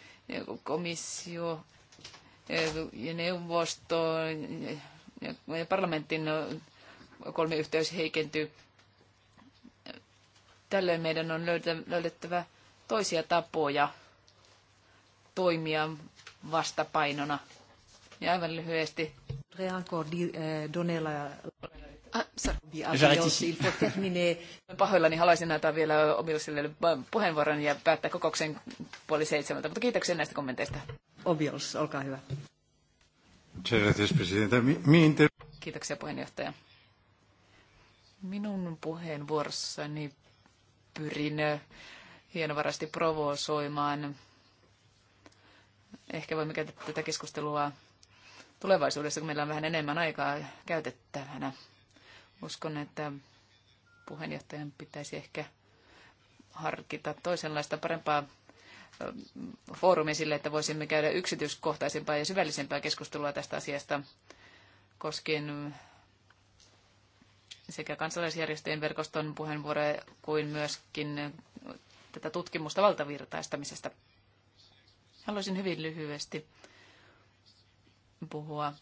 komissio ja neuvosto ja parlamentin kolmiyhteys heikentyy, Tällöin meidän on löydettävä toisia tapoja toimia vastapainona. Ja aivan lyhyesti. Euh, ah, pahoillani haluaisin antaa vielä Obiosille puheenvuoron ja päättää kokouksen puoli seitsemältä, mutta kiitoksia näistä kommenteista. Obios, olkaa hyvä. Kiitoksia puheenjohtaja. Minun puheenvuorossani pyrin eh, hienovarasti provosoimaan. Ehkä voimme käydä tätä keskustelua tulevaisuudessa, kun meillä on vähän enemmän aikaa käytettävänä. Uskon, että puheenjohtajan pitäisi ehkä harkita toisenlaista parempaa eh, foorumia sille, että voisimme käydä yksityiskohtaisempaa ja syvällisempää keskustelua tästä asiasta koskien sekä kansalaisjärjestöjen verkoston puheenvuoroja kuin myöskin tätä tutkimusta valtavirtaistamisesta. Haluaisin hyvin lyhyesti puhua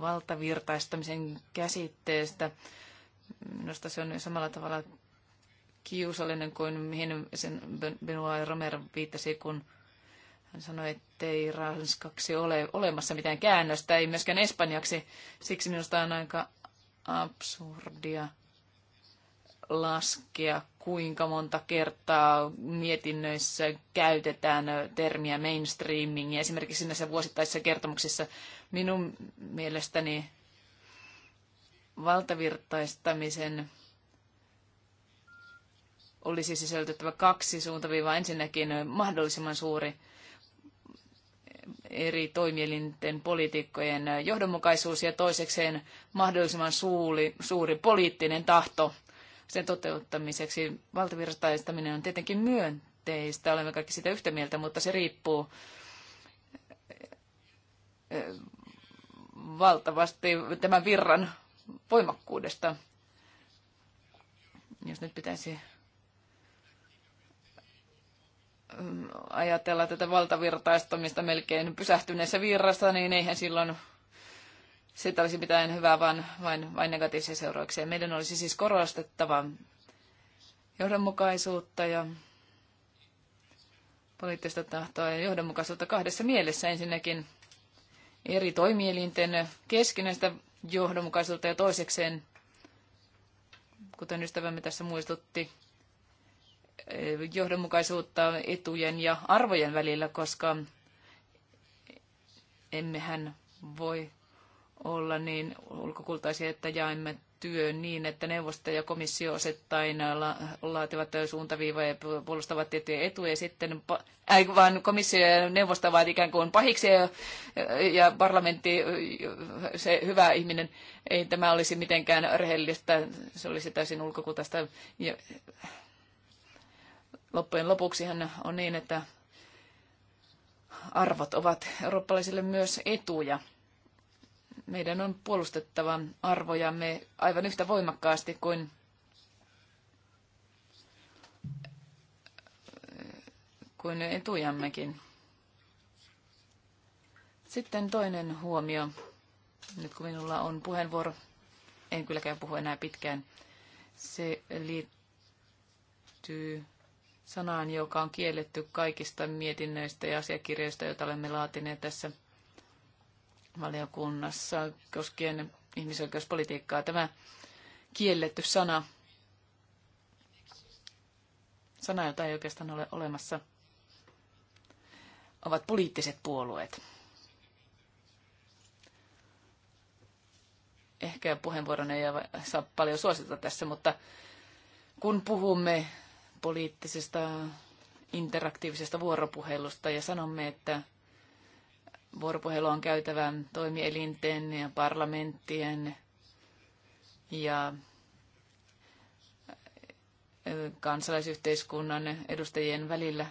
valtavirtaistamisen käsitteestä. Minusta se on samalla tavalla kiusallinen kuin mihin sen Benoit Romer viittasi, kun hän sanoi, että ei ranskaksi ole olemassa mitään käännöstä, ei myöskään espanjaksi. Siksi minusta on aika absurdia laskea, kuinka monta kertaa mietinnöissä käytetään termiä mainstreaming. Ja esimerkiksi näissä vuosittaisissa kertomuksissa minun mielestäni valtavirtaistamisen olisi sisältettävä kaksi suuntaviivaa. Ensinnäkin mahdollisimman suuri eri toimielinten poliitikkojen johdonmukaisuus ja toisekseen mahdollisimman suuri, suuri poliittinen tahto sen toteuttamiseksi. Valtavirtaistaminen on tietenkin myönteistä, olemme kaikki sitä yhtä mieltä, mutta se riippuu eh, valtavasti tämän virran voimakkuudesta. Jos nyt pitäisi ajatella tätä valtavirtaistumista melkein pysähtyneessä virrassa, niin eihän silloin sitä olisi mitään hyvää, vaan vain, vain negatiivisia seurauksia. Meidän olisi siis korostettava johdonmukaisuutta ja poliittista tahtoa ja johdonmukaisuutta kahdessa mielessä. Ensinnäkin eri toimielinten keskinäistä johdonmukaisuutta ja toisekseen, kuten ystävämme tässä muistutti, johdonmukaisuutta etujen ja arvojen välillä, koska emmehän voi olla niin ulkokultaisia, että jaemme työn niin, että neuvosto ja komissio osittain laativat suuntaviivoja ja puolustavat tiettyjä etuja, sitten, ei vaan komissio ja neuvosto ovat ikään kuin pahiksi ja, ja parlamentti, se hyvä ihminen, ei tämä olisi mitenkään rehellistä, se olisi täysin ulkokultaista. Ja, loppujen hän on niin, että arvot ovat eurooppalaisille myös etuja. Meidän on puolustettava arvojamme aivan yhtä voimakkaasti kuin kuin etujammekin. Sitten toinen huomio. Nyt kun minulla on puheenvuoro, en kylläkään puhu enää pitkään. Se liittyy sanaan, joka on kielletty kaikista mietinnöistä ja asiakirjoista, joita olemme laatineet tässä valiokunnassa koskien ihmisoikeuspolitiikkaa. Tämä kielletty sana, sana, jota ei oikeastaan ole olemassa, ovat poliittiset puolueet. Ehkä puheenvuoron ei saa paljon suosita tässä, mutta kun puhumme poliittisesta interaktiivisesta vuoropuhelusta ja sanomme, että vuoropuhelu on käytävä toimielinten ja parlamenttien ja kansalaisyhteiskunnan edustajien välillä.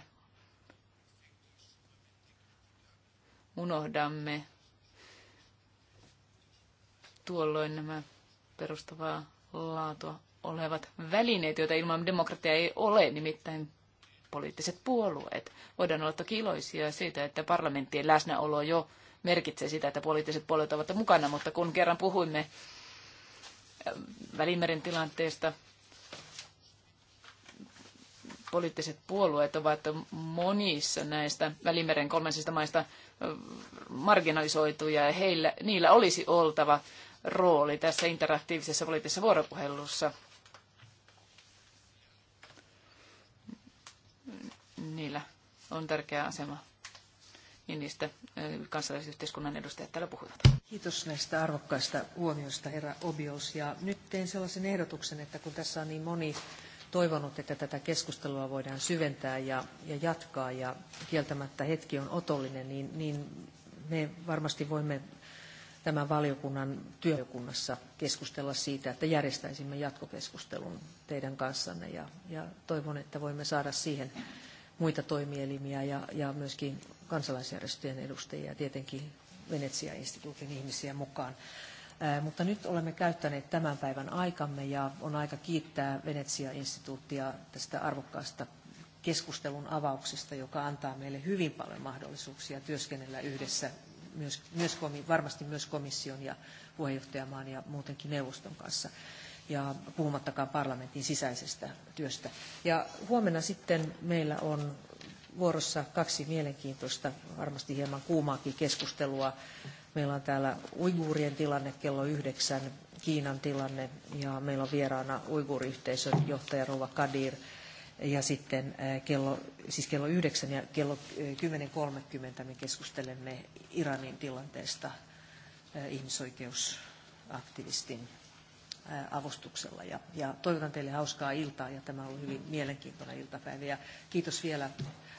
Unohdamme tuolloin nämä perustavaa laatua olevat välineet, joita ilman demokratiaa ei ole, nimittäin poliittiset puolueet. Voidaan olla toki iloisia siitä, että parlamenttien läsnäolo jo merkitsee sitä, että poliittiset puolueet ovat mukana, mutta kun kerran puhuimme ähm, Välimeren tilanteesta, poliittiset puolueet ovat monissa näistä Välimeren kolmansista maista äh, marginalisoituja ja heillä, niillä olisi oltava rooli tässä interaktiivisessa poliittisessa vuoropuhelussa niillä on tärkeä asema ja niin niistä eh, kansalaisyhteiskunnan edustajat täällä puhuvat. Kiitos näistä arvokkaista huomioista, herra Obios. Ja nyt teen sellaisen ehdotuksen, että kun tässä on niin moni toivonut, että tätä keskustelua voidaan syventää ja, ja jatkaa, ja kieltämättä hetki on otollinen, niin, niin me varmasti voimme tämän valiokunnan työkunnassa keskustella siitä, että järjestäisimme jatkokeskustelun teidän kanssanne, ja, ja toivon, että voimme saada siihen muita toimielimiä ja, ja myöskin kansalaisjärjestöjen edustajia ja tietenkin Venetsia-instituutin ihmisiä mukaan. Mutta nyt olemme käyttäneet tämän päivän aikamme ja on aika kiittää Venetsia-instituuttia tästä arvokkaasta keskustelun avauksesta, joka antaa meille hyvin paljon mahdollisuuksia työskennellä yhdessä myös, myös, varmasti myös komission ja puheenjohtajamaan ja muutenkin neuvoston kanssa ja puhumattakaan parlamentin sisäisestä työstä. Ja huomenna sitten meillä on vuorossa kaksi mielenkiintoista, varmasti hieman kuumaakin keskustelua. Meillä on täällä uiguurien tilanne kello yhdeksän, Kiinan tilanne ja meillä on vieraana uiguuriyhteisön johtaja Rova Kadir ja sitten eh, kello, siis kello yhdeksän ja kello 10.30 eh, me keskustelemme Iranin tilanteesta eh, ihmisoikeusaktivistin avustuksella. Ja, ja toivotan teille hauskaa iltaa ja tämä on ollut hyvin mielenkiintoinen iltapäivä. Ja kiitos vielä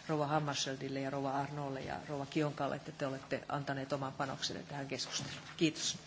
Rova Hammarskjöldille ja Rova Arnolle ja Rova Kionkalle, että te olette antaneet oman panoksenne tähän keskusteluun. Kiitos.